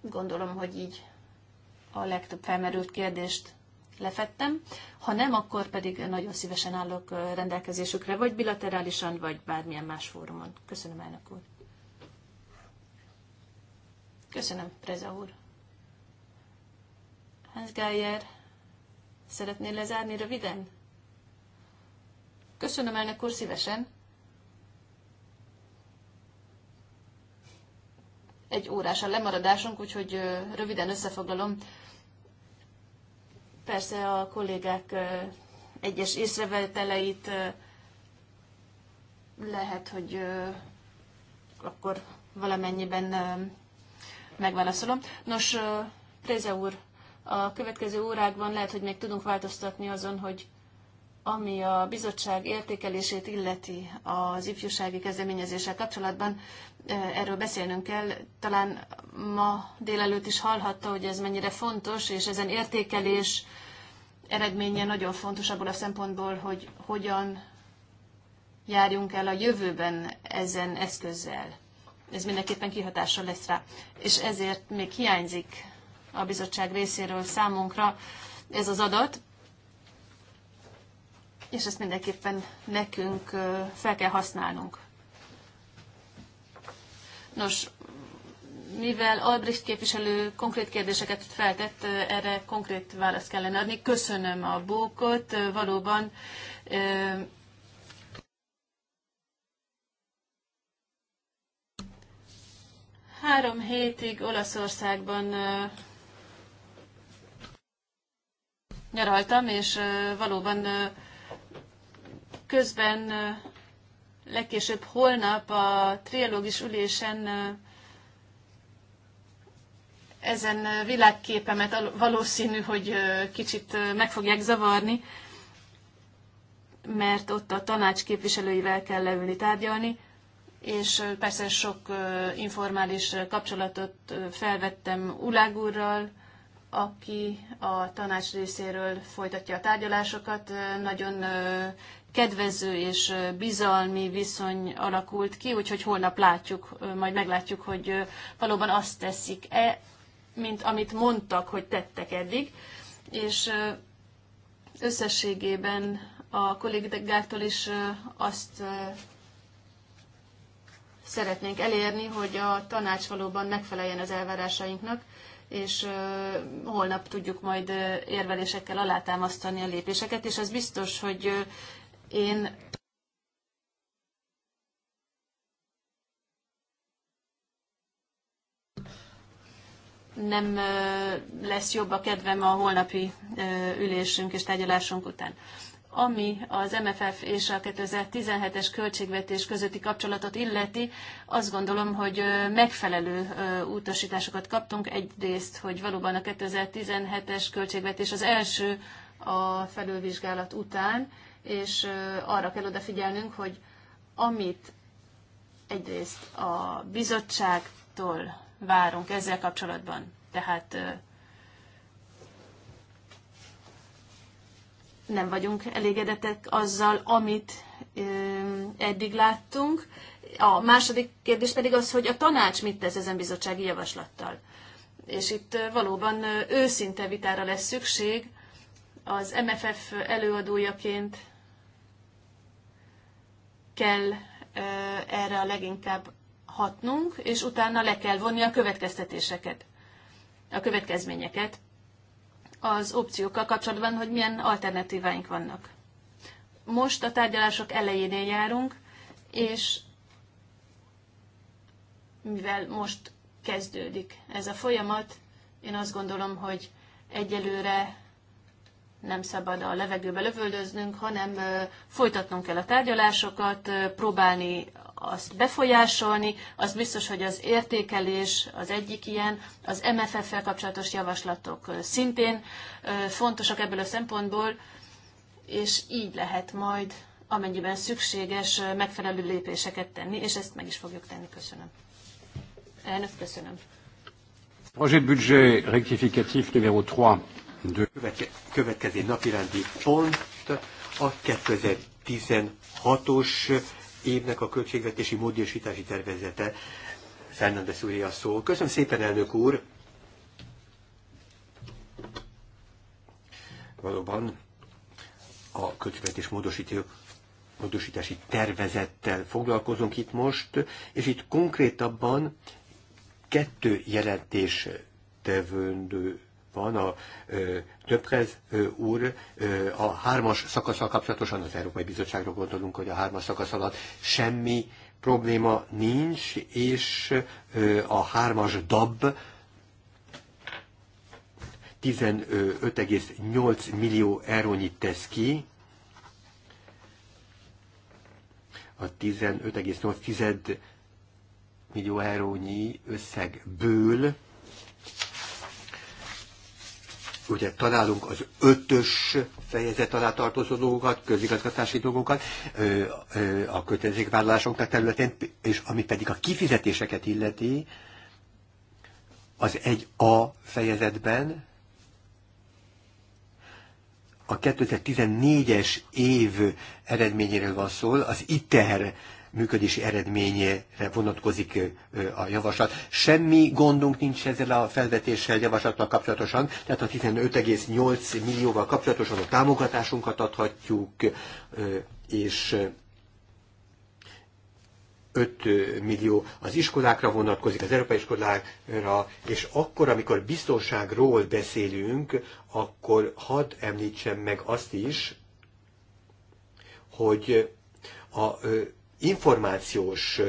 gondolom, hogy így a legtöbb felmerült kérdést lefettem. Ha nem, akkor pedig nagyon szívesen állok rendelkezésükre, vagy bilaterálisan, vagy bármilyen más fórumon. Köszönöm, elnök úr. Köszönöm, Preza úr. Hans Geyer, szeretnél lezárni röviden? Köszönöm, elnök úr, szívesen. Egy órás a lemaradásunk, úgyhogy röviden összefoglalom. Persze a kollégák egyes észreveteleit lehet, hogy akkor valamennyiben megválaszolom. Nos, Preze úr, a következő órákban lehet, hogy még tudunk változtatni azon, hogy ami a bizottság értékelését illeti az ifjúsági kezdeményezéssel kapcsolatban, erről beszélnünk kell. Talán ma délelőtt is hallhatta, hogy ez mennyire fontos, és ezen értékelés eredménye nagyon fontos abból a szempontból, hogy hogyan járjunk el a jövőben ezen eszközzel. Ez mindenképpen kihatással lesz rá. És ezért még hiányzik a bizottság részéről számunkra ez az adat, és ezt mindenképpen nekünk fel kell használnunk. Nos, mivel Albrecht képviselő konkrét kérdéseket feltett, erre konkrét választ kellene adni. Köszönöm a bókot, valóban három hétig Olaszországban nyaraltam, és valóban közben legkésőbb holnap a triológis ülésen ezen világképemet valószínű, hogy kicsit meg fogják zavarni, mert ott a tanács képviselőivel kell leülni tárgyalni, és persze sok informális kapcsolatot felvettem Ulág úrral, aki a tanács részéről folytatja a tárgyalásokat. Nagyon kedvező és bizalmi viszony alakult ki, úgyhogy holnap látjuk, majd meglátjuk, hogy valóban azt teszik-e, mint amit mondtak, hogy tettek eddig. És összességében a kollégáktól is azt szeretnénk elérni, hogy a tanács valóban megfeleljen az elvárásainknak, és holnap tudjuk majd érvelésekkel alátámasztani a lépéseket, és az biztos, hogy én nem lesz jobb a kedvem a holnapi ülésünk és tárgyalásunk után. Ami az MFF és a 2017-es költségvetés közötti kapcsolatot illeti, azt gondolom, hogy megfelelő utasításokat kaptunk. Egyrészt, hogy valóban a 2017-es költségvetés az első a felülvizsgálat után, és arra kell odafigyelnünk, hogy amit egyrészt a bizottságtól várunk ezzel kapcsolatban, tehát nem vagyunk elégedettek azzal, amit eddig láttunk. A második kérdés pedig az, hogy a tanács mit tesz ezen bizottsági javaslattal. És itt valóban őszinte vitára lesz szükség. Az MFF előadójaként kell erre a leginkább hatnunk, és utána le kell vonni a következtetéseket, a következményeket az opciókkal kapcsolatban, hogy milyen alternatíváink vannak. Most a tárgyalások elejénél járunk, és mivel most kezdődik ez a folyamat, én azt gondolom, hogy egyelőre nem szabad a levegőbe lövöldöznünk, hanem folytatnunk kell a tárgyalásokat, próbálni azt befolyásolni. Az biztos, hogy az értékelés az egyik ilyen, az MFF-fel kapcsolatos javaslatok szintén fontosak ebből a szempontból, és így lehet majd amennyiben szükséges megfelelő lépéseket tenni, és ezt meg is fogjuk tenni. Köszönöm. Elnök, köszönöm. Projet budget rectificatif numéro 3 következő következő napirendi pont a 2016-os évnek a költségvetési módosítási tervezete. Fernandez úr a szó. Köszönöm szépen, elnök úr! Valóban a költségvetés módosítő módosítási tervezettel foglalkozunk itt most, és itt konkrétabban kettő jelentés tevőnő van a Töprez úr a hármas szakaszal kapcsolatosan, az Európai Bizottságra gondolunk, hogy a hármas szakasz alatt semmi probléma nincs, és a hármas DAB 15,8 millió eurónyit tesz ki, a 15,8 millió eurónyi összegből ugye találunk az ötös fejezet alá tartozó dolgokat, közigazgatási dolgokat, a kötelezettségvállalásoknak területén, és ami pedig a kifizetéseket illeti, az egy A fejezetben, a 2014-es év eredményéről van szól, az ITER működési eredményére vonatkozik a javaslat. Semmi gondunk nincs ezzel a felvetéssel, javaslattal kapcsolatosan, tehát a 15,8 millióval kapcsolatosan a támogatásunkat adhatjuk, és 5 millió az iskolákra vonatkozik, az európai iskolákra, és akkor, amikor biztonságról beszélünk, akkor hadd említsem meg azt is, hogy a információs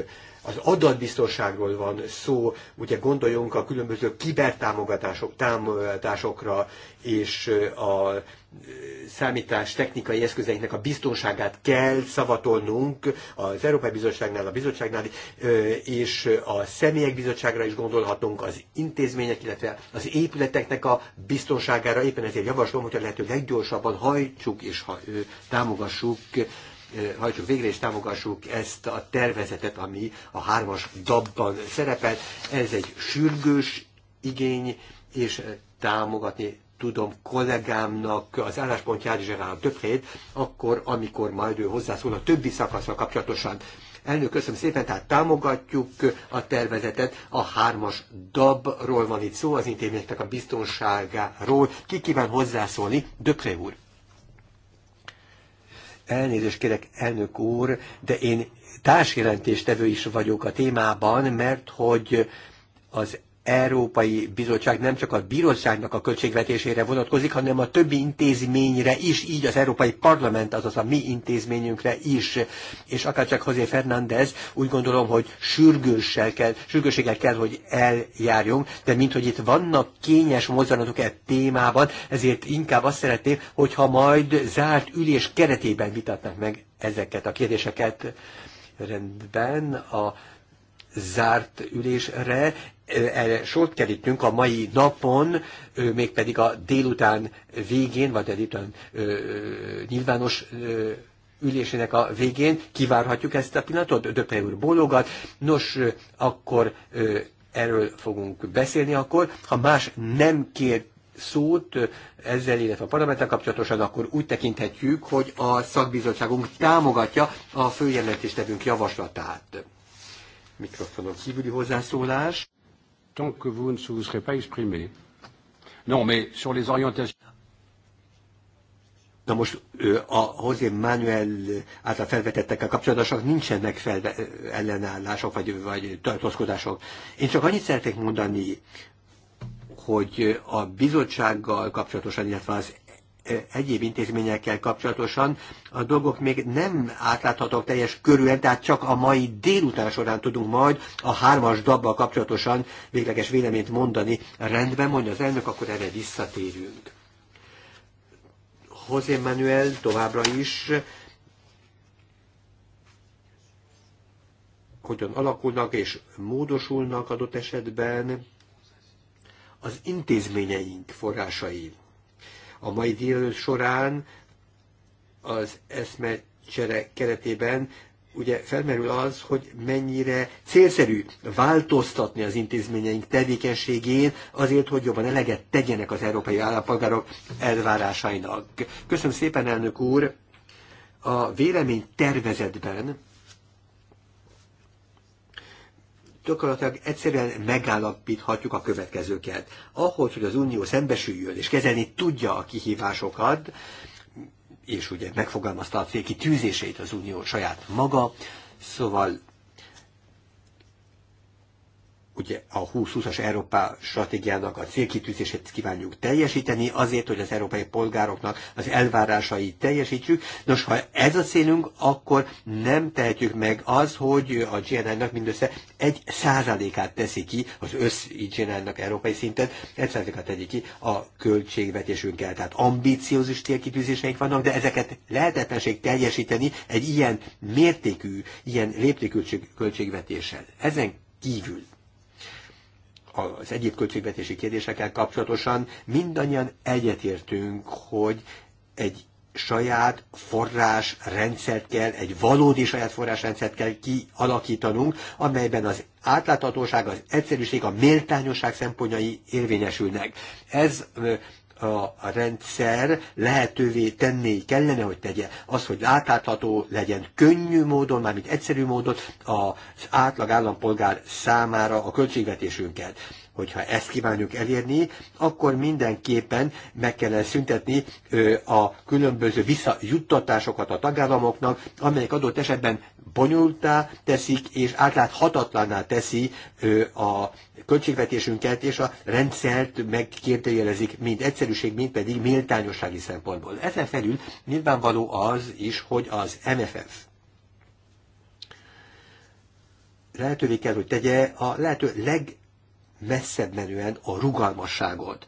az adatbiztonságról van szó, ugye gondoljunk a különböző kibertámogatások, támogatásokra és a számítás technikai eszközeinknek a biztonságát kell szavatolnunk az Európai Bizottságnál, a bizottságnál, és a személyek bizottságra is gondolhatunk, az intézmények, illetve az épületeknek a biztonságára. Éppen ezért javaslom, hogy a lehető leggyorsabban hajtsuk és támogassuk hajtsuk végre és támogassuk ezt a tervezetet, ami a hármas dabban szerepel. Ez egy sürgős igény, és támogatni tudom kollégámnak az álláspontját, Gerard Töprét, akkor, amikor majd ő hozzászól a többi szakaszra kapcsolatosan. Elnök, köszönöm szépen, tehát támogatjuk a tervezetet, a hármas dabról van itt szó, az intézményeknek a biztonságáról. Ki kíván hozzászólni? Döpré úr. Elnézést kérek, elnök úr, de én társjelentéstevő is vagyok a témában, mert hogy az Európai Bizottság nem csak a bíróságnak a költségvetésére vonatkozik, hanem a többi intézményre is, így az Európai Parlament, azaz a mi intézményünkre is. És akárcsak José Fernández, úgy gondolom, hogy sürgőssel kell, sürgősséggel kell, hogy eljárjunk, de mint hogy itt vannak kényes mozzanatok e témában, ezért inkább azt szeretném, hogyha majd zárt ülés keretében vitatnak meg ezeket a kérdéseket. Rendben, a zárt ülésre erre sort kerítünk a mai napon, mégpedig a délután végén, vagy a délután nyilvános ülésének a végén. Kivárhatjuk ezt a pillanatot? Döpe úr bólogat. Nos, akkor erről fogunk beszélni akkor. Ha más nem kér szót ezzel, illetve a parlamenttel kapcsolatosan, akkor úgy tekinthetjük, hogy a szakbizottságunk támogatja a főjelentéstevünk javaslatát. Mikrofonon kívüli hozzászólás tant que vous ne vous serez pas exprimé. Non, mais sur les orientations. Na most a José Manuel által felvetettekkel kapcsolatosak nincsenek fel, ellenállások vagy, vagy tartózkodások. Én csak annyit szeretnék mondani, hogy a bizottsággal kapcsolatosan, illetve az egyéb intézményekkel kapcsolatosan a dolgok még nem átláthatók teljes körülön, tehát csak a mai délután során tudunk majd a hármas dabbal kapcsolatosan végleges véleményt mondani. Rendben mondja az elnök, akkor erre visszatérünk. José Manuel továbbra is hogyan alakulnak és módosulnak adott esetben az intézményeink forrásai. A mai délelőtt során az eszmecsere keretében ugye felmerül az, hogy mennyire célszerű változtatni az intézményeink tevékenységén azért, hogy jobban eleget tegyenek az európai állampolgárok elvárásainak. Köszönöm szépen, elnök úr! A vélemény tervezetben gyakorlatilag egyszerűen megállapíthatjuk a következőket. Ahhoz, hogy az Unió szembesüljön és kezelni tudja a kihívásokat, és ugye megfogalmazta a féki tűzését az Unió saját maga, szóval ugye a 2020-as Európa stratégiának a célkitűzését kívánjuk teljesíteni, azért, hogy az európai polgároknak az elvárásait teljesítsük. Nos, ha ez a célunk, akkor nem tehetjük meg az, hogy a GNI-nak mindössze egy százalékát teszi ki, az össz GNI-nak európai szinten, egy százalékát teszi ki a költségvetésünkkel. Tehát ambíciózus célkitűzéseink vannak, de ezeket lehetetlenség teljesíteni egy ilyen mértékű, ilyen léptékű költségvetéssel. Ezen kívül az egyéb költségvetési kérdésekkel kapcsolatosan mindannyian egyetértünk, hogy egy saját forrásrendszert kell, egy valódi saját forrásrendszert kell kialakítanunk, amelyben az átláthatóság, az egyszerűség, a méltányosság szempontjai érvényesülnek. Ez a rendszer lehetővé tenné, kellene, hogy tegye az, hogy átlátható legyen könnyű módon, mármint egyszerű módon az átlag állampolgár számára a költségvetésünket hogyha ezt kívánjuk elérni, akkor mindenképpen meg kellene szüntetni a különböző visszajuttatásokat a tagállamoknak, amelyek adott esetben bonyolultá teszik és átláthatatlaná teszi a költségvetésünket és a rendszert megkérdőjelezik mind egyszerűség, mind pedig méltányossági szempontból. Ezen felül nyilvánvaló az is, hogy az MFF lehetővé kell, hogy tegye a lehető leg messzebb menően a rugalmasságot.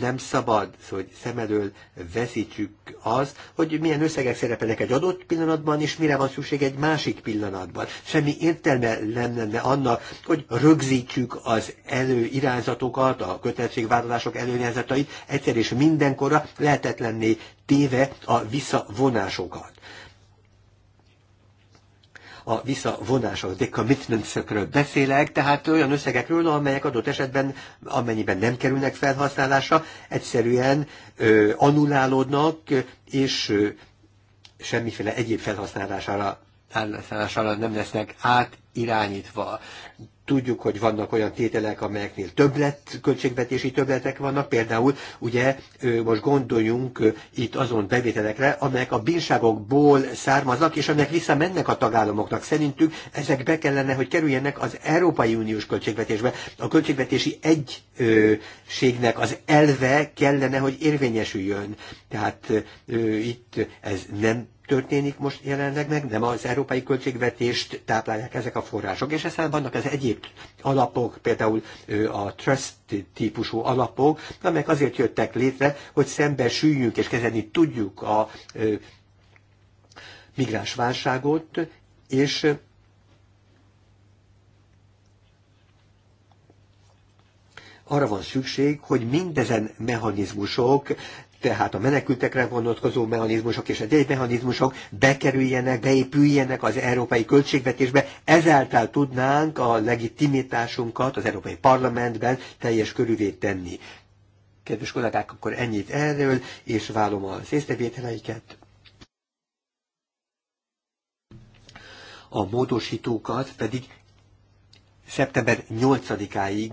Nem szabad, hogy szem elől veszítsük az, hogy milyen összegek szerepelnek egy adott pillanatban, és mire van szükség egy másik pillanatban. Semmi értelme nem lenne annak, hogy rögzítjük az előirányzatokat, a kötelezettségvállalások előirányzatait, egyszer és mindenkorra lehetetlenné téve a visszavonásokat a visszavonásról, decommitments-ekről beszélek, tehát olyan összegekről, amelyek adott esetben, amennyiben nem kerülnek felhasználásra, egyszerűen ö, anulálódnak, és ö, semmiféle egyéb felhasználására, felhasználására nem lesznek átirányítva. Tudjuk, hogy vannak olyan tételek, amelyeknél többlet, költségvetési többletek vannak, például ugye most gondoljunk itt azon bevételekre, amelyek a bírságokból származnak, és amelyek visszamennek a tagállamoknak. Szerintük ezek be kellene, hogy kerüljenek az Európai Uniós költségvetésbe. A költségvetési egységnek az elve kellene, hogy érvényesüljön. Tehát itt ez nem történik most jelenleg meg, nem az európai költségvetést táplálják ezek a források, és aztán vannak az egyéb alapok, például a trust típusú alapok, amelyek azért jöttek létre, hogy szembesüljünk és kezelni tudjuk a migráns válságot, és arra van szükség, hogy mindezen mechanizmusok tehát a menekültekre vonatkozó mechanizmusok és egyéb mechanizmusok bekerüljenek, beépüljenek az európai költségvetésbe, ezáltal tudnánk a legitimitásunkat az Európai Parlamentben teljes körülvét tenni. Kedves kollégák, akkor ennyit erről, és várom az észrevételeiket. A módosítókat pedig szeptember 8-áig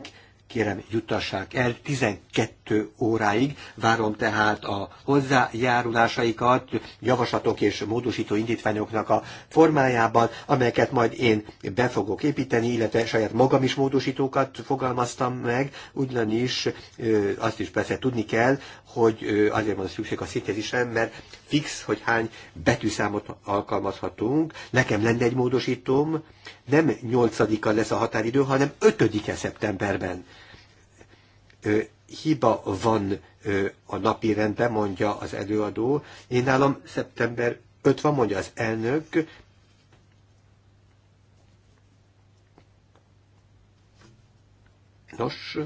kérem jutassák el 12 óráig. Várom tehát a hozzájárulásaikat, javaslatok és módosító indítványoknak a formájában, amelyeket majd én be fogok építeni, illetve saját magam is módosítókat fogalmaztam meg, ugyanis azt is persze tudni kell, hogy azért van szükség a szintézisre, mert fix, hogy hány betűszámot alkalmazhatunk. Nekem lenne egy módosítóm, nem 8-a lesz a határidő, hanem 5-e szeptemberben. Ö, hiba van ö, a napi rendben, mondja az előadó. Én nálam szeptember 5 van, mondja az elnök, Nos,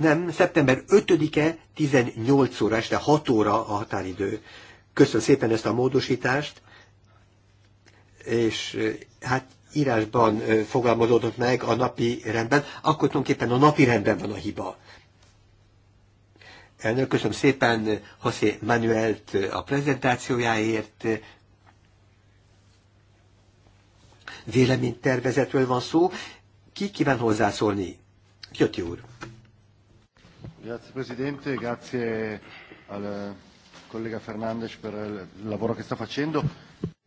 Nem, szeptember 5-e 18 óra, este 6 óra a határidő. Köszönöm szépen ezt a módosítást, és hát írásban fogalmazódott meg a napi rendben, akkor tulajdonképpen a napi rendben van a hiba. Elnök, köszönöm szépen José Manuelt a prezentációjáért. Véleménytervezetről van szó. Ki kíván hozzászólni? Jöti úr. Grazie Presidente, grazie al eh, collega Fernandes per eh, il lavoro che sta facendo.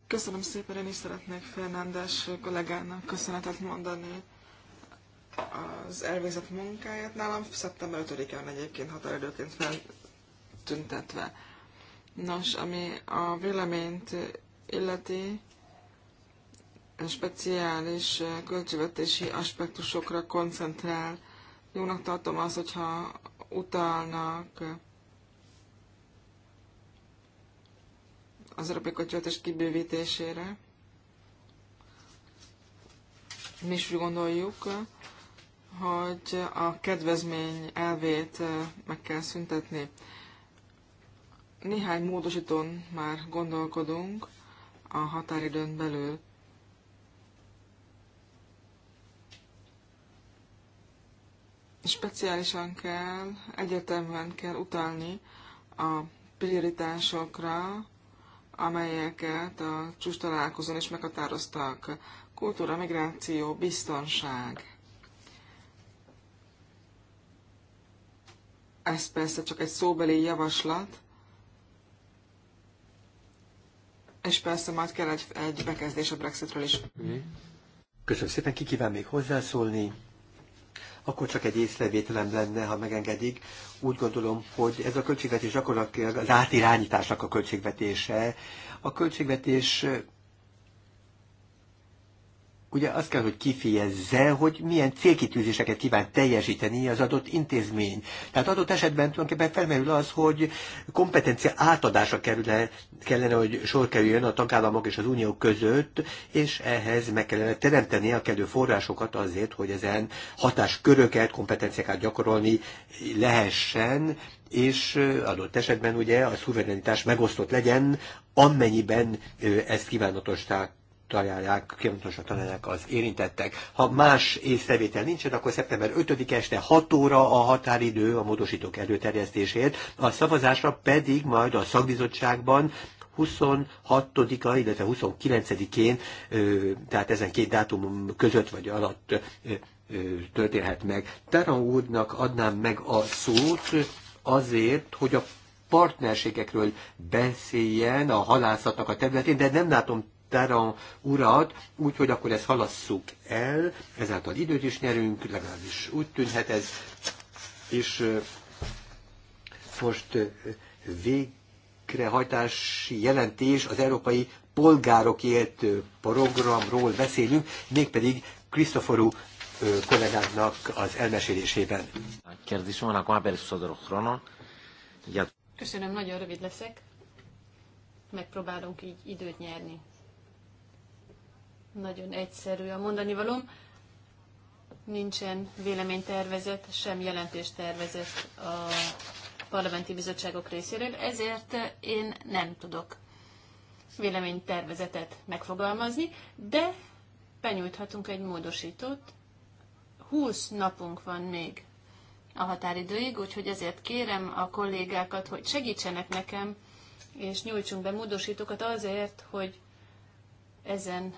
Köszönöm szépen, én is szeretnék Fernandes kollégának köszönetet mondani az elvégzett munkáját. Nálam szeptember 5-án egyébként határidőként feltüntetve. Nos, ami a véleményt illeti, speciális költségvetési aspektusokra koncentrál. Jónak tartom az, hogyha utalnak az európai költségvetés kibővítésére. Mi is úgy gondoljuk, hogy a kedvezmény elvét eh, meg kell szüntetni. Néhány módosítón már gondolkodunk a határidőn belül. speciálisan kell, egyetemben kell utalni a prioritásokra, amelyeket a csúcs találkozón is meghatároztak. Kultúra, migráció, biztonság. Ez persze csak egy szóbeli javaslat, és persze majd kell egy, egy bekezdés a Brexitről is. Köszönöm szépen, ki kíván még hozzászólni? akkor csak egy észrevételem lenne, ha megengedik. Úgy gondolom, hogy ez a költségvetés gyakorlatilag az átirányításnak a költségvetése. A költségvetés ugye azt kell, hogy kifejezze, hogy milyen célkitűzéseket kíván teljesíteni az adott intézmény. Tehát adott esetben tulajdonképpen felmerül az, hogy kompetencia átadása kerülne, kellene, hogy sor kerüljön a tagállamok és az unió között, és ehhez meg kellene teremteni a kellő forrásokat azért, hogy ezen hatásköröket, kompetenciákat gyakorolni lehessen, és adott esetben ugye a szuverenitás megosztott legyen, amennyiben ezt kívánatosták találják, kiamatosan találják az érintettek. Ha más észrevétel nincsen, akkor szeptember 5 este 6 óra a határidő a módosítók előterjesztését, a szavazásra pedig majd a szakbizottságban 26-a, illetve 29-én, tehát ezen két dátum között vagy alatt történhet meg. Tara úrnak adnám meg a szót azért, hogy a partnerségekről beszéljen a halászatnak a területén, de nem látom Mitterrand urat, úgyhogy akkor ezt halasszuk el, ezáltal időt is nyerünk, legalábbis úgy tűnhet ez, és most végrehajtási jelentés az európai polgárokért programról beszélünk, mégpedig Krisztoforú kollégának az elmesélésében. chrono. Köszönöm, nagyon rövid leszek. Megpróbálunk így időt nyerni. Nagyon egyszerű a mondani valóm. Nincsen véleménytervezet, sem jelentéstervezet a parlamenti bizottságok részéről, ezért én nem tudok véleménytervezetet megfogalmazni, de benyújthatunk egy módosítót. 20 napunk van még a határidőig, úgyhogy ezért kérem a kollégákat, hogy segítsenek nekem, és nyújtsunk be módosítókat azért, hogy ezen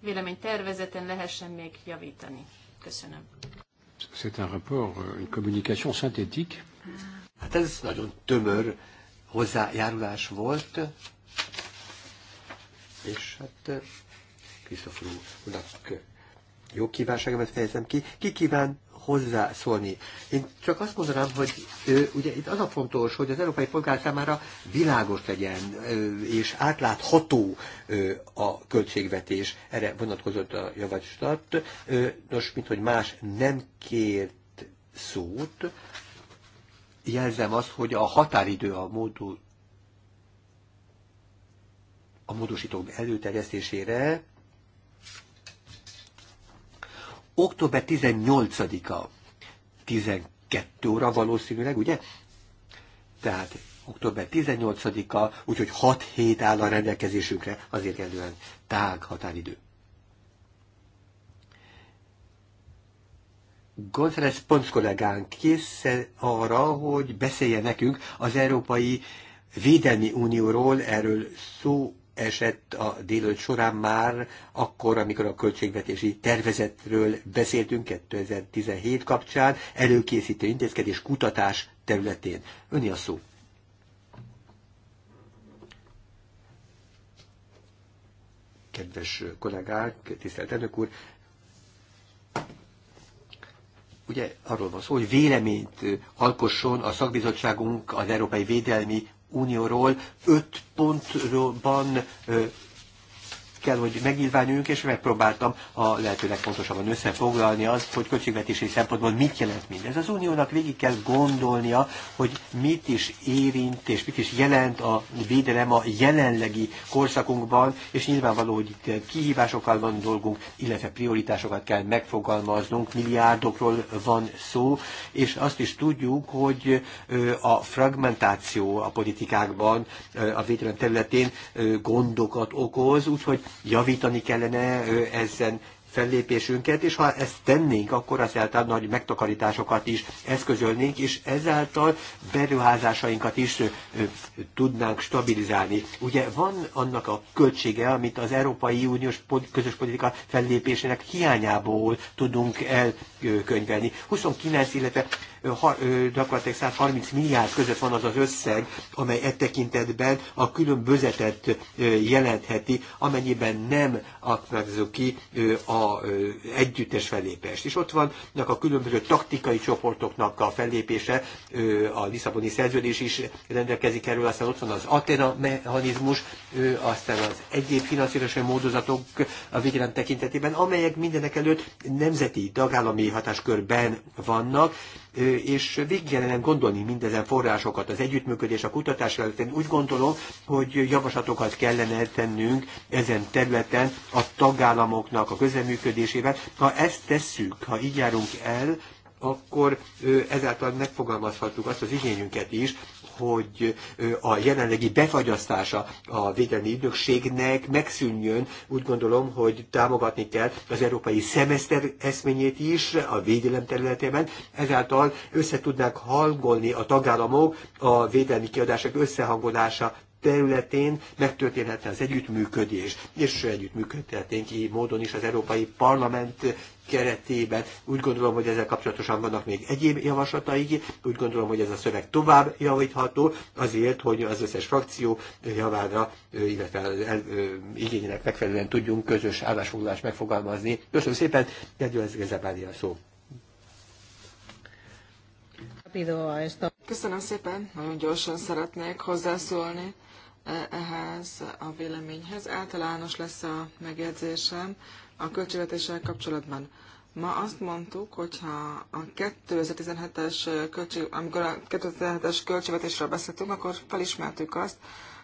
véleménytervezeten lehessen még javítani. Köszönöm. C'est un rapport, euh, une communication synthétique. Hát ez nagyon tömör hozzájárulás volt, és hát Krisztofor euh, úrnak jó kívánságomat fejezem ki. Ki kíván hozzászólni. Én csak azt mondanám, hogy ugye itt az a fontos, hogy az európai polgár számára világos legyen és átlátható a költségvetés. Erre vonatkozott a javaslat. Nos, mint hogy más nem kért szót, jelzem azt, hogy a határidő a módú a módosítók előterjesztésére Október 18-a, 12 óra valószínűleg, ugye? Tehát október 18-a, úgyhogy 6 hét áll a rendelkezésünkre, azért kellően tág határidő. González Ponsz kollégánk készen arra, hogy beszélje nekünk az Európai Védelmi Unióról, erről szó esett a délőtt során már, akkor, amikor a költségvetési tervezetről beszéltünk 2017 kapcsán, előkészítő intézkedés kutatás területén. Öni a szó. Kedves kollégák, tisztelt elnök úr, ugye arról van szó, hogy véleményt alkosson a szakbizottságunk az Európai Védelmi Unióról öt pontban kell, hogy megnyilvánuljunk, és megpróbáltam a lehető legfontosabban összefoglalni azt, hogy költségvetési szempontból mit jelent mindez. Az uniónak végig kell gondolnia, hogy mit is érint, és mit is jelent a védelem a jelenlegi korszakunkban, és nyilvánvaló, hogy itt kihívásokkal van dolgunk, illetve prioritásokat kell megfogalmaznunk, milliárdokról van szó, és azt is tudjuk, hogy a fragmentáció a politikákban, a védelem területén gondokat okoz, úgyhogy javítani kellene ezen fellépésünket, és ha ezt tennénk, akkor azáltal nagy megtakarításokat is eszközölnénk, és ezáltal beruházásainkat is tudnánk stabilizálni. Ugye van annak a költsége, amit az Európai Uniós közös politika fellépésének hiányából tudunk elkönyvelni. 29, illetve gyakorlatilag 130 milliárd között van az az összeg, amely e tekintetben a különbözetet jelentheti, amennyiben nem aknázunk ki a együttes fellépést. És ott vannak a különböző taktikai csoportoknak a fellépése, a Lisszaboni szerződés is rendelkezik erről, aztán ott van az Atena mechanizmus, aztán az egyéb finanszírozási módozatok a védelem tekintetében, amelyek mindenek előtt nemzeti tagállami hatáskörben vannak, és végig kellene gondolni mindezen forrásokat, az együttműködés, a kutatás kellett Úgy gondolom, hogy javaslatokat kellene tennünk ezen területen a tagállamoknak a közleműködésével. Ha ezt tesszük, ha így járunk el, akkor ezáltal megfogalmazhatjuk azt az igényünket is, hogy a jelenlegi befagyasztása a védelmi ügynökségnek megszűnjön. Úgy gondolom, hogy támogatni kell az európai szemeszter eszményét is a védelem területében. Ezáltal összetudnák hangolni a tagállamok a védelmi kiadások összehangolása területén megtörténhetne az együttműködés, és együttműködhetnénk így módon is az Európai Parlament keretében. Úgy gondolom, hogy ezzel kapcsolatosan vannak még egyéb javaslataik, úgy gondolom, hogy ez a szöveg tovább javítható, azért, hogy az összes frakció javára, illetve el, el, igényének megfelelően tudjunk közös állásfoglalást megfogalmazni. Köszönöm szépen, Gergő, ez Gezebáli a szó. Köszönöm szépen, nagyon gyorsan szeretnék hozzászólni eh, ehhez a véleményhez. Általános lesz a megjegyzésem a költségvetéssel kapcsolatban. Ma azt mondtuk, hogyha a 2017-es, költség, amikor a 2017-es költségvetésről beszéltünk, akkor felismertük azt,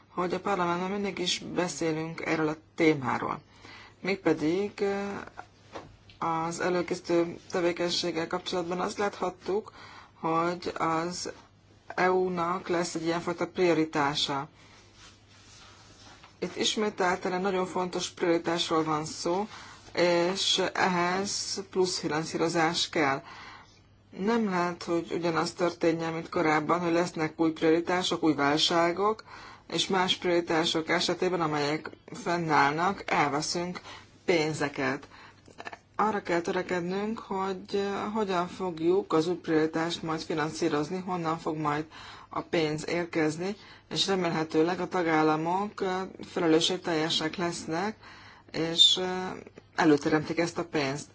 hogy a parlamentben mindig is beszélünk erről a témáról. Mégpedig eh, az előkészítő tevékenységgel kapcsolatban azt láthattuk, hogy az EU-nak lesz egy ilyenfajta prioritása. Itt ismételten nagyon fontos prioritásról van szó, és ehhez plusz finanszírozás kell. Nem lehet, hogy ugyanaz történjen, mint korábban, hogy lesznek új prioritások, új válságok, és más prioritások esetében, amelyek fennállnak, elveszünk pénzeket. Arra kell törekednünk, hogy hogyan fogjuk az új prioritást majd finanszírozni, honnan fog majd a pénz érkezni, és remélhetőleg a tagállamok felelősségteljesek lesznek, és előteremtik ezt a pénzt.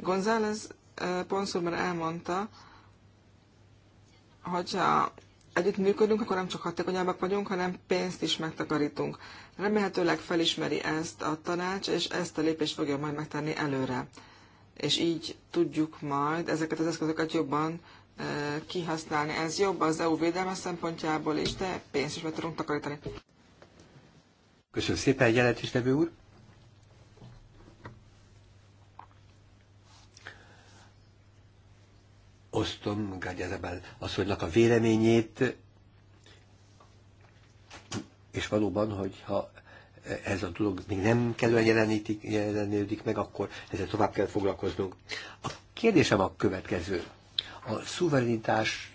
González eh, Ponszó már elmondta, hogyha együtt működünk, akkor nem csak hatékonyabbak vagyunk, hanem pénzt is megtakarítunk. Remélhetőleg felismeri ezt a tanács, és ezt a lépést fogja majd megtenni előre. És így tudjuk majd ezeket az eszközöket jobban e, kihasználni. Ez jobb az EU védelme szempontjából is, de pénzt is meg tudunk takarítani. Köszönöm szépen, jelentéstevő úr! osztom Gágyázabál asszonynak a véleményét, és valóban, hogyha ez a dolog még nem kellően jelenítik, jelenődik meg, akkor ezzel tovább kell foglalkoznunk. A kérdésem a következő. A szuverenitás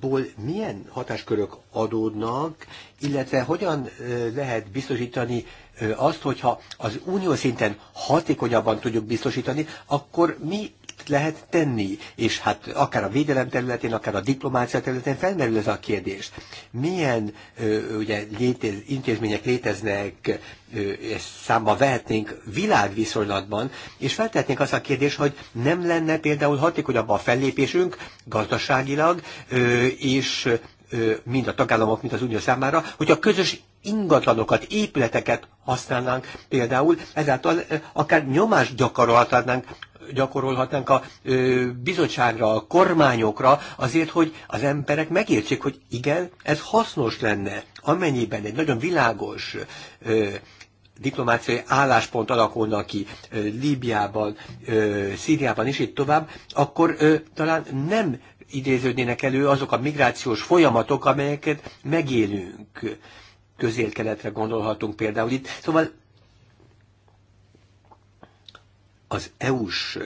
ból milyen hatáskörök adódnak, illetve hogyan eh, lehet biztosítani azt, hogyha az unió szinten hatékonyabban tudjuk biztosítani, akkor mi lehet tenni, és hát akár a védelem területén, akár a diplomácia területén felmerül ez a kérdés. Milyen ö, ugye, létez, intézmények léteznek, ö, ezt számba vehetnénk világviszonylatban, és feltehetnénk azt a kérdést, hogy nem lenne például hatékonyabb a fellépésünk gazdaságilag, ö, és mind a tagállamok, mind az unió számára, hogy a közös ingatlanokat, épületeket használnánk például, ezáltal akár nyomást gyakorolhatnánk gyakorolhatnánk a ö, bizottságra, a kormányokra, azért, hogy az emberek megértsék, hogy igen, ez hasznos lenne, amennyiben egy nagyon világos ö, diplomáciai álláspont alakulna ki ö, Líbiában, ö, Szíriában és itt tovább, akkor ö, talán nem idéződnének elő azok a migrációs folyamatok, amelyeket megélünk közélkeletre gondolhatunk például itt. Szóval az EU-s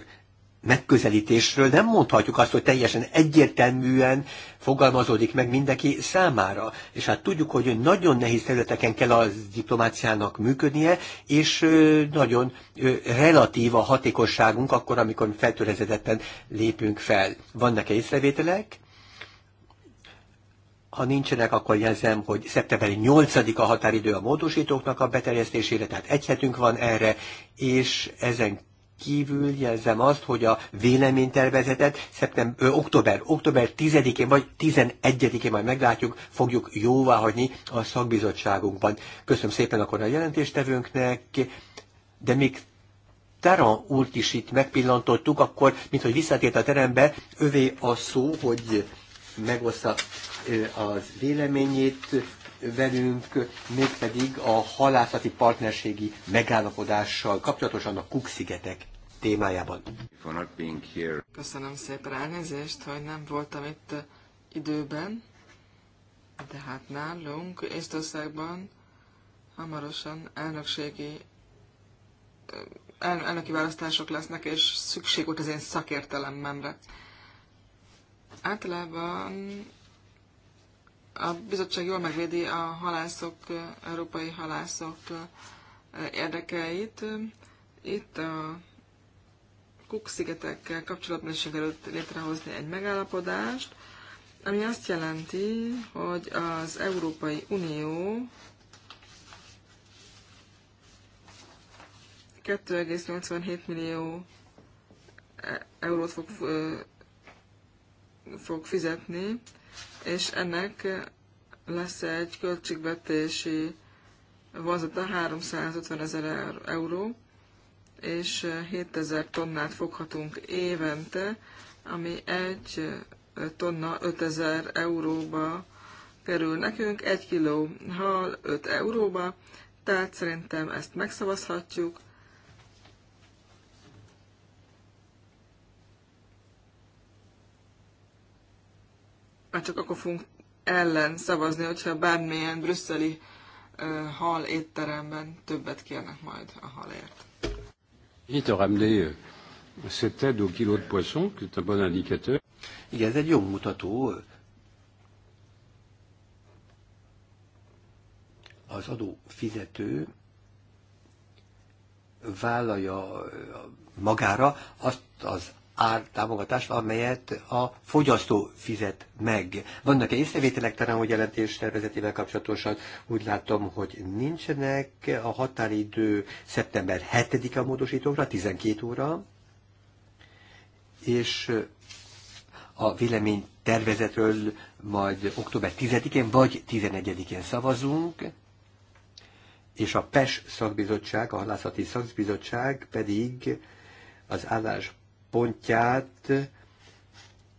megközelítésről nem mondhatjuk azt, hogy teljesen egyértelműen fogalmazódik meg mindenki számára. És hát tudjuk, hogy nagyon nehéz területeken kell az diplomáciának működnie, és nagyon relatív a hatékosságunk akkor, amikor feltörezetetten lépünk fel. Vannak észrevételek? ha nincsenek, akkor jelzem, hogy szeptember 8-a határidő a módosítóknak a beterjesztésére, tehát egy hetünk van erre, és ezen kívül jelzem azt, hogy a véleménytervezetet szeptember, ö, október, október 10-én vagy 11-én majd meglátjuk, fogjuk jóvá hagyni a szakbizottságunkban. Köszönöm szépen akkor a jelentéstevőnknek, de még Taran úrt is itt megpillantottuk, akkor, mint hogy visszatért a terembe, övé a szó, hogy megoszta az véleményét velünk, mégpedig a halászati partnerségi megállapodással kapcsolatosan a Kukszigetek témájában. Köszönöm szépen elnézést, hogy nem voltam itt időben, de hát nálunk Észtországban hamarosan elnökségi el, elnöki választások lesznek, és szükség volt az én szakértelememre. Általában a bizottság jól megvédi a halászok, európai halászok eh, érdekeit. Itt a Cook-szigetekkel kapcsolatban is sikerült létrehozni egy megállapodást, ami azt jelenti, hogy az Európai Unió 2,87 millió eh, eurót fog, eh, fog fizetni és ennek lesz egy költségvetési vonzata 350 ezer euró, és 7000 tonnát foghatunk évente, ami egy tonna 5000 euróba kerül nekünk, egy kiló hal 5 euróba, tehát szerintem ezt megszavazhatjuk, mert csak akkor fogunk ellen szavazni, hogyha bármilyen brüsszeli uh, hal étteremben többet kérnek majd a halért. Itt a ramené euh, cette aide au kilo de poisson, qui est un bon indicateur. Igen, ez egy jó mutató. Az adó fizető vállalja magára azt az ártámogatást, amelyet a fogyasztó fizet meg. Vannak-e észrevételek talán, hogy jelentés tervezetével kapcsolatosan úgy látom, hogy nincsenek. A határidő szeptember 7-e a módosítókra, 12 óra, és a vélemény tervezetről majd október 10-én vagy 11-én szavazunk, és a PES szakbizottság, a halászati szakbizottság pedig az állás pontját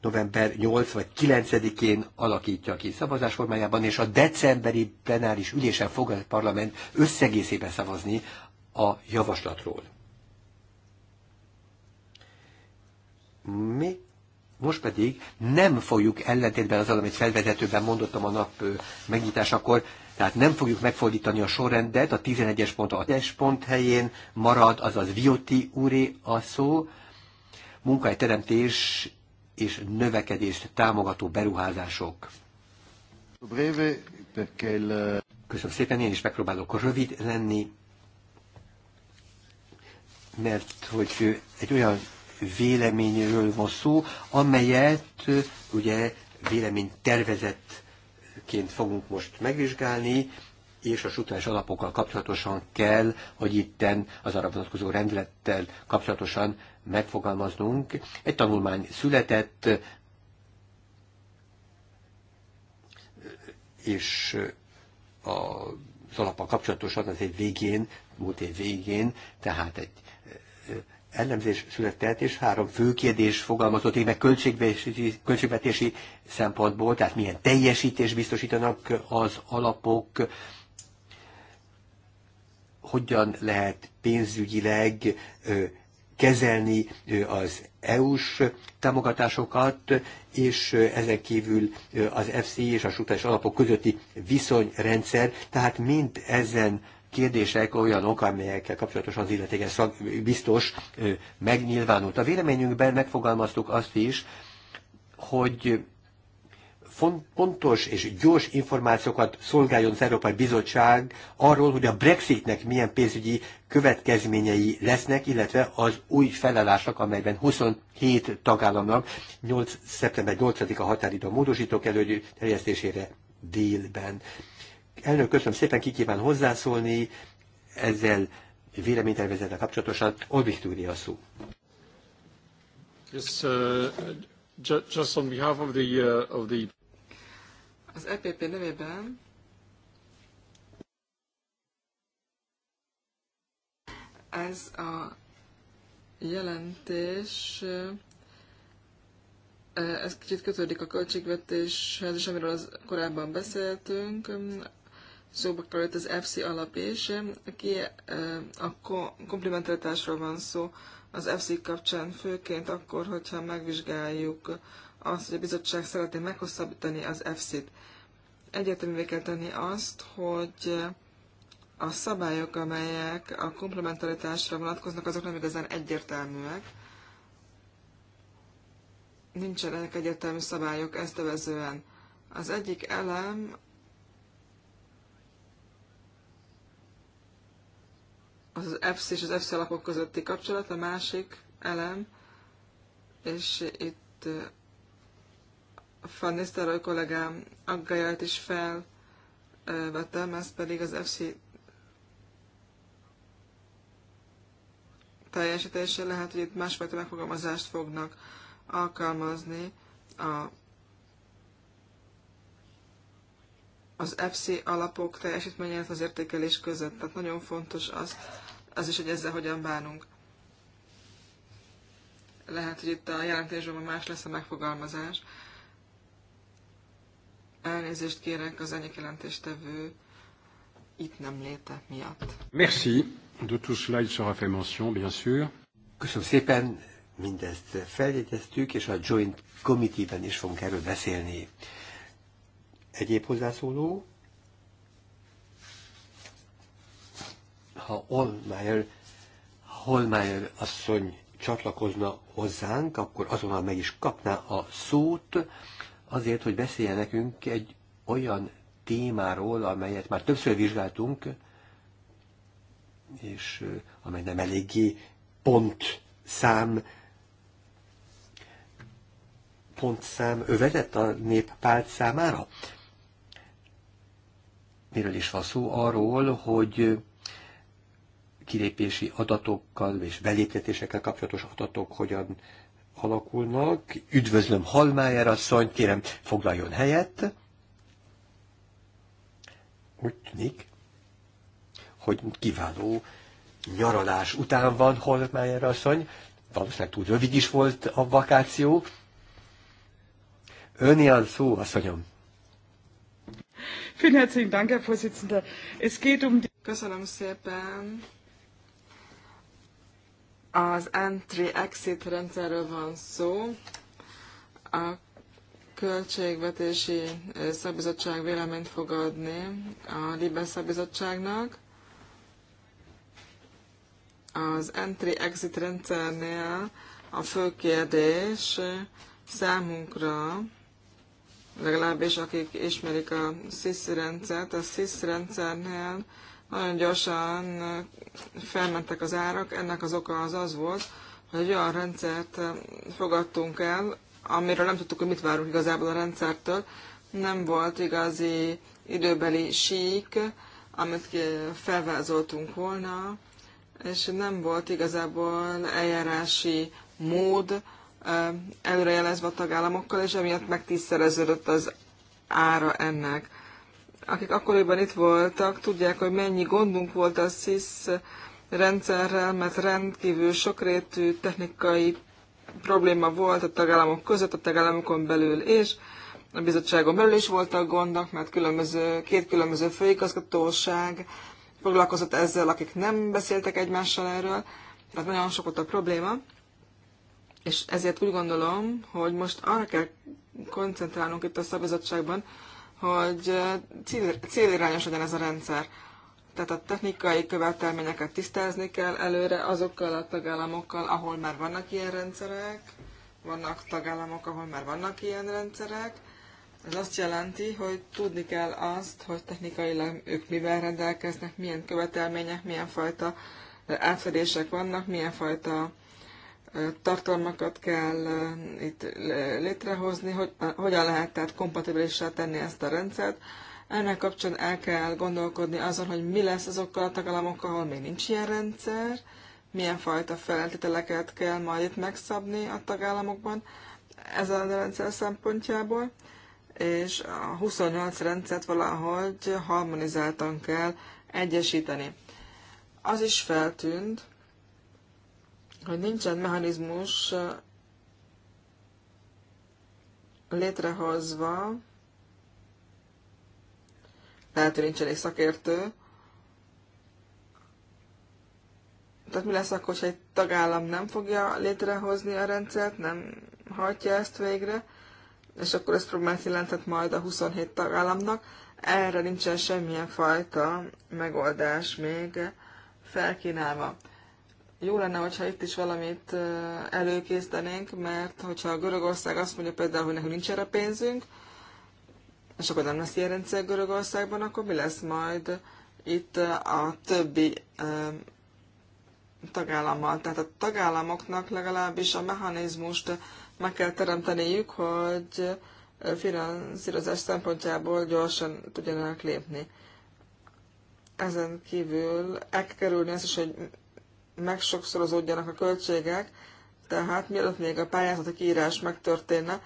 november 8 vagy 9-én alakítja ki szavazás formájában, és a decemberi plenáris ülésen fog a parlament összegészében szavazni a javaslatról. Mi most pedig nem fogjuk ellentétben azzal, amit felvezetőben mondottam a nap megnyitásakor, tehát nem fogjuk megfordítani a sorrendet, a 11-es pont a 10 pont helyén marad, azaz Vioti úré a szó, munkahelyteremtés és növekedést támogató beruházások. Köszönöm szépen, én is megpróbálok rövid lenni, mert hogy egy olyan véleményről van szó, amelyet ugye véleménytervezetként fogunk most megvizsgálni, és a struktúrás alapokkal kapcsolatosan kell, hogy itten az arra vonatkozó rendelettel kapcsolatosan megfogalmaznunk. Egy tanulmány született, és a az alappal kapcsolatosan az egy végén, múlt év végén, tehát egy eh, ellenzés született, és három fő kérdés fogalmazott meg költségvetési, költségvetési szempontból, tehát milyen teljesítés biztosítanak az alapok, hogyan lehet pénzügyileg eh, kezelni az EU-s támogatásokat, és ezek kívül az FC és a sutás alapok közötti viszonyrendszer, tehát mind ezen kérdések olyanok, amelyekkel kapcsolatosan az illetékes szak biztos megnyilvánult. A véleményünkben megfogalmaztuk azt is, hogy pontos és gyors információkat szolgáljon az Európai Bizottság arról, hogy a Brexitnek milyen pénzügyi következményei lesznek, illetve az új felállásnak, amelyben 27 tagállamnak 8. szeptember 8-a határidő módosítók elődő terjesztésére délben. Elnök, köszönöm szépen, ki kíván hozzászólni ezzel véleménytervezetre kapcsolatosan. Olbich a szó. Yes, uh, just on behalf of the, uh, of the az EPP nevében ez a jelentés eh, ez kicsit kötődik a költségvetéshez és amiről az korábban beszéltünk. Szóba került az FC alap is. aki eh, a komplementaritásról van szó az FC kapcsán, főként akkor, hogyha megvizsgáljuk az, hogy a bizottság szeretné meghosszabbítani az EFSZ-t. Egyértelművé kell tenni azt, hogy a szabályok, amelyek a komplementaritásra vonatkoznak, azok nem igazán egyértelműek. Nincsenek egyértelmű szabályok ezt övezően. Az egyik elem az az EFSZ és az EFSZ alapok közötti kapcsolat, a másik elem, és itt van Nisztelrooy kollégám aggáját is felvettem, ez pedig az FC teljesítése lehet, hogy itt másfajta megfogalmazást fognak alkalmazni a, az FC alapok teljesítményét az értékelés között. Tehát nagyon fontos az, az is, hogy ezzel hogyan bánunk. Lehet, hogy itt a jelentésben más lesz a megfogalmazás. Elnézést kérek az enyik jelentéstevő itt nem léte miatt. Merci. De tout cela il sera fait mention, bien sûr. Köszönöm szépen, mindezt feljegyeztük, és a Joint Committee-ben is fogunk erről beszélni. Egyéb hozzászóló? Ha Olmeyer, Holmeyer asszony csatlakozna hozzánk, akkor azonnal meg is kapná a szót, azért, hogy beszéljen nekünk egy olyan témáról, amelyet már többször vizsgáltunk, és amely nem eléggé pont szám, pontszám övezett a párt számára. Miről is van szó? Arról, hogy kilépési adatokkal és beléptetésekkel kapcsolatos adatok hogyan alakulnak. Üdvözlöm Halmájer asszony, kérem foglaljon helyet. Úgy tűnik, hogy kiváló nyaralás után van Holmeyer asszony, valószínűleg túl rövid is volt a vakáció. Ön ilyen szó, asszonyom. Vielen herzlichen Dank, Herr Vorsitzender. Es geht um die... Köszönöm szépen. Az entry-exit rendszerről van szó. A költségvetési szabizottság véleményt fog adni a Libe szabizottságnak. Az entry-exit rendszernél a fő kérdés számunkra, legalábbis akik ismerik a SIS rendszert, a SIS rendszernél nagyon gyorsan felmentek az árak. Ennek az oka az az volt, hogy egy olyan rendszert fogadtunk el, amiről nem tudtuk, hogy mit várunk igazából a rendszertől. Nem volt igazi időbeli sík, amit felvázoltunk volna, és nem volt igazából eljárási mód előrejelezve a tagállamokkal, és emiatt meg tízszereződött az ára ennek akik akkoriban itt voltak, tudják, hogy mennyi gondunk volt a SIS rendszerrel, mert rendkívül sokrétű technikai probléma volt a tagállamok között, a tagállamokon belül és a bizottságon belül is voltak gondok, mert különböző, két különböző főigazgatóság foglalkozott ezzel, akik nem beszéltek egymással erről, tehát nagyon sok volt a probléma, és ezért úgy gondolom, hogy most arra kell koncentrálnunk itt a szabizottságban, hogy cél, célirányos legyen ez a rendszer. Tehát a technikai követelményeket tisztázni kell előre azokkal a tagállamokkal, ahol már vannak ilyen rendszerek, vannak tagállamok, ahol már vannak ilyen rendszerek. Ez azt jelenti, hogy tudni kell azt, hogy technikailag ők mivel rendelkeznek, milyen követelmények, milyen fajta átfedések vannak, milyen fajta tartalmakat kell itt létrehozni, hogy, hogyan lehet tehát kompatibilissá tenni ezt a rendszert. Ennek kapcsán el kell gondolkodni azon, hogy mi lesz azokkal a tagállamokkal, ahol még nincs ilyen rendszer, milyen fajta feltételeket kell majd itt megszabni a tagállamokban ez a rendszer szempontjából, és a 28 rendszert valahogy harmonizáltan kell egyesíteni. Az is feltűnt, hogy nincsen mechanizmus létrehozva, lehet, hogy nincsen egy szakértő. Tehát mi lesz akkor, ha egy tagállam nem fogja létrehozni a rendszert, nem hagyja ezt végre, és akkor ez problémát jelentett majd a 27 tagállamnak. Erre nincsen semmilyen fajta megoldás még felkínálva jó lenne, hogyha itt is valamit előkészítenénk, mert hogyha a Görögország azt mondja például, hogy nekünk nincs erre pénzünk, és akkor nem lesz ilyen rendszer Görögországban, akkor mi lesz majd itt a többi tagállammal. Tehát a tagállamoknak legalábbis a mechanizmust meg kell teremteniük, hogy finanszírozás szempontjából gyorsan tudjanak lépni. Ezen kívül el kell kerülni azt is, hogy megsokszorozódjanak a költségek, tehát mielőtt még a pályázati írás megtörténne,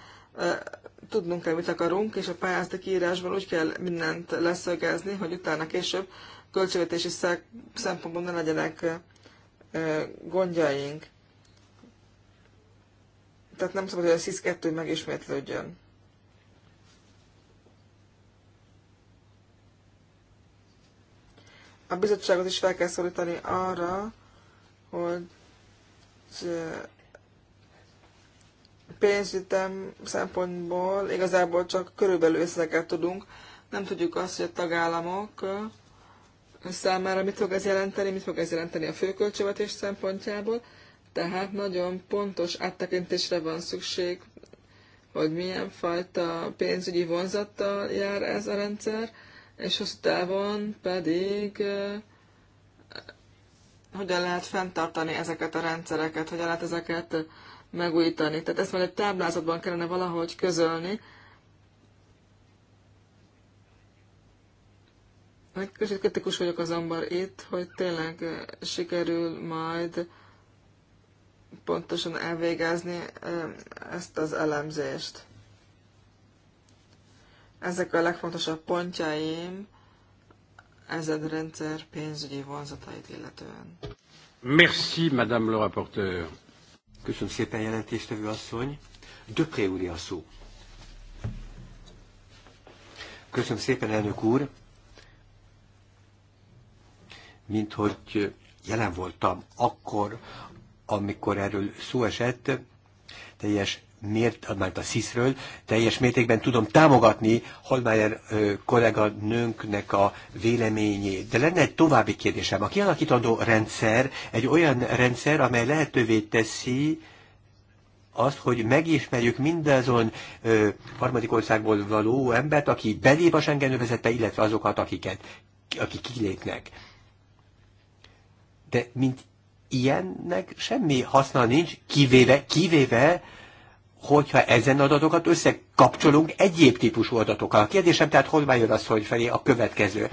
tudnunk kell, mit akarunk, és a pályázati írásban úgy kell mindent leszögezni, hogy utána később költségvetési szempontból ne legyenek gondjaink. Tehát nem szabad, hogy a SZISZ 2 megismétlődjön. A bizottságot is fel kell szólítani arra, hogy pénzütem szempontból igazából csak körülbelül összeget tudunk. Nem tudjuk azt, hogy a tagállamok számára mit fog ez jelenteni, mit fog ez jelenteni a főköltségvetés szempontjából. Tehát nagyon pontos áttekintésre van szükség, hogy milyen fajta pénzügyi vonzattal jár ez a rendszer, és hosszú távon pedig hogyan lehet fenntartani ezeket a rendszereket, hogyan lehet ezeket megújítani. Tehát ezt már egy táblázatban kellene valahogy közölni. Egy kicsit kritikus vagyok azonban itt, hogy tényleg sikerül majd pontosan elvégezni ezt az elemzést. Ezek a legfontosabb pontjaim ezen rendszer pénzügyi vonzatait illetően. Merci, Madame le rapporteur. Köszönöm szépen, jelentéstevő asszony. Döpré úri a szó. Köszönöm szépen, elnök úr. Mint hogy jelen voltam akkor, amikor erről szó esett, teljes mért, mert a SZISZ-ről teljes mértékben tudom támogatni Holmeyer kollega nőnknek a véleményét. De lenne egy további kérdésem. A kialakítandó rendszer egy olyan rendszer, amely lehetővé teszi, azt, hogy megismerjük mindazon ö, harmadik országból való embert, aki belép a Schengen övezetbe, illetve azokat, akiket, akik kilépnek. De mint ilyennek semmi haszna nincs, kivéve, kivéve, hogyha ezen adatokat összekapcsolunk egyéb típusú adatokkal. A kérdésem tehát hol jön az, hogy felé a következő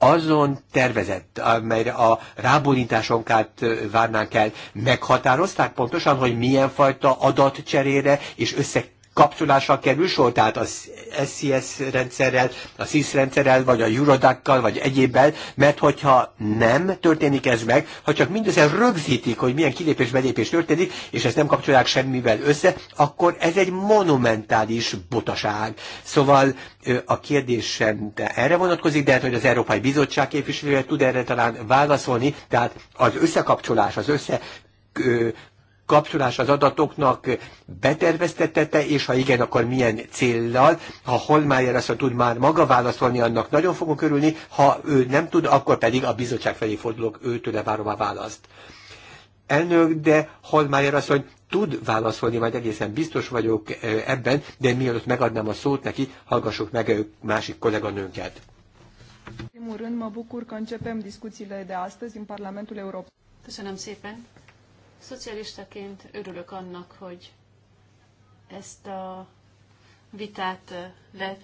azon tervezett, amelyre a rábólintásonkát várnánk el, meghatározták pontosan, hogy milyen fajta adatcserére és össze kapcsolásra kerül sor, tehát az SCS rendszerrel, a SIS rendszerrel, vagy a Eurodac-kal, vagy egyébbel, mert hogyha nem történik ez meg, ha csak mindössze rögzítik, hogy milyen kilépés-belépés történik, és ezt nem kapcsolják semmivel össze, akkor ez egy monumentális butaság. Szóval a kérdésem erre vonatkozik, de hát, hogy az Európai Bizottság képviselője tud erre talán válaszolni, tehát az összekapcsolás, az össze kapcsolás az adatoknak beterveztetete, és ha igen, akkor milyen céllal. Ha Holmájer azt tud már maga válaszolni, annak nagyon fogok örülni, ha ő nem tud, akkor pedig a bizottság felé fordulok, őtől várom a választ. Elnök, de Holmájer asszony tud válaszolni, majd egészen biztos vagyok eh, ebben, de mielőtt megadnám a szót neki, hallgassuk meg ő eh, másik kolléganőnket. În primul rând, mă bucur că începem discuțiile de astăzi în Parlamentul European. Köszönöm szépen. Szocialistaként örülök annak, hogy ezt a vitát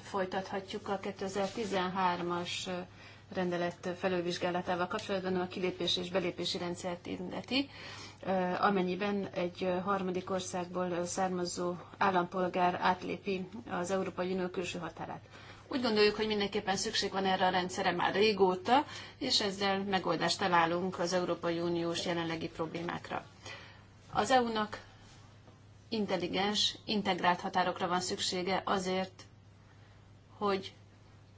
folytathatjuk a 2013-as rendelet felülvizsgálatával kapcsolatban, a kilépés és belépési rendszert illeti, amennyiben egy harmadik országból származó állampolgár átlépi az Európai Unió külső határát. Úgy gondoljuk, hogy mindenképpen szükség van erre a rendszerre már régóta, és ezzel megoldást találunk az Európai Uniós jelenlegi problémákra. Az EU-nak intelligens, integrált határokra van szüksége azért, hogy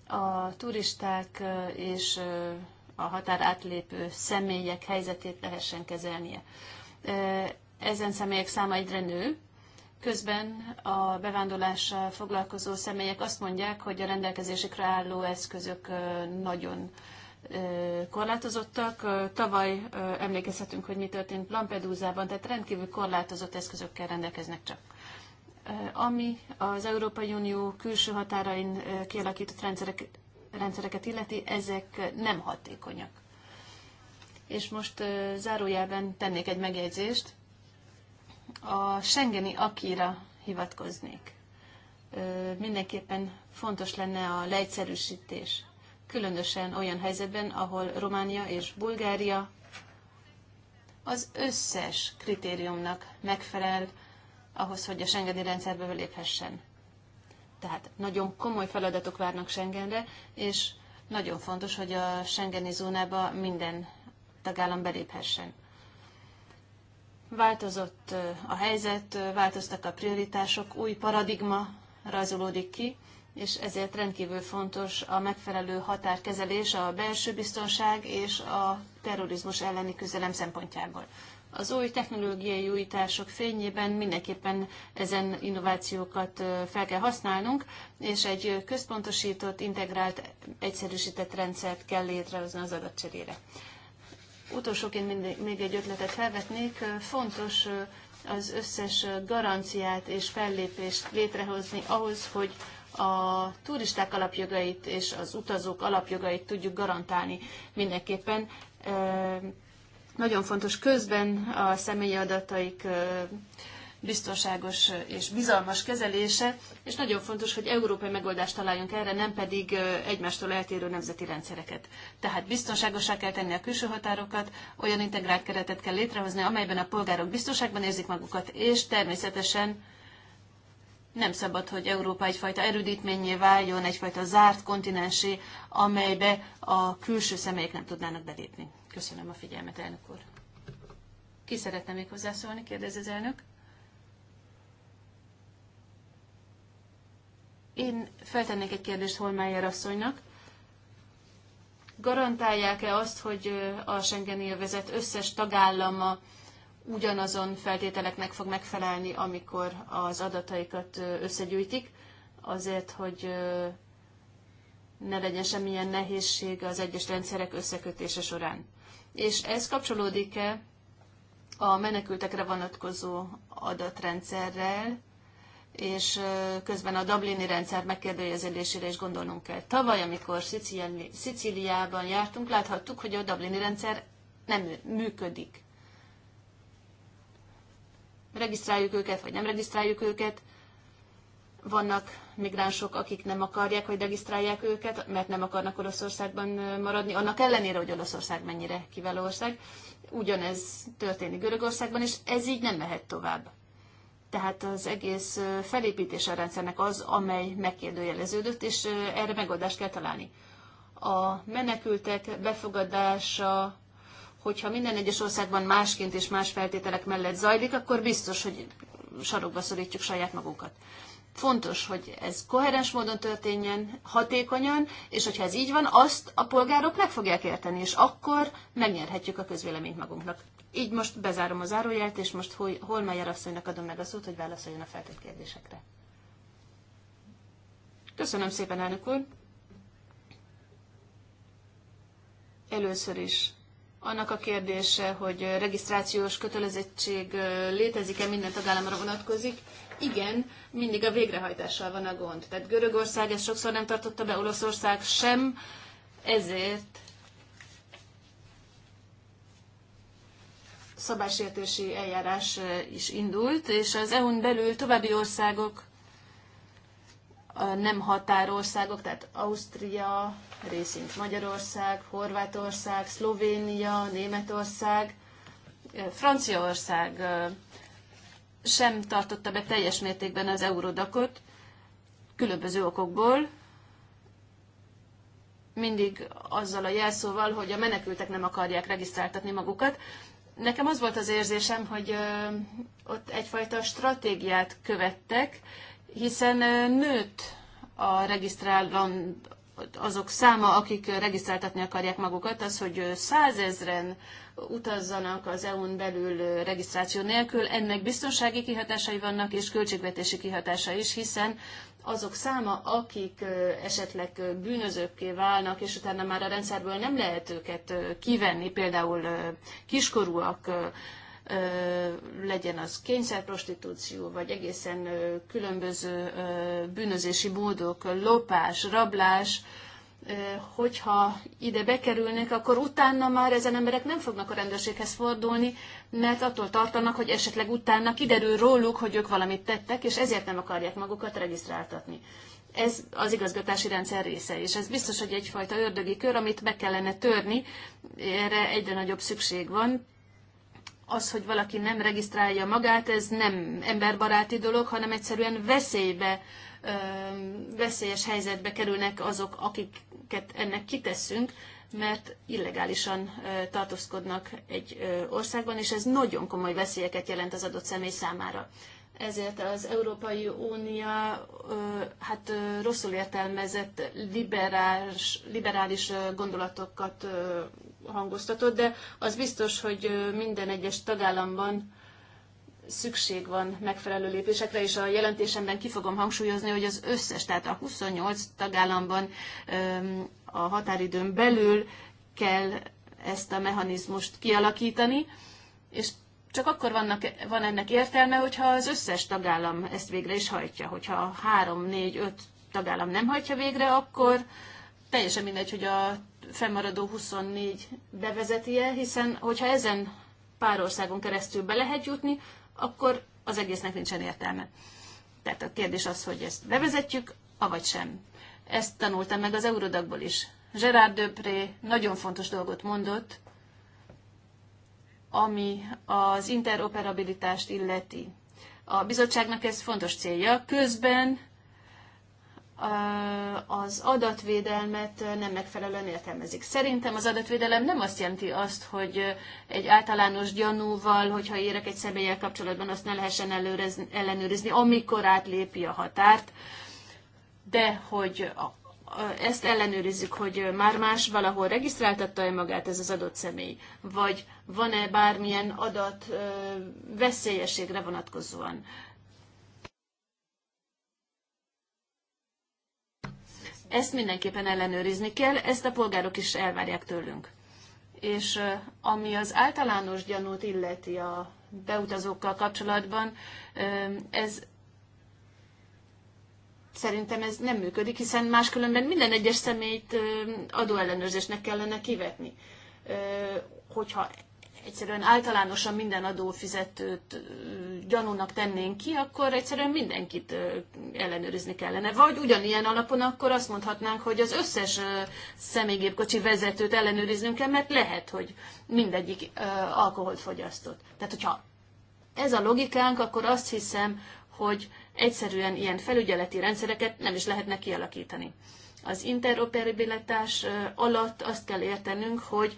a turisták és a határ átlépő személyek helyzetét lehessen kezelnie. Ezen személyek száma egyre nő, közben a bevándorlással foglalkozó személyek azt mondják, hogy a rendelkezésükre álló eszközök nagyon korlátozottak. Tavaly emlékezhetünk, hogy mi történt Lampedusa-ban, tehát rendkívül korlátozott eszközökkel rendelkeznek csak. Ami az Európai Unió külső határain kialakított rendszerek, rendszereket illeti, ezek nem hatékonyak. És most zárójelben tennék egy megjegyzést. A Schengeni Akira hivatkoznék. Mindenképpen fontos lenne a leegyszerűsítés különösen olyan helyzetben, ahol Románia és Bulgária az összes kritériumnak megfelel ahhoz, hogy a Schengeni rendszerbe beléphessen. Tehát nagyon komoly feladatok várnak Schengenre, és nagyon fontos, hogy a Schengeni zónába minden tagállam beléphessen. Változott a helyzet, változtak a prioritások, új paradigma rajzolódik ki, és ezért rendkívül fontos a megfelelő határkezelés a belső biztonság és a terrorizmus elleni küzdelem szempontjából. Az új technológiai újítások fényében mindenképpen ezen innovációkat fel kell használnunk, és egy központosított, integrált, egyszerűsített rendszert kell létrehozni az adatcserére. Utolsóként még egy ötletet felvetnék. Fontos az összes garanciát és fellépést létrehozni ahhoz, hogy a turisták alapjogait és az utazók alapjogait tudjuk garantálni mindenképpen. Nagyon fontos közben a személyi adataik biztonságos és bizalmas kezelése, és nagyon fontos, hogy európai megoldást találjunk erre, nem pedig egymástól eltérő nemzeti rendszereket. Tehát biztonságosá kell tenni a külső határokat, olyan integrált keretet kell létrehozni, amelyben a polgárok biztonságban érzik magukat, és természetesen nem szabad, hogy Európa egyfajta erődítményé váljon, egyfajta zárt kontinensé, amelybe a külső személyek nem tudnának belépni. Köszönöm a figyelmet, elnök úr. Ki szeretne még hozzászólni, kérdezi az elnök. Én feltennék egy kérdést Holmájer asszonynak. Garantálják-e azt, hogy a Schengeni övezet összes tagállama ugyanazon feltételeknek fog megfelelni, amikor az adataikat összegyűjtik, azért, hogy ne legyen semmilyen nehézség az egyes rendszerek összekötése során. És ez kapcsolódik-e a menekültekre vonatkozó adatrendszerrel, és közben a Dublini rendszer megkérdőjezelésére is gondolnunk kell. Tavaly, amikor Szicíliában jártunk, láthattuk, hogy a Dublini rendszer nem működik regisztráljuk őket, vagy nem regisztráljuk őket. Vannak migránsok, akik nem akarják, hogy regisztrálják őket, mert nem akarnak Oroszországban maradni, annak ellenére, hogy Oroszország mennyire kiváló ország. Ugyanez történik Görögországban, és ez így nem mehet tovább. Tehát az egész felépítés a rendszernek az, amely megkérdőjeleződött, és erre megoldást kell találni. A menekültek befogadása hogyha minden egyes országban másként és más feltételek mellett zajlik, akkor biztos, hogy sarokba szorítjuk saját magunkat. Fontos, hogy ez koherens módon történjen, hatékonyan, és hogyha ez így van, azt a polgárok meg fogják érteni, és akkor megnyerhetjük a közvéleményt magunknak. Így most bezárom a zárójelt, és most Holmeyer asszonynak adom meg a szót, hogy válaszoljon a feltett kérdésekre. Köszönöm szépen, elnök úr! Először is annak a kérdése, hogy regisztrációs kötelezettség létezik-e minden tagállamra vonatkozik, igen, mindig a végrehajtással van a gond. Tehát Görögország ezt sokszor nem tartotta be, Olaszország sem, ezért szabálysértési eljárás is indult, és az EU-n belül további országok a nem határországok, tehát Ausztria, részint Magyarország, Horvátország, Szlovénia, Németország, Franciaország sem tartotta be teljes mértékben az eurodakot, különböző okokból, mindig azzal a jelszóval, hogy a menekültek nem akarják regisztráltatni magukat. Nekem az volt az érzésem, hogy ott egyfajta stratégiát követtek, hiszen nőtt a regisztrálan azok száma, akik regisztráltatni akarják magukat, az, hogy százezren utazzanak az EU-n belül regisztráció nélkül, ennek biztonsági kihatásai vannak, és költségvetési kihatása is, hiszen azok száma, akik esetleg bűnözőkké válnak, és utána már a rendszerből nem lehet őket kivenni, például kiskorúak, legyen az kényszerprostitúció, vagy egészen különböző bűnözési módok, lopás, rablás, hogyha ide bekerülnek, akkor utána már ezen emberek nem fognak a rendőrséghez fordulni, mert attól tartanak, hogy esetleg utána kiderül róluk, hogy ők valamit tettek, és ezért nem akarják magukat regisztráltatni. Ez az igazgatási rendszer része, és ez biztos, hogy egyfajta ördögi kör, amit be kellene törni, erre egyre nagyobb szükség van, az, hogy valaki nem regisztrálja magát, ez nem emberbaráti dolog, hanem egyszerűen veszélybe, veszélyes helyzetbe kerülnek azok, akiket ennek kiteszünk, mert illegálisan tartózkodnak egy országban, és ez nagyon komoly veszélyeket jelent az adott személy számára ezért az Európai Unió hát rosszul értelmezett liberális, liberális gondolatokat hangoztatott, de az biztos, hogy minden egyes tagállamban szükség van megfelelő lépésekre, és a jelentésemben ki fogom hangsúlyozni, hogy az összes, tehát a 28 tagállamban a határidőn belül kell ezt a mechanizmust kialakítani, és csak akkor vannak, van ennek értelme, hogyha az összes tagállam ezt végre is hajtja. Hogyha három, négy, öt tagállam nem hajtja végre, akkor teljesen mindegy, hogy a fennmaradó 24 bevezeti-e, hiszen hogyha ezen pár országon keresztül be lehet jutni, akkor az egésznek nincsen értelme. Tehát a kérdés az, hogy ezt bevezetjük, avagy sem. Ezt tanultam meg az Eurodagból is. Gerard Döpré nagyon fontos dolgot mondott, ami az interoperabilitást illeti. A bizottságnak ez fontos célja. Közben az adatvédelmet nem megfelelően értelmezik. Szerintem az adatvédelem nem azt jelenti azt, hogy egy általános gyanúval, hogyha érek egy személlyel kapcsolatban, azt ne lehessen ellenőrizni, amikor átlépi a határt, de hogy ezt ellenőrizzük, hogy már más valahol regisztráltatta-e magát ez az adott személy, vagy van-e bármilyen adat veszélyességre vonatkozóan. Ezt mindenképpen ellenőrizni kell, ezt a polgárok is elvárják tőlünk. És ami az általános gyanút illeti a beutazókkal kapcsolatban, ez Szerintem ez nem működik, hiszen máskülönben minden egyes személyt adóellenőrzésnek kellene kivetni. Hogyha egyszerűen általánosan minden adófizetőt gyanúnak tennénk ki, akkor egyszerűen mindenkit ellenőrizni kellene. Vagy ugyanilyen alapon akkor azt mondhatnánk, hogy az összes személygépkocsi vezetőt ellenőriznünk kell, mert lehet, hogy mindegyik alkoholt fogyasztott. Tehát, hogyha ez a logikánk, akkor azt hiszem, hogy egyszerűen ilyen felügyeleti rendszereket nem is lehetne kialakítani. Az interoperabilitás alatt azt kell értenünk, hogy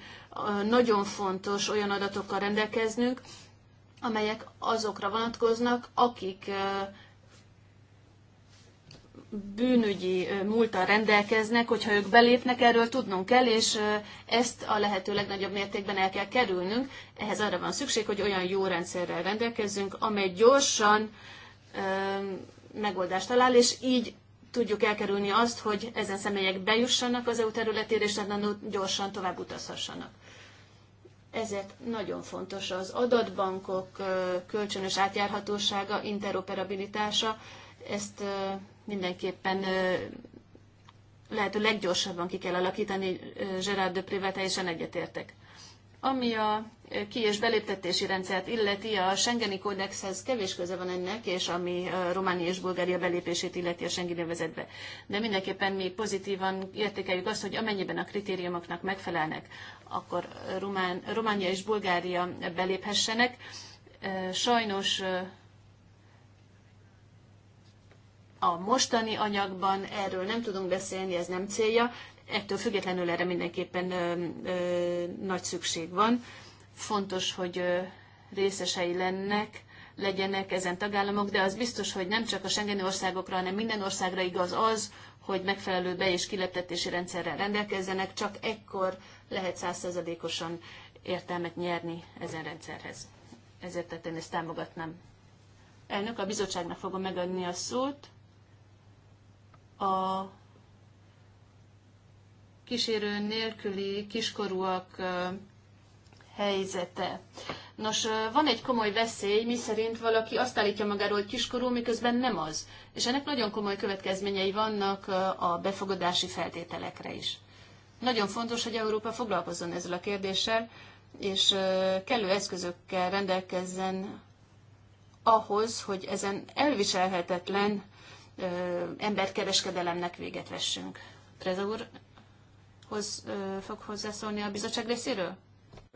nagyon fontos olyan adatokkal rendelkeznünk, amelyek azokra vonatkoznak, akik bűnügyi múltal rendelkeznek, hogyha ők belépnek, erről tudnunk kell, és ezt a lehető legnagyobb mértékben el kell kerülnünk. Ehhez arra van szükség, hogy olyan jó rendszerrel rendelkezzünk, amely gyorsan megoldást talál, és így tudjuk elkerülni azt, hogy ezen személyek bejussanak az EU területére, és nagyon gyorsan tovább utazhassanak. Ezért nagyon fontos az adatbankok kölcsönös átjárhatósága, interoperabilitása, ezt mindenképpen lehető leggyorsabban ki kell alakítani, Gerard de Privá teljesen egyetértek. Ami a eh, ki- és beléptetési rendszert illeti, a Schengeni kódexhez kevés köze van ennek, és ami eh, Románia és Bulgária belépését illeti a Schengeni vezetbe. De mindenképpen mi pozitívan értékeljük azt, hogy amennyiben a kritériumoknak megfelelnek, akkor Román, Románia és Bulgária beléphessenek. Eh, sajnos a mostani anyagban erről nem tudunk beszélni, ez nem célja, ettől függetlenül erre mindenképpen ö, ö, nagy szükség van. Fontos, hogy ö, részesei lennek, legyenek ezen tagállamok, de az biztos, hogy nem csak a Schengeni országokra, hanem minden országra igaz az, hogy megfelelő be- és kileptetési rendszerrel rendelkezzenek, csak ekkor lehet százszerzadékosan értelmet nyerni ezen rendszerhez. Ezért tehát én ezt támogatnám. Elnök, a bizottságnak fogom megadni a szót. A kísérő nélküli kiskorúak helyzete. Nos, van egy komoly veszély, miszerint valaki azt állítja magáról, hogy kiskorú, miközben nem az. És ennek nagyon komoly következményei vannak a befogadási feltételekre is. Nagyon fontos, hogy Európa foglalkozzon ezzel a kérdéssel, és kellő eszközökkel rendelkezzen ahhoz, hogy ezen elviselhetetlen emberkereskedelemnek véget vessünk. Preza úr, hoz, fog hozzászólni a bizottság részéről?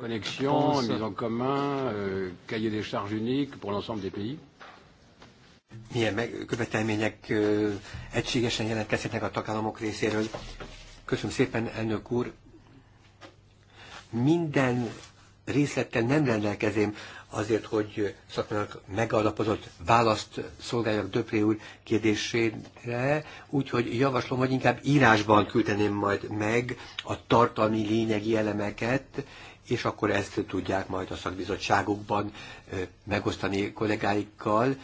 Connexion, mise en commun, euh, cahier des charges unique pour l'ensemble des pays. Milyen meg, követelmények egységesen jelentkezhetnek a tagállamok részéről? Köszönöm szépen, elnök úr. Minden részlettel nem rendelkezem azért, hogy szakmának megalapozott választ szolgáljak Döpré úr kérdésére, úgyhogy javaslom, hogy inkább írásban küldeném majd meg a tartalmi lényegi elemeket, és akkor ezt tudják majd a szakbizottságokban megosztani kollégáikkal,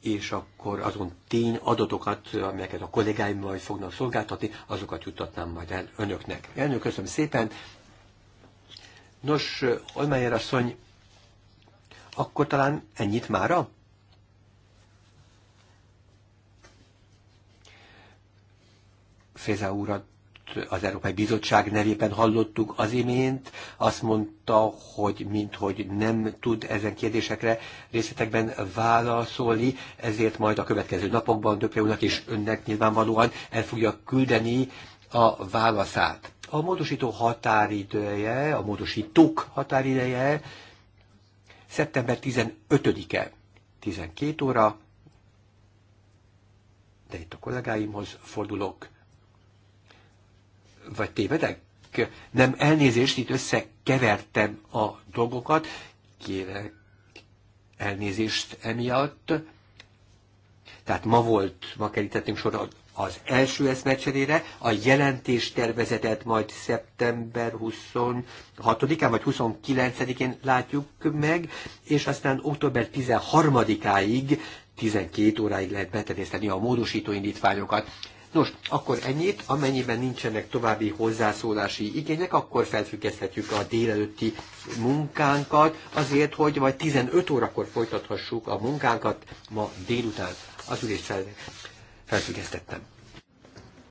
és akkor azon tény adatokat, amelyeket a kollégáim majd fognak szolgáltatni, azokat juttatnám majd el önöknek. Elnök, köszönöm szépen. Nos, Olmányer asszony, akkor talán ennyit mára? Féza úrat az Európai Bizottság nevében hallottuk az imént, azt mondta, hogy minthogy nem tud ezen kérdésekre részletekben válaszolni, ezért majd a következő napokban Döpre úrnak és önnek nyilvánvalóan el fogja küldeni a válaszát. A módosító határidője, a módosítók határideje Szeptember 15-e, 12 óra, de itt a kollégáimhoz fordulok, vagy tévedek? Nem elnézést, itt összekevertem a dolgokat, kérek elnézést emiatt. Tehát ma volt, ma kerítettünk sor az első eszmecserére, a jelentés tervezetet majd szeptember 26-án vagy 29-én látjuk meg, és aztán október 13-áig, 12 óráig lehet betenészteni a módosító indítványokat. Nos, akkor ennyit, amennyiben nincsenek további hozzászólási igények, akkor felfüggeszthetjük a délelőtti munkánkat, azért, hogy majd 15 órakor folytathassuk a munkánkat ma délután. Az ülést felfüggesztettem.